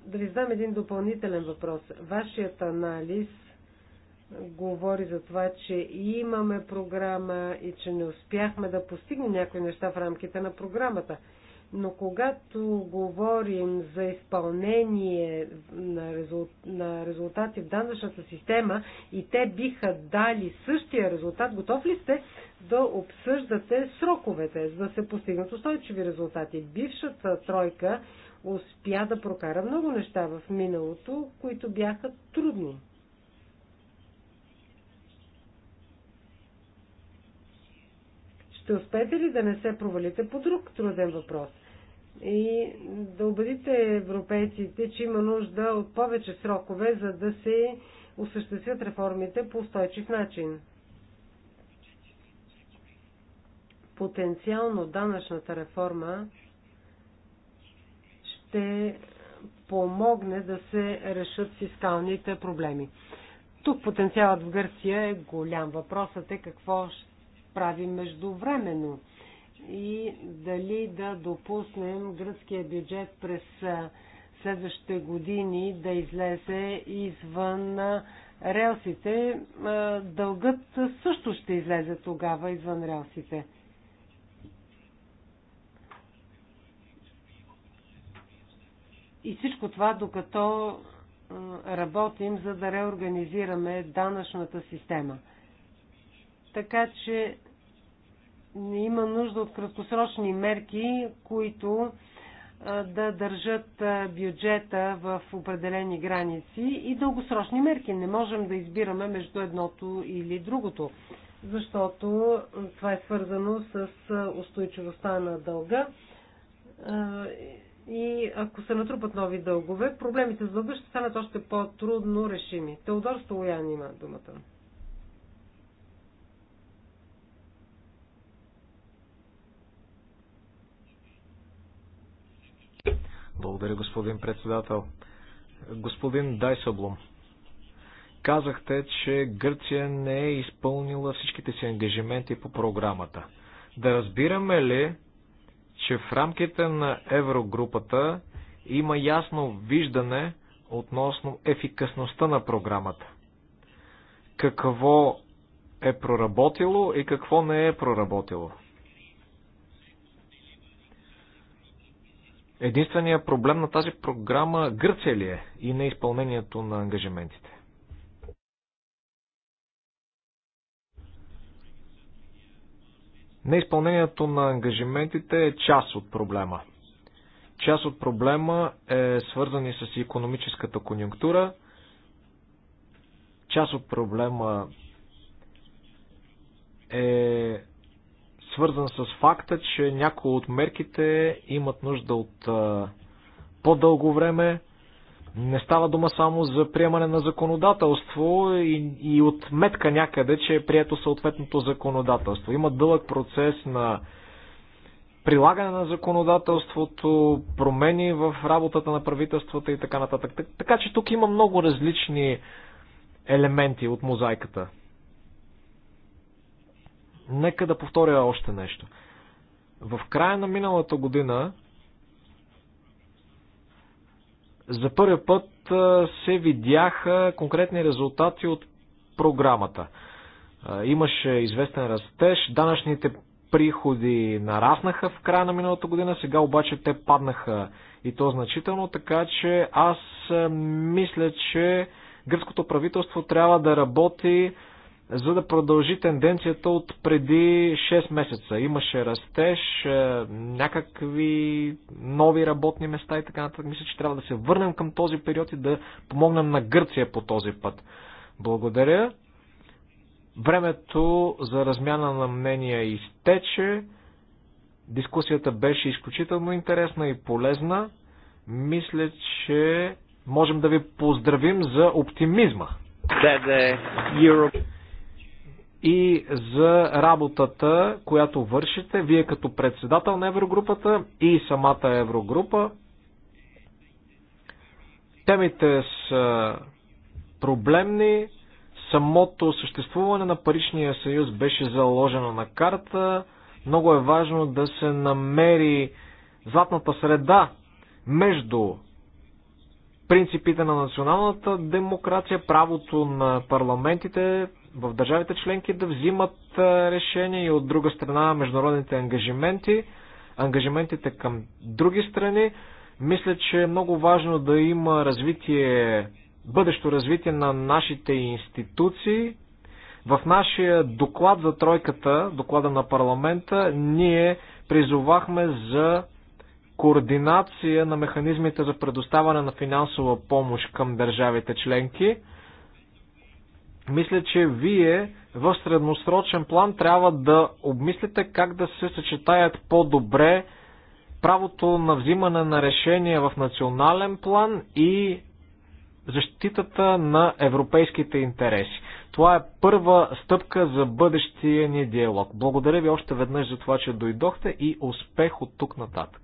S3: да ви задам един допълнителен въпрос. Вашият анализ говори за това, че имаме програма и че не успяхме да постигнем някои неща в рамките на програмата – но когато говорим за изпълнение на, резул... на резултати в данъчната система и те биха дали същия резултат, готов ли сте да обсъждате сроковете, за да се постигнат устойчиви резултати? Бившата тройка успя да прокара много неща в миналото, които бяха трудни. Ще успеете ли да не се провалите по друг труден въпрос? и да убедите европейците, че има нужда от повече срокове, за да се осъществят реформите по устойчив начин. Потенциално данъчната реформа ще помогне да се решат фискалните проблеми. Тук потенциалът в Гърция е голям. Въпросът е какво ще правим междувременно и дали да допуснем гръцкия бюджет през следващите години да излезе извън релсите. Дългът също ще излезе тогава извън релсите. И всичко това докато работим, за да реорганизираме данъчната система. Така че има нужда от краткосрочни мерки, които да държат бюджета в определени граници и дългосрочни мерки. Не можем да избираме между едното или другото, защото това е свързано с устойчивостта на дълга. И ако се натрупат нови дългове, проблемите с дълга ще станат още по-трудно решими. Теодор Столоян има думата.
S2: Благодаря, господин председател. Господин Дайсоблом, казахте, че Гърция не е изпълнила всичките си ангажименти по програмата. Да разбираме ли, че в рамките на Еврогрупата има ясно виждане относно ефикасността на програмата? Какво е проработило и какво не е проработило? Единствения проблем на тази програма Гърция ли е и неизпълнението на ангажиментите? Неизпълнението на ангажиментите е част от проблема. Част от проблема е свързани с економическата конюнктура. Част от проблема е свързан с факта, че някои от мерките имат нужда от по-дълго време. Не става дума само за приемане на законодателство и, и отметка някъде, че е прието съответното законодателство. Има дълъг процес на прилагане на законодателството, промени в работата на правителствата и така нататък. Така че тук има много различни елементи от мозайката. Нека да повторя още нещо. В края на миналата година за първи път се видяха конкретни резултати от програмата. Имаше известен растеж, данъчните приходи нараснаха в края на миналата година, сега обаче те паднаха и то значително, така че аз мисля, че гръцкото правителство трябва да работи за да продължи тенденцията от преди 6 месеца. Имаше растеж, е, някакви нови работни места и така нататък. Мисля, че трябва да се върнем към този период и да помогнем на Гърция по този път. Благодаря. Времето за размяна на мнения изтече. Дискусията беше изключително интересна и полезна. Мисля, че можем да ви поздравим за оптимизма. Да, да. Uh, Europe и за работата, която вършите, вие като председател на Еврогрупата и самата Еврогрупа. Темите са проблемни. Самото съществуване на Паричния съюз беше заложено на карта. Много е важно да се намери златната среда между принципите на националната демокрация, правото на парламентите, в държавите членки да взимат решения и от друга страна международните ангажименти, ангажиментите към други страни. Мисля, че е много важно да има развитие, бъдещо развитие на нашите институции. В нашия доклад за тройката, доклада на парламента, ние призовахме за координация на механизмите за предоставане на финансова помощ към държавите членки – мисля, че вие в средносрочен план трябва да обмислите как да се съчетаят по-добре правото на взимане на решения в национален план и защитата на европейските интереси. Това е първа стъпка за бъдещия ни диалог. Благодаря ви още веднъж за това, че дойдохте и успех от тук нататък.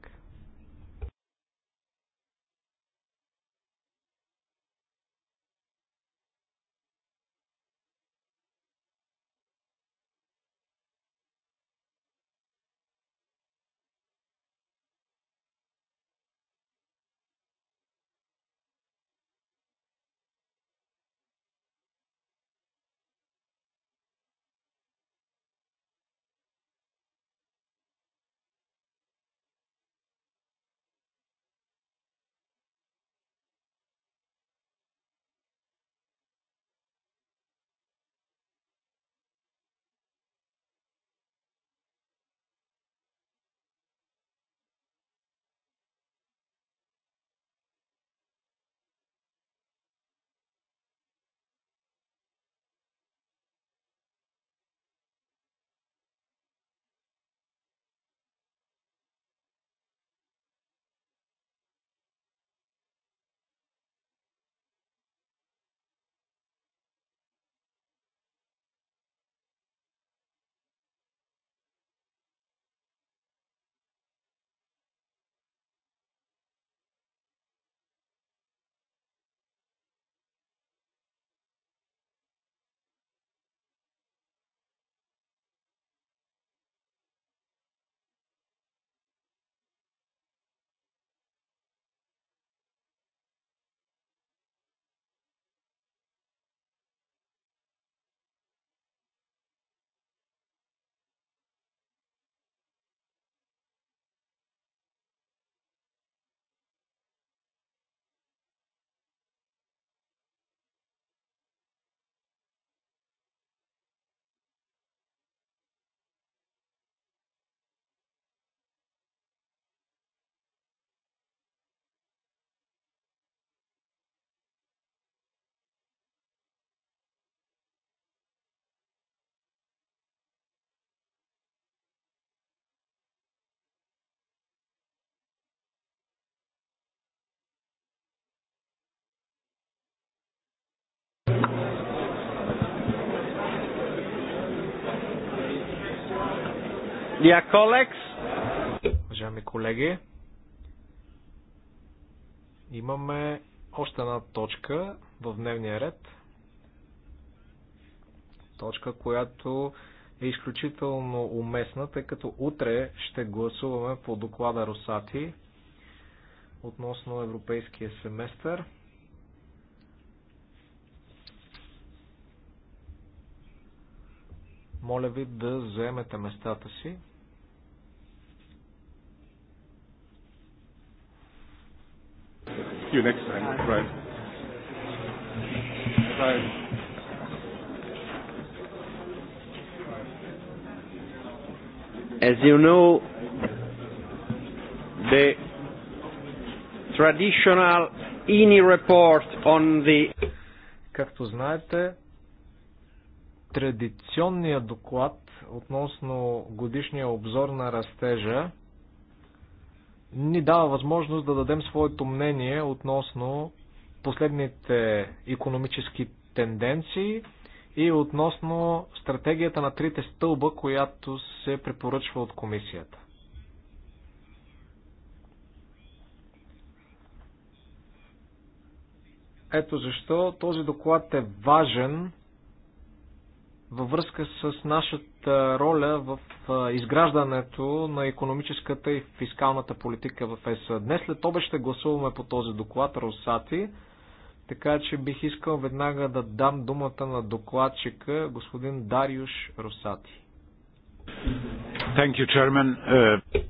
S2: Dear colleagues, уважаеми колеги, имаме още една точка в дневния ред. Точка, която е изключително уместна, тъй като утре ще гласуваме по доклада Росати относно европейския семестър – Моля ви да заемете местата си. you next time. Right. Right. As you know, the traditional INI report on the Както знаете, традиционния доклад относно годишния обзор на растежа ни дава възможност да дадем своето мнение относно последните економически тенденции и относно стратегията на трите стълба, която се препоръчва от комисията. Ето защо този доклад е важен във връзка с нашата роля в изграждането на економическата и фискалната политика в ЕС. Днес след обе ще гласуваме по този доклад Росати, така че бих искал веднага да дам думата на докладчика господин Дариуш Росати.
S1: Thank you, chairman. Uh,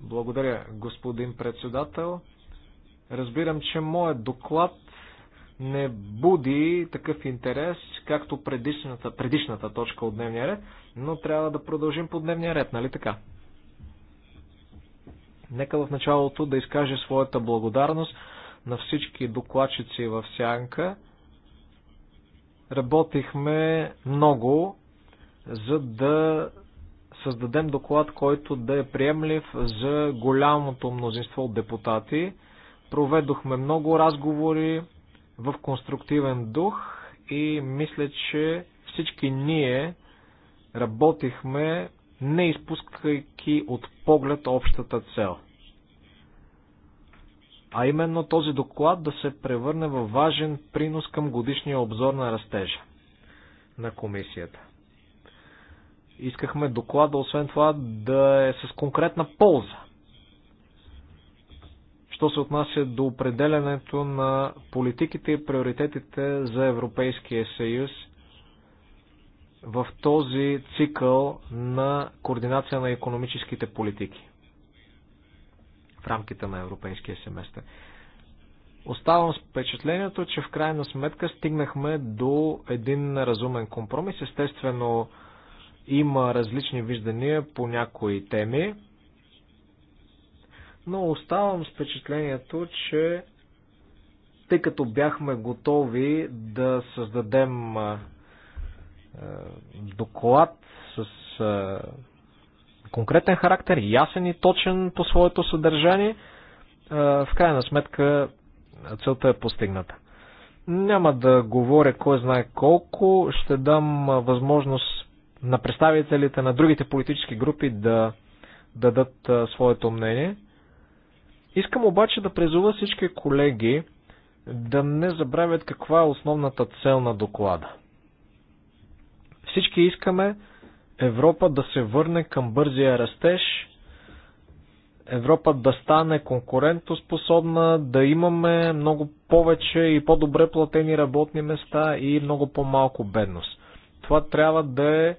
S2: Благодаря, господин председател. Разбирам, че моят доклад не буди такъв интерес, както предишната, предишната точка от дневния ред, но трябва да продължим по дневния ред, нали така? Нека в началото да изкаже своята благодарност на всички докладчици в Сянка. Работихме много, за да създадем доклад, който да е приемлив за голямото мнозинство от депутати. Проведохме много разговори, в конструктивен дух и мисля, че всички ние работихме, не изпускайки от поглед общата цел. А именно този доклад да се превърне в важен принос към годишния обзор на растежа на комисията. Искахме доклада, освен това, да е с конкретна полза що се отнася до определенето на политиките и приоритетите за Европейския съюз в този цикъл на координация на економическите политики в рамките на Европейския семестър. Оставам с впечатлението, че в крайна сметка стигнахме до един разумен компромис. Естествено, има различни виждания по някои теми но оставам с впечатлението, че тъй като бяхме готови да създадем доклад с конкретен характер, ясен и точен по своето съдържание, в крайна сметка целта е постигната. Няма да говоря кой знае колко, ще дам възможност на представителите на другите политически групи да дадат своето мнение. Искам обаче да призова всички колеги да не забравят каква е основната цел на доклада. Всички искаме Европа да се върне към бързия растеж, Европа да стане конкурентоспособна, да имаме много повече и по-добре платени работни места и много по-малко бедност. Това трябва да е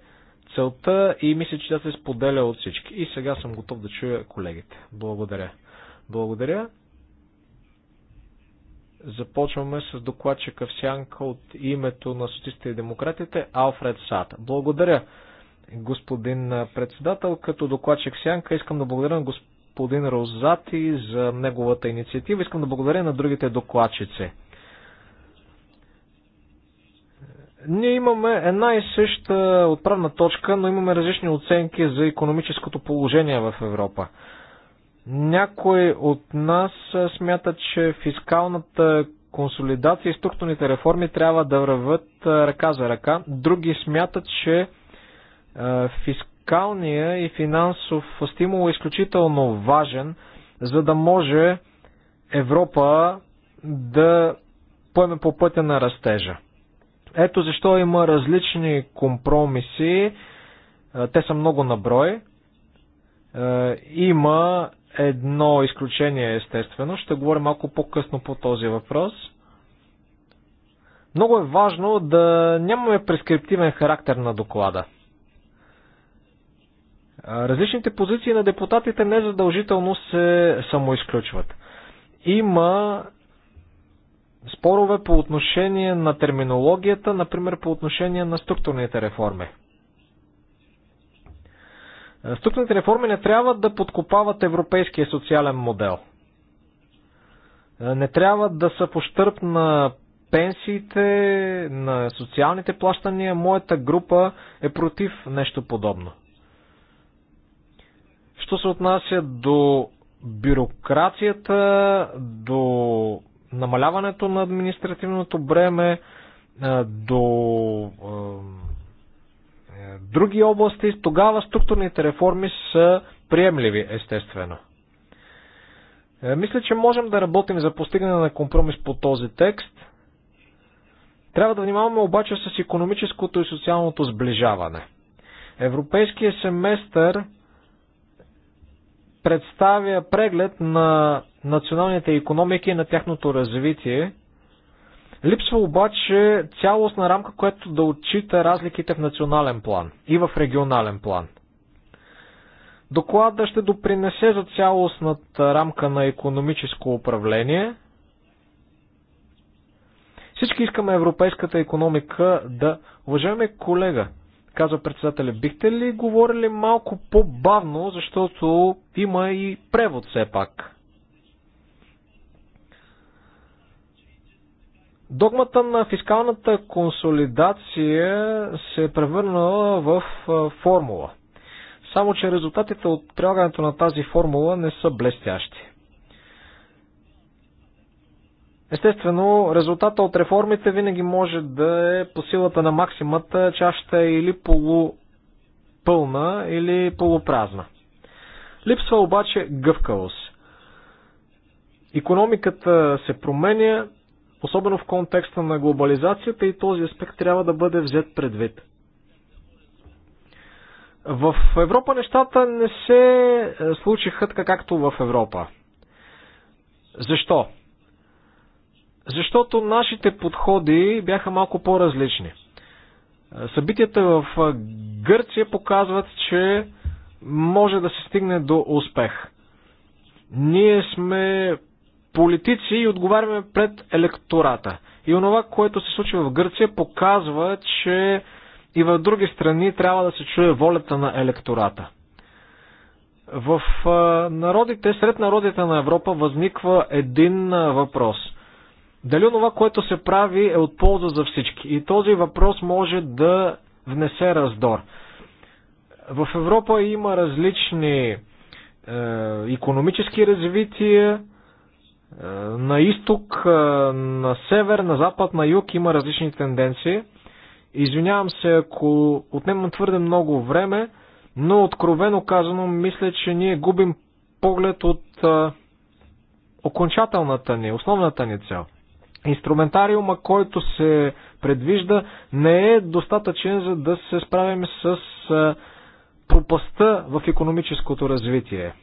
S2: целта и мисля, че тя се споделя от всички. И сега съм готов да чуя колегите. Благодаря. Благодаря. Започваме с докладчика в сянка от името на социалистите и демократите Алфред Сад. Благодаря, господин председател. Като докладчик в сянка искам да благодаря на господин Розати за неговата инициатива. Искам да благодаря на другите докладчици. Ние имаме една и съща отправна точка, но имаме различни оценки за економическото положение в Европа. Някой от нас смята, че фискалната консолидация и структурните реформи трябва да върват ръка за ръка. Други смятат, че фискалния и финансов стимул е изключително важен, за да може Европа да поеме по пътя на растежа. Ето защо има различни компромиси. Те са много на брой. Има едно изключение, естествено. Ще говоря малко по-късно по този въпрос. Много е важно да нямаме прескриптивен характер на доклада. Различните позиции на депутатите не задължително се самоизключват. Има спорове по отношение на терминологията, например по отношение на структурните реформи. Структурните реформи не трябва да подкопават европейския социален модел. Не трябва да са пощърп на пенсиите, на социалните плащания. Моята група е против нещо подобно. Що се отнася до бюрокрацията, до намаляването на административното бреме, до други области, тогава структурните реформи са приемливи, естествено. Е, мисля, че можем да работим за постигане на компромис по този текст. Трябва да внимаваме обаче с економическото и социалното сближаване. Европейския семестър представя преглед на националните економики и на тяхното развитие. Липсва обаче цялостна рамка, която да отчита разликите в национален план и в регионален план. Докладът ще допринесе за цялостната рамка на економическо управление. Всички искаме европейската економика да... Уважаеми колега, казва председателя, бихте ли говорили малко по-бавно, защото има и превод все пак? Догмата на фискалната консолидация се е превърнала в формула. Само, че резултатите от прилагането на тази формула не са блестящи. Естествено, резултата от реформите винаги може да е по силата на максимата е или полупълна или полупразна. Липсва обаче гъвкавост. Економиката се променя, особено в контекста на глобализацията и този аспект трябва да бъде взет предвид. В Европа нещата не се е, случиха така както в Европа. Защо? Защото нашите подходи бяха малко по-различни. Е, събитията в Гърция показват, че може да се стигне до успех. Ние сме политици и отговаряме пред електората. И онова, което се случва в Гърция, показва, че и в други страни трябва да се чуе волята на електората. В народите, сред народите на Европа възниква един въпрос. Дали онова, което се прави е от полза за всички? И този въпрос може да внесе раздор. В Европа има различни е, економически развития, е, на изток, е, на север, на запад, на юг има различни тенденции. Извинявам се, ако отнемам твърде много време, но откровено казано, мисля, че ние губим поглед от а, е, окончателната ни, основната ни цел. Инструментариума, който се предвижда, не е достатъчен за да се справим с а, пропаста в економическото развитие.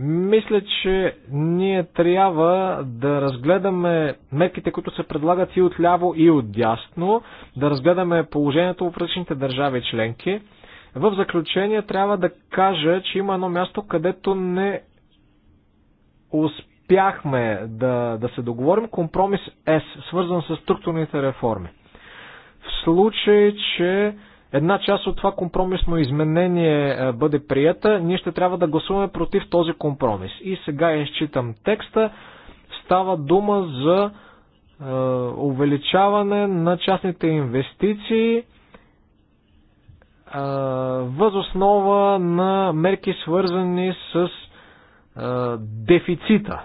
S2: Мисля, че ние трябва да разгледаме мерките, които се предлагат и от ляво, и от дясно, да разгледаме положението в различните държави членки. В заключение трябва да кажа, че има едно място, където не успяхме да, да се договорим. Компромис С, свързан с структурните реформи. В случай, че една част от това компромисно изменение е, бъде прията, ние ще трябва да гласуваме против този компромис. И сега изчитам текста. Става дума за е, увеличаване на частните инвестиции е, възоснова на мерки свързани с е, дефицита.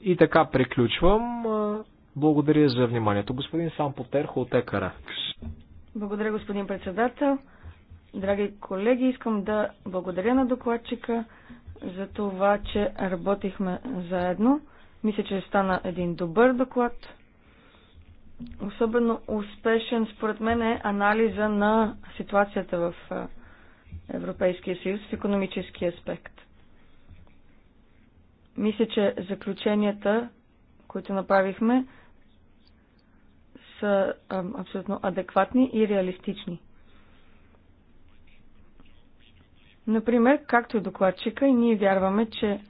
S2: И така приключвам. Благодаря за вниманието. Господин Сампотерхо от Екара.
S4: Благодаря, господин председател. Драги колеги, искам да благодаря на докладчика за това, че работихме заедно. Мисля, че стана един добър доклад. Особено успешен, според мен, е анализа на ситуацията в Европейския съюз в економически аспект. Мисля, че заключенията, които направихме, са абсолютно адекватни и реалистични. Например, както и докладчика, и ние вярваме, че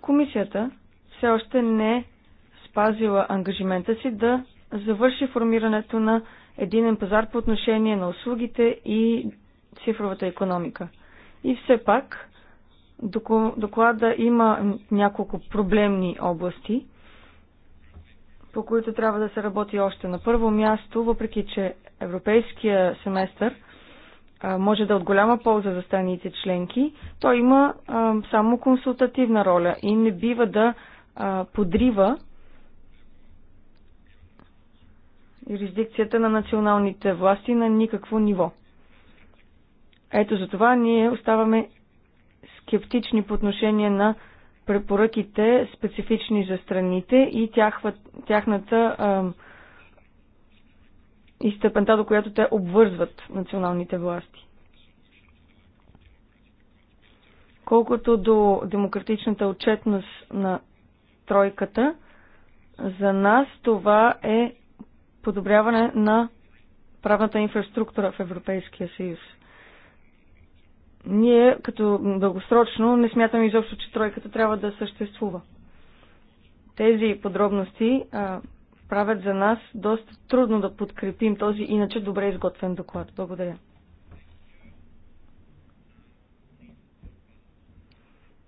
S4: комисията все още не е спазила ангажимента си да завърши формирането на единен пазар по отношение на услугите и цифровата економика. И все пак доклада има няколко проблемни области – по които трябва да се работи още. На първо място, въпреки че европейския семестър може да е от голяма полза за страните членки, той има само консултативна роля и не бива да подрива юрисдикцията на националните власти на никакво ниво. Ето за това ние оставаме скептични по отношение на препоръките специфични за страните и тяхва, тяхната а, и степента, до която те обвързват националните власти. Колкото до демократичната отчетност на тройката, за нас това е подобряване на правната инфраструктура в Европейския съюз – ние като дългосрочно не смятаме изобщо, че тройката трябва да съществува. Тези подробности а, правят за нас доста трудно да подкрепим този иначе добре изготвен доклад. Благодаря.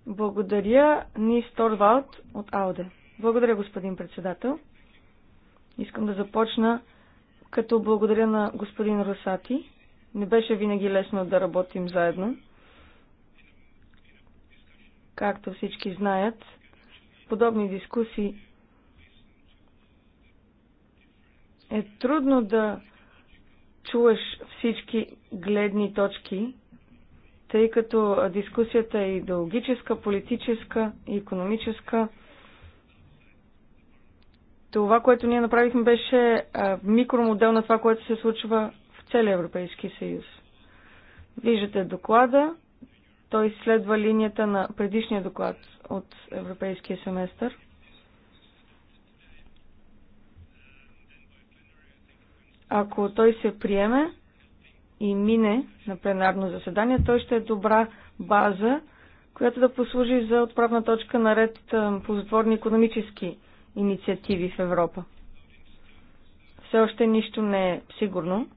S4: Благодаря Нис Торвалд от Ауде. Благодаря, господин председател. Искам да започна като благодаря на господин Русати не беше винаги лесно да работим заедно. Както всички знаят, подобни дискусии е трудно да чуеш всички гледни точки, тъй като дискусията е идеологическа, политическа и економическа. Това, което ние направихме, беше микромодел на това, което се случва целия Европейски съюз. Виждате доклада, той следва линията на предишния доклад от Европейския семестър. Ако той се приеме и мине на пленарно заседание, той ще е добра база, която да послужи за отправна точка наред ползотворни економически инициативи в Европа. Все още нищо не е сигурно,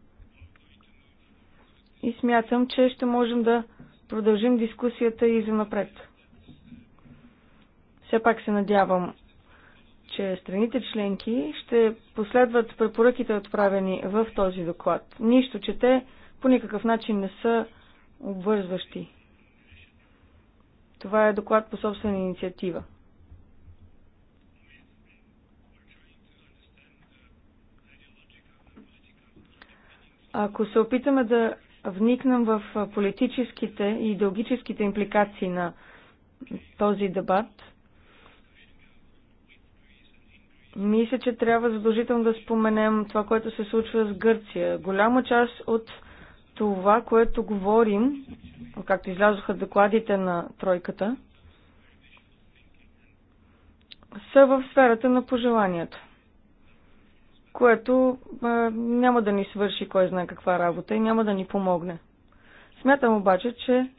S4: и смятам, че ще можем да продължим дискусията и за напред. Все пак се надявам, че страните членки ще последват препоръките отправени в този доклад. Нищо, че те по никакъв начин не са обвързващи. Това е доклад по собствена инициатива. Ако се опитаме да вникнем в политическите и идеологическите импликации на този дебат, мисля, че трябва задължително да споменем това, което се случва с Гърция. Голяма част от това, което говорим, както излязоха докладите на тройката, са в сферата на пожеланията което а, няма да ни свърши кой знае каква работа и няма да ни помогне. Смятам обаче, че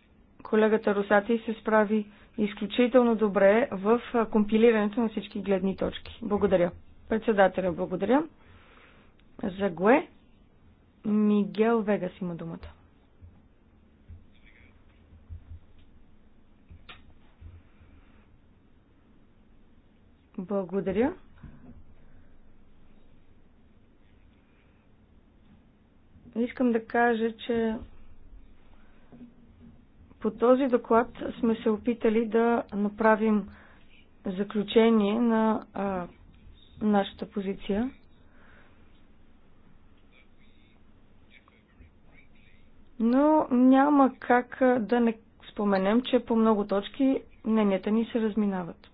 S4: колегата Русати се справи изключително добре в компилирането на всички гледни точки. Благодаря. Председателя, благодаря. За Гое, Мигел Вегас има думата. Благодаря. Искам да кажа, че по този доклад сме се опитали да направим заключение на а, нашата позиция. Но няма как да не споменем, че по много точки мненията ни се разминават.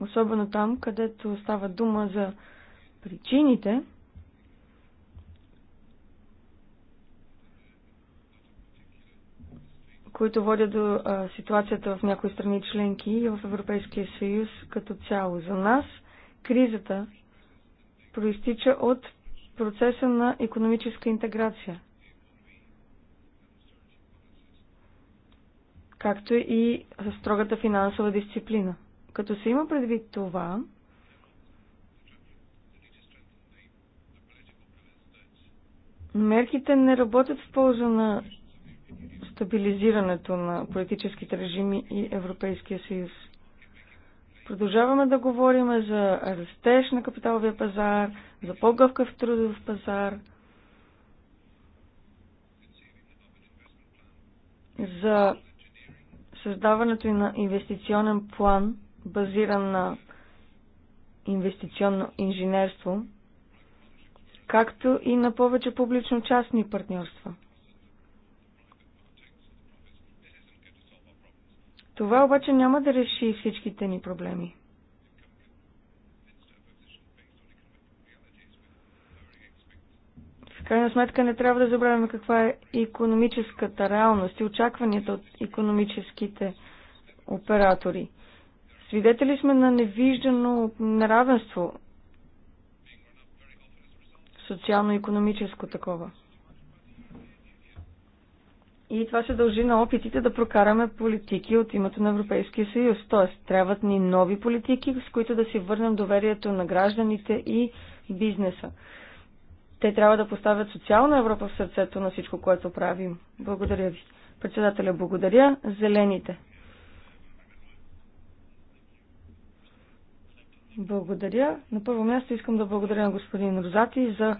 S4: Особено там, където става дума за причините – които водят до а, ситуацията в някои страни членки и в Европейския съюз като цяло. За нас кризата проистича от процеса на економическа интеграция, както и строгата финансова дисциплина. Като се има предвид това, мерките не работят в полза на стабилизирането на политическите режими и Европейския съюз. Продължаваме да говорим за растеж на капиталовия пазар, за по-гъвкав трудов пазар, за създаването на инвестиционен план, базиран на инвестиционно инженерство, както и на повече публично-частни партньорства – Това обаче няма да реши всичките ни проблеми. В крайна сметка не трябва да забравяме каква е економическата реалност и очакванията от економическите оператори. Свидетели сме на невиждано неравенство, социално-економическо такова. И това се дължи на опитите да прокараме политики от името на Европейския съюз. Т.е. трябват ни нови политики, с които да си върнем доверието на гражданите и бизнеса. Те трябва да поставят социална Европа в сърцето на всичко, което правим. Благодаря ви. Председателя, благодаря. Зелените. Благодаря. На първо място искам да благодаря на господин Розати за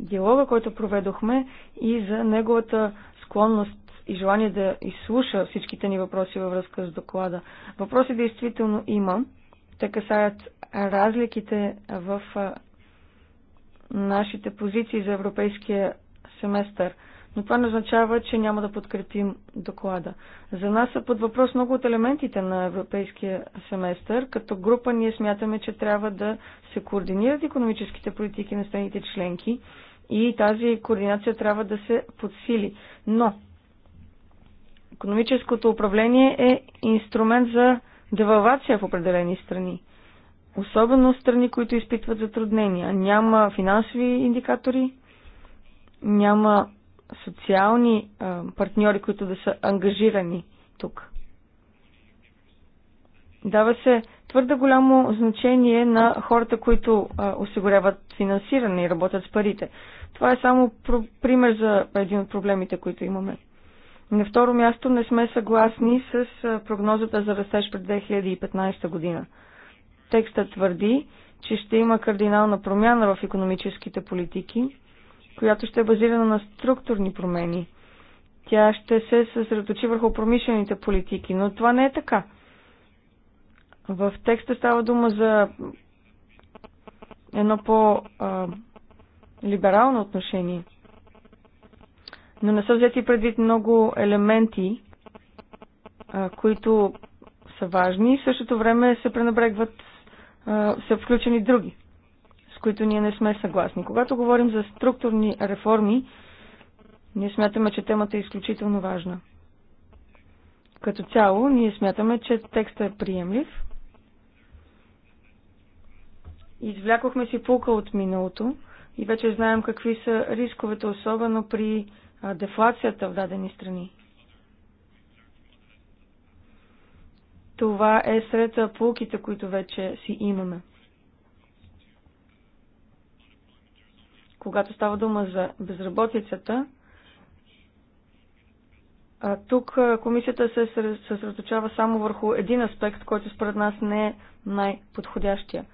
S4: диалога, който проведохме и за неговата склонност и желание да изслуша всичките ни въпроси във връзка с доклада. Въпроси действително има. Те касаят разликите в нашите позиции за европейския семестър. Но това не означава, че няма да подкрепим доклада. За нас са е под въпрос много от елементите на европейския семестър. Като група ние смятаме, че трябва да се координират економическите политики на страните членки и тази координация трябва да се подсили. Но Економическото управление е инструмент за девалвация в определени страни. Особено страни, които изпитват затруднения. Няма финансови индикатори, няма социални а, партньори, които да са ангажирани тук. Дава се твърде голямо значение на хората, които а, осигуряват финансиране и работят с парите. Това е само пример за един от проблемите, които имаме. На второ място не сме съгласни с прогнозата за растеж пред 2015 година. Текстът твърди, че ще има кардинална промяна в економическите политики, която ще е базирана на структурни промени. Тя ще се съсредоточи върху промишлените политики, но това не е така. В текста става дума за едно по-либерално отношение – но не са взети предвид много елементи, а, които са важни и в същото време се пренебрегват, а, са включени други, с които ние не сме съгласни. Когато говорим за структурни реформи, ние смятаме, че темата е изключително важна. Като цяло, ние смятаме, че текстът е приемлив. Извлякохме си пулка от миналото и вече знаем какви са рисковете, особено при дефлацията в дадени страни. Това е сред полуките, които вече си имаме. Когато става дума за безработицата, тук комисията се съсредоточава само върху един аспект, който според нас не е най-подходящия.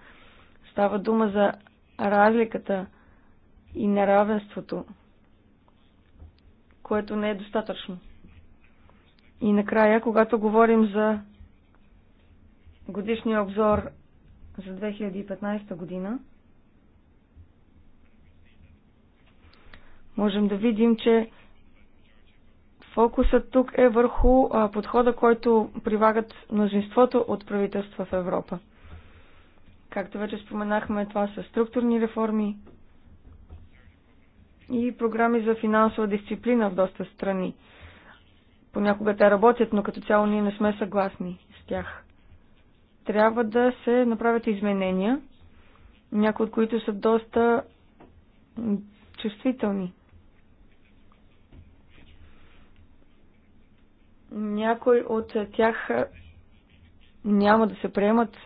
S4: Става дума за разликата и неравенството което не е достатъчно. И накрая, когато говорим за годишния обзор за 2015 година, можем да видим, че фокусът тук е върху подхода, който прилагат мнозинството от правителства в Европа. Както вече споменахме, това са структурни реформи, и програми за финансова дисциплина в доста страни. Понякога те работят, но като цяло ние не сме съгласни с тях. Трябва да се направят изменения, някои от които са доста чувствителни. Някои от тях няма да се приемат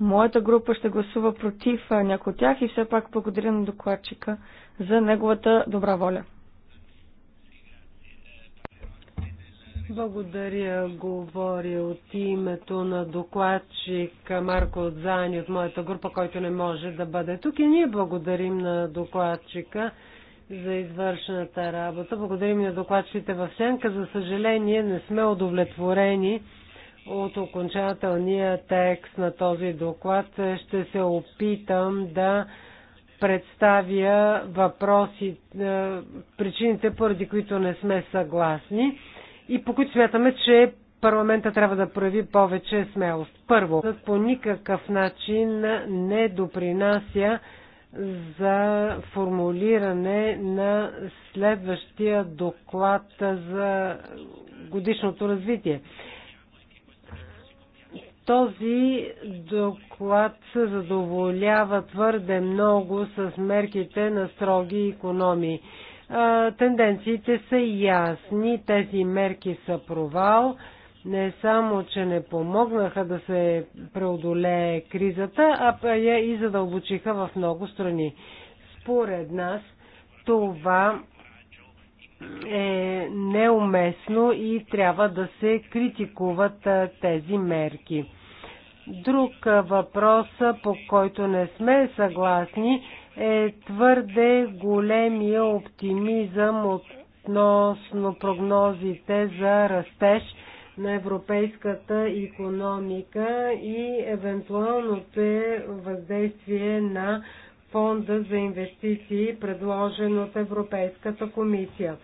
S4: Моята група ще гласува против някои от тях и все пак благодаря на докладчика за неговата добра воля.
S3: Благодаря. говори от името на докладчик Марко Отзани от моята група, който не може да бъде тук. И ние благодарим на докладчика за извършената работа. Благодарим на докладчите в Сенка. За съжаление не сме удовлетворени от окончателния текст на този доклад. Ще се опитам да представя въпроси, е, причините, поради които не сме съгласни и по които смятаме, че парламента трябва да прояви повече смелост. Първо, по никакъв начин не допринася за формулиране на следващия доклад за годишното развитие. Този доклад се задоволява твърде много с мерките на строги економии. Тенденциите са ясни, тези мерки са провал не само, че не помогнаха да се преодолее кризата, а я и задълбочиха в много страни. Според нас това е неуместно и трябва да се критикуват тези мерки. Друг въпрос, по който не сме съгласни, е твърде големия оптимизъм относно прогнозите за растеж на европейската економика и евентуалното е въздействие на фонда за инвестиции, предложен от Европейската комисия.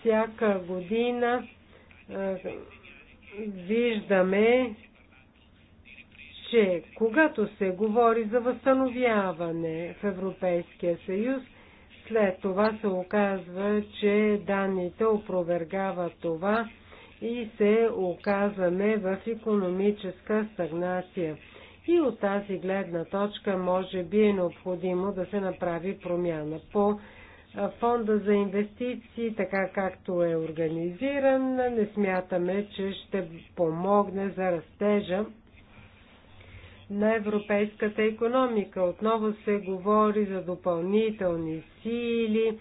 S3: Всяка година виждаме че когато се говори за възстановяване в Европейския съюз, след това се оказва, че данните опровергават това и се оказваме в економическа стагнация. И от тази гледна точка може би е необходимо да се направи промяна по фонда за инвестиции, така както е организиран. Не смятаме, че ще помогне за растежа на европейската економика. Отново се говори за допълнителни сили,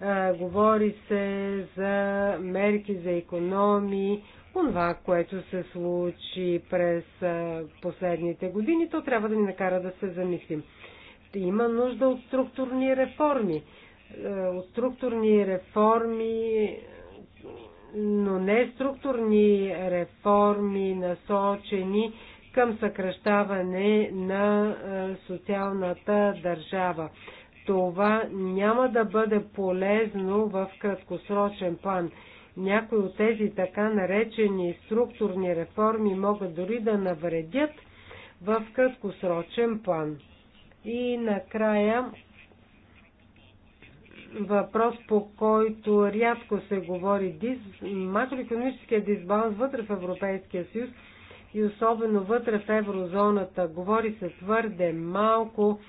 S3: а, говори се за мерки за економии. Онова, което се случи през а, последните години, то трябва да ни накара да се замислим. Има нужда от структурни реформи. От структурни реформи но не структурни реформи, насочени към съкръщаване на е, социалната държава. Това няма да бъде полезно в краткосрочен план. Някои от тези така наречени структурни реформи могат дори да навредят в краткосрочен план. И накрая въпрос, по който рядко се говори макроекономическия дисбаланс вътре в Европейския съюз – и особено вътре в еврозоната. Говори се твърде малко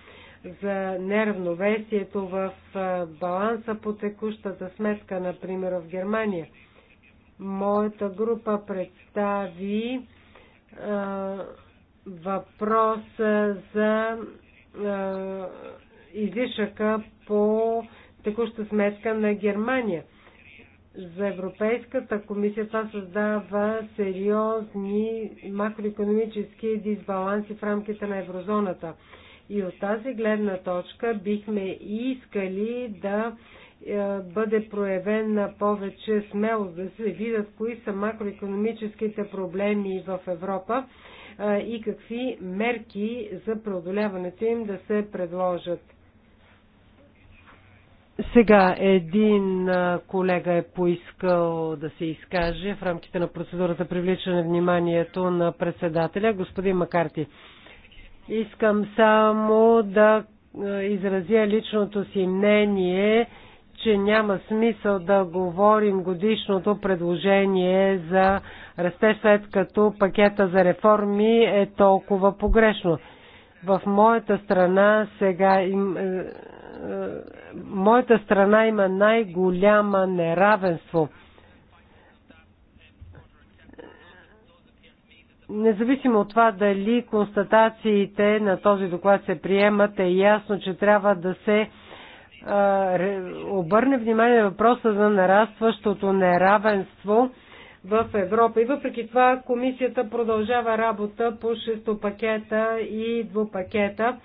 S3: за неравновесието в баланса по текущата сметка, например в Германия. Моята група представи а, въпрос за а, излишъка по текуща сметка на Германия. За Европейската комисия това създава сериозни макроекономически дисбаланси в рамките на еврозоната. И от тази гледна точка бихме искали да е, бъде проявена повече смелост, да се видят кои са макроекономическите проблеми в Европа е, и какви мерки за преодоляването им да се предложат. Сега един колега е поискал да се изкаже в рамките на процедурата привличане вниманието на председателя, господин Макарти. Искам само да изразя личното си мнение, че няма смисъл да говорим годишното предложение за растеж, след като пакета за реформи е толкова погрешно. В моята страна сега им, е, моята страна има най-голяма неравенство. Независимо от това дали констатациите на този доклад се приемат, е ясно, че трябва да се обърне внимание на въпроса за нарастващото неравенство в Европа. И въпреки това комисията продължава работа по шесто пакета и двупакета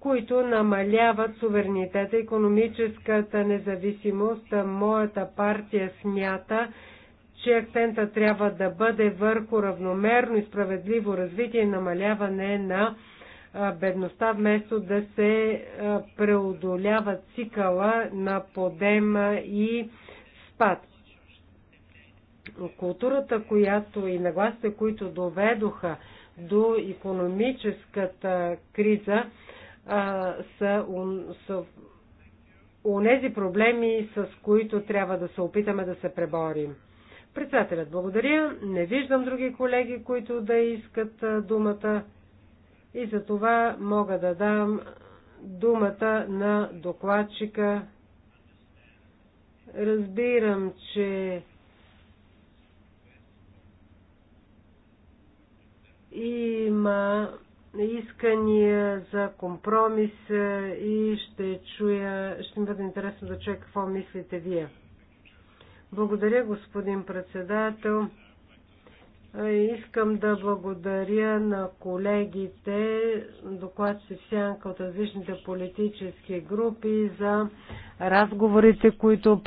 S3: които намаляват суверенитета, економическата независимост. Моята партия смята, че акцента трябва да бъде върху равномерно и справедливо развитие и намаляване на бедността, вместо да се преодолява цикъла на подема и спад. Културата, която и нагласите, които доведоха до економическата криза, а, са, у, са нези проблеми, с които трябва да се опитаме да се преборим. Председателят, благодаря. Не виждам други колеги, които да искат думата и за това мога да дам думата на докладчика. Разбирам, че има искания за компромис е, и ще чуя, ще ми бъде интересно да чуя какво мислите вие. Благодаря, господин председател. Е, искам да благодаря на колегите, доклад се сянка от различните политически групи за разговорите, които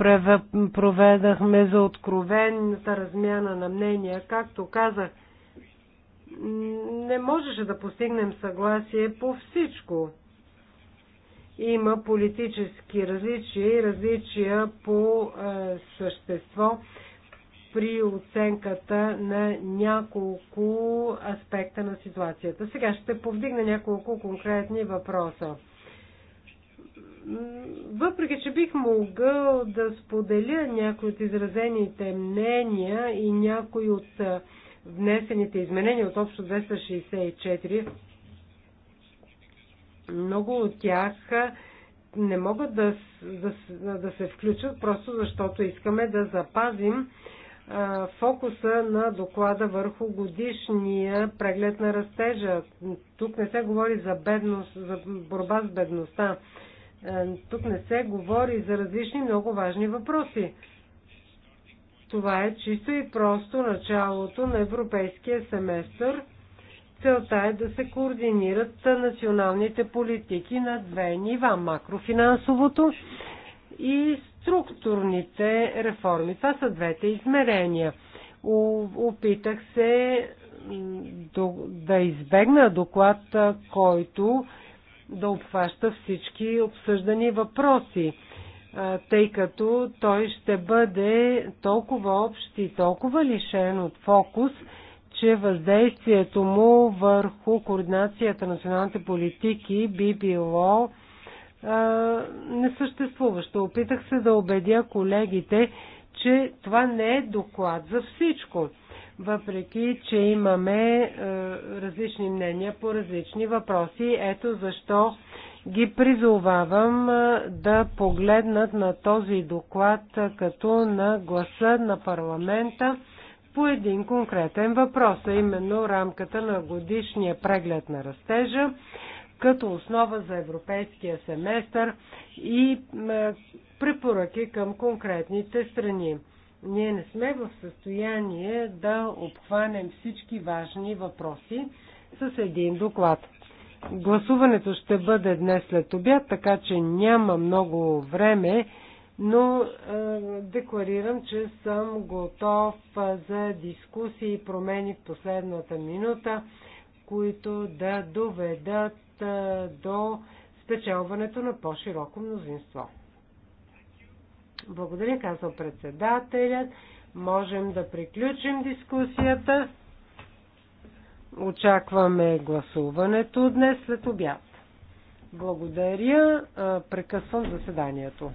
S3: проведахме за откровената размяна на мнения. Както казах, не можеше да постигнем съгласие по всичко. Има политически различия и различия по е, същество при оценката на няколко аспекта на ситуацията. Сега ще повдигна няколко конкретни въпроса. Въпреки, че бих могъл да споделя някои от изразените мнения и някои от е, внесените изменения от общо 264, много от тях не могат да, да, да се включат, просто защото искаме да запазим а, фокуса на доклада върху годишния преглед на растежа. Тук не се говори за бедност, за борба с бедността. А, тук не се говори за различни много важни въпроси. Това е чисто и просто началото на европейския семестър. Целта е да се координират националните политики на две нива макрофинансовото и структурните реформи. Това са двете измерения. Опитах се да избегна доклад, който да обхваща всички обсъждани въпроси тъй като той ще бъде толкова общ и толкова лишен от фокус, че въздействието му върху координацията на националните политики би било несъществуващо. Опитах се да убедя колегите, че това не е доклад за всичко, въпреки че имаме е, различни мнения по различни въпроси. Ето защо ги призовавам да погледнат на този доклад като на гласа на парламента по един конкретен въпрос, а именно рамката на годишния преглед на растежа като основа за европейския семестър и препоръки към конкретните страни. Ние не сме в състояние да обхванем всички важни въпроси с един доклад. Гласуването ще бъде днес след обяд, така че няма много време, но е, декларирам, че съм готов е, за дискусии и промени в последната минута, които да доведат е, до спечелването на по-широко мнозинство. Благодаря, казва председателят. Можем да приключим дискусията. Очакваме гласуването днес след обяд. Благодаря. Прекъсвам заседанието.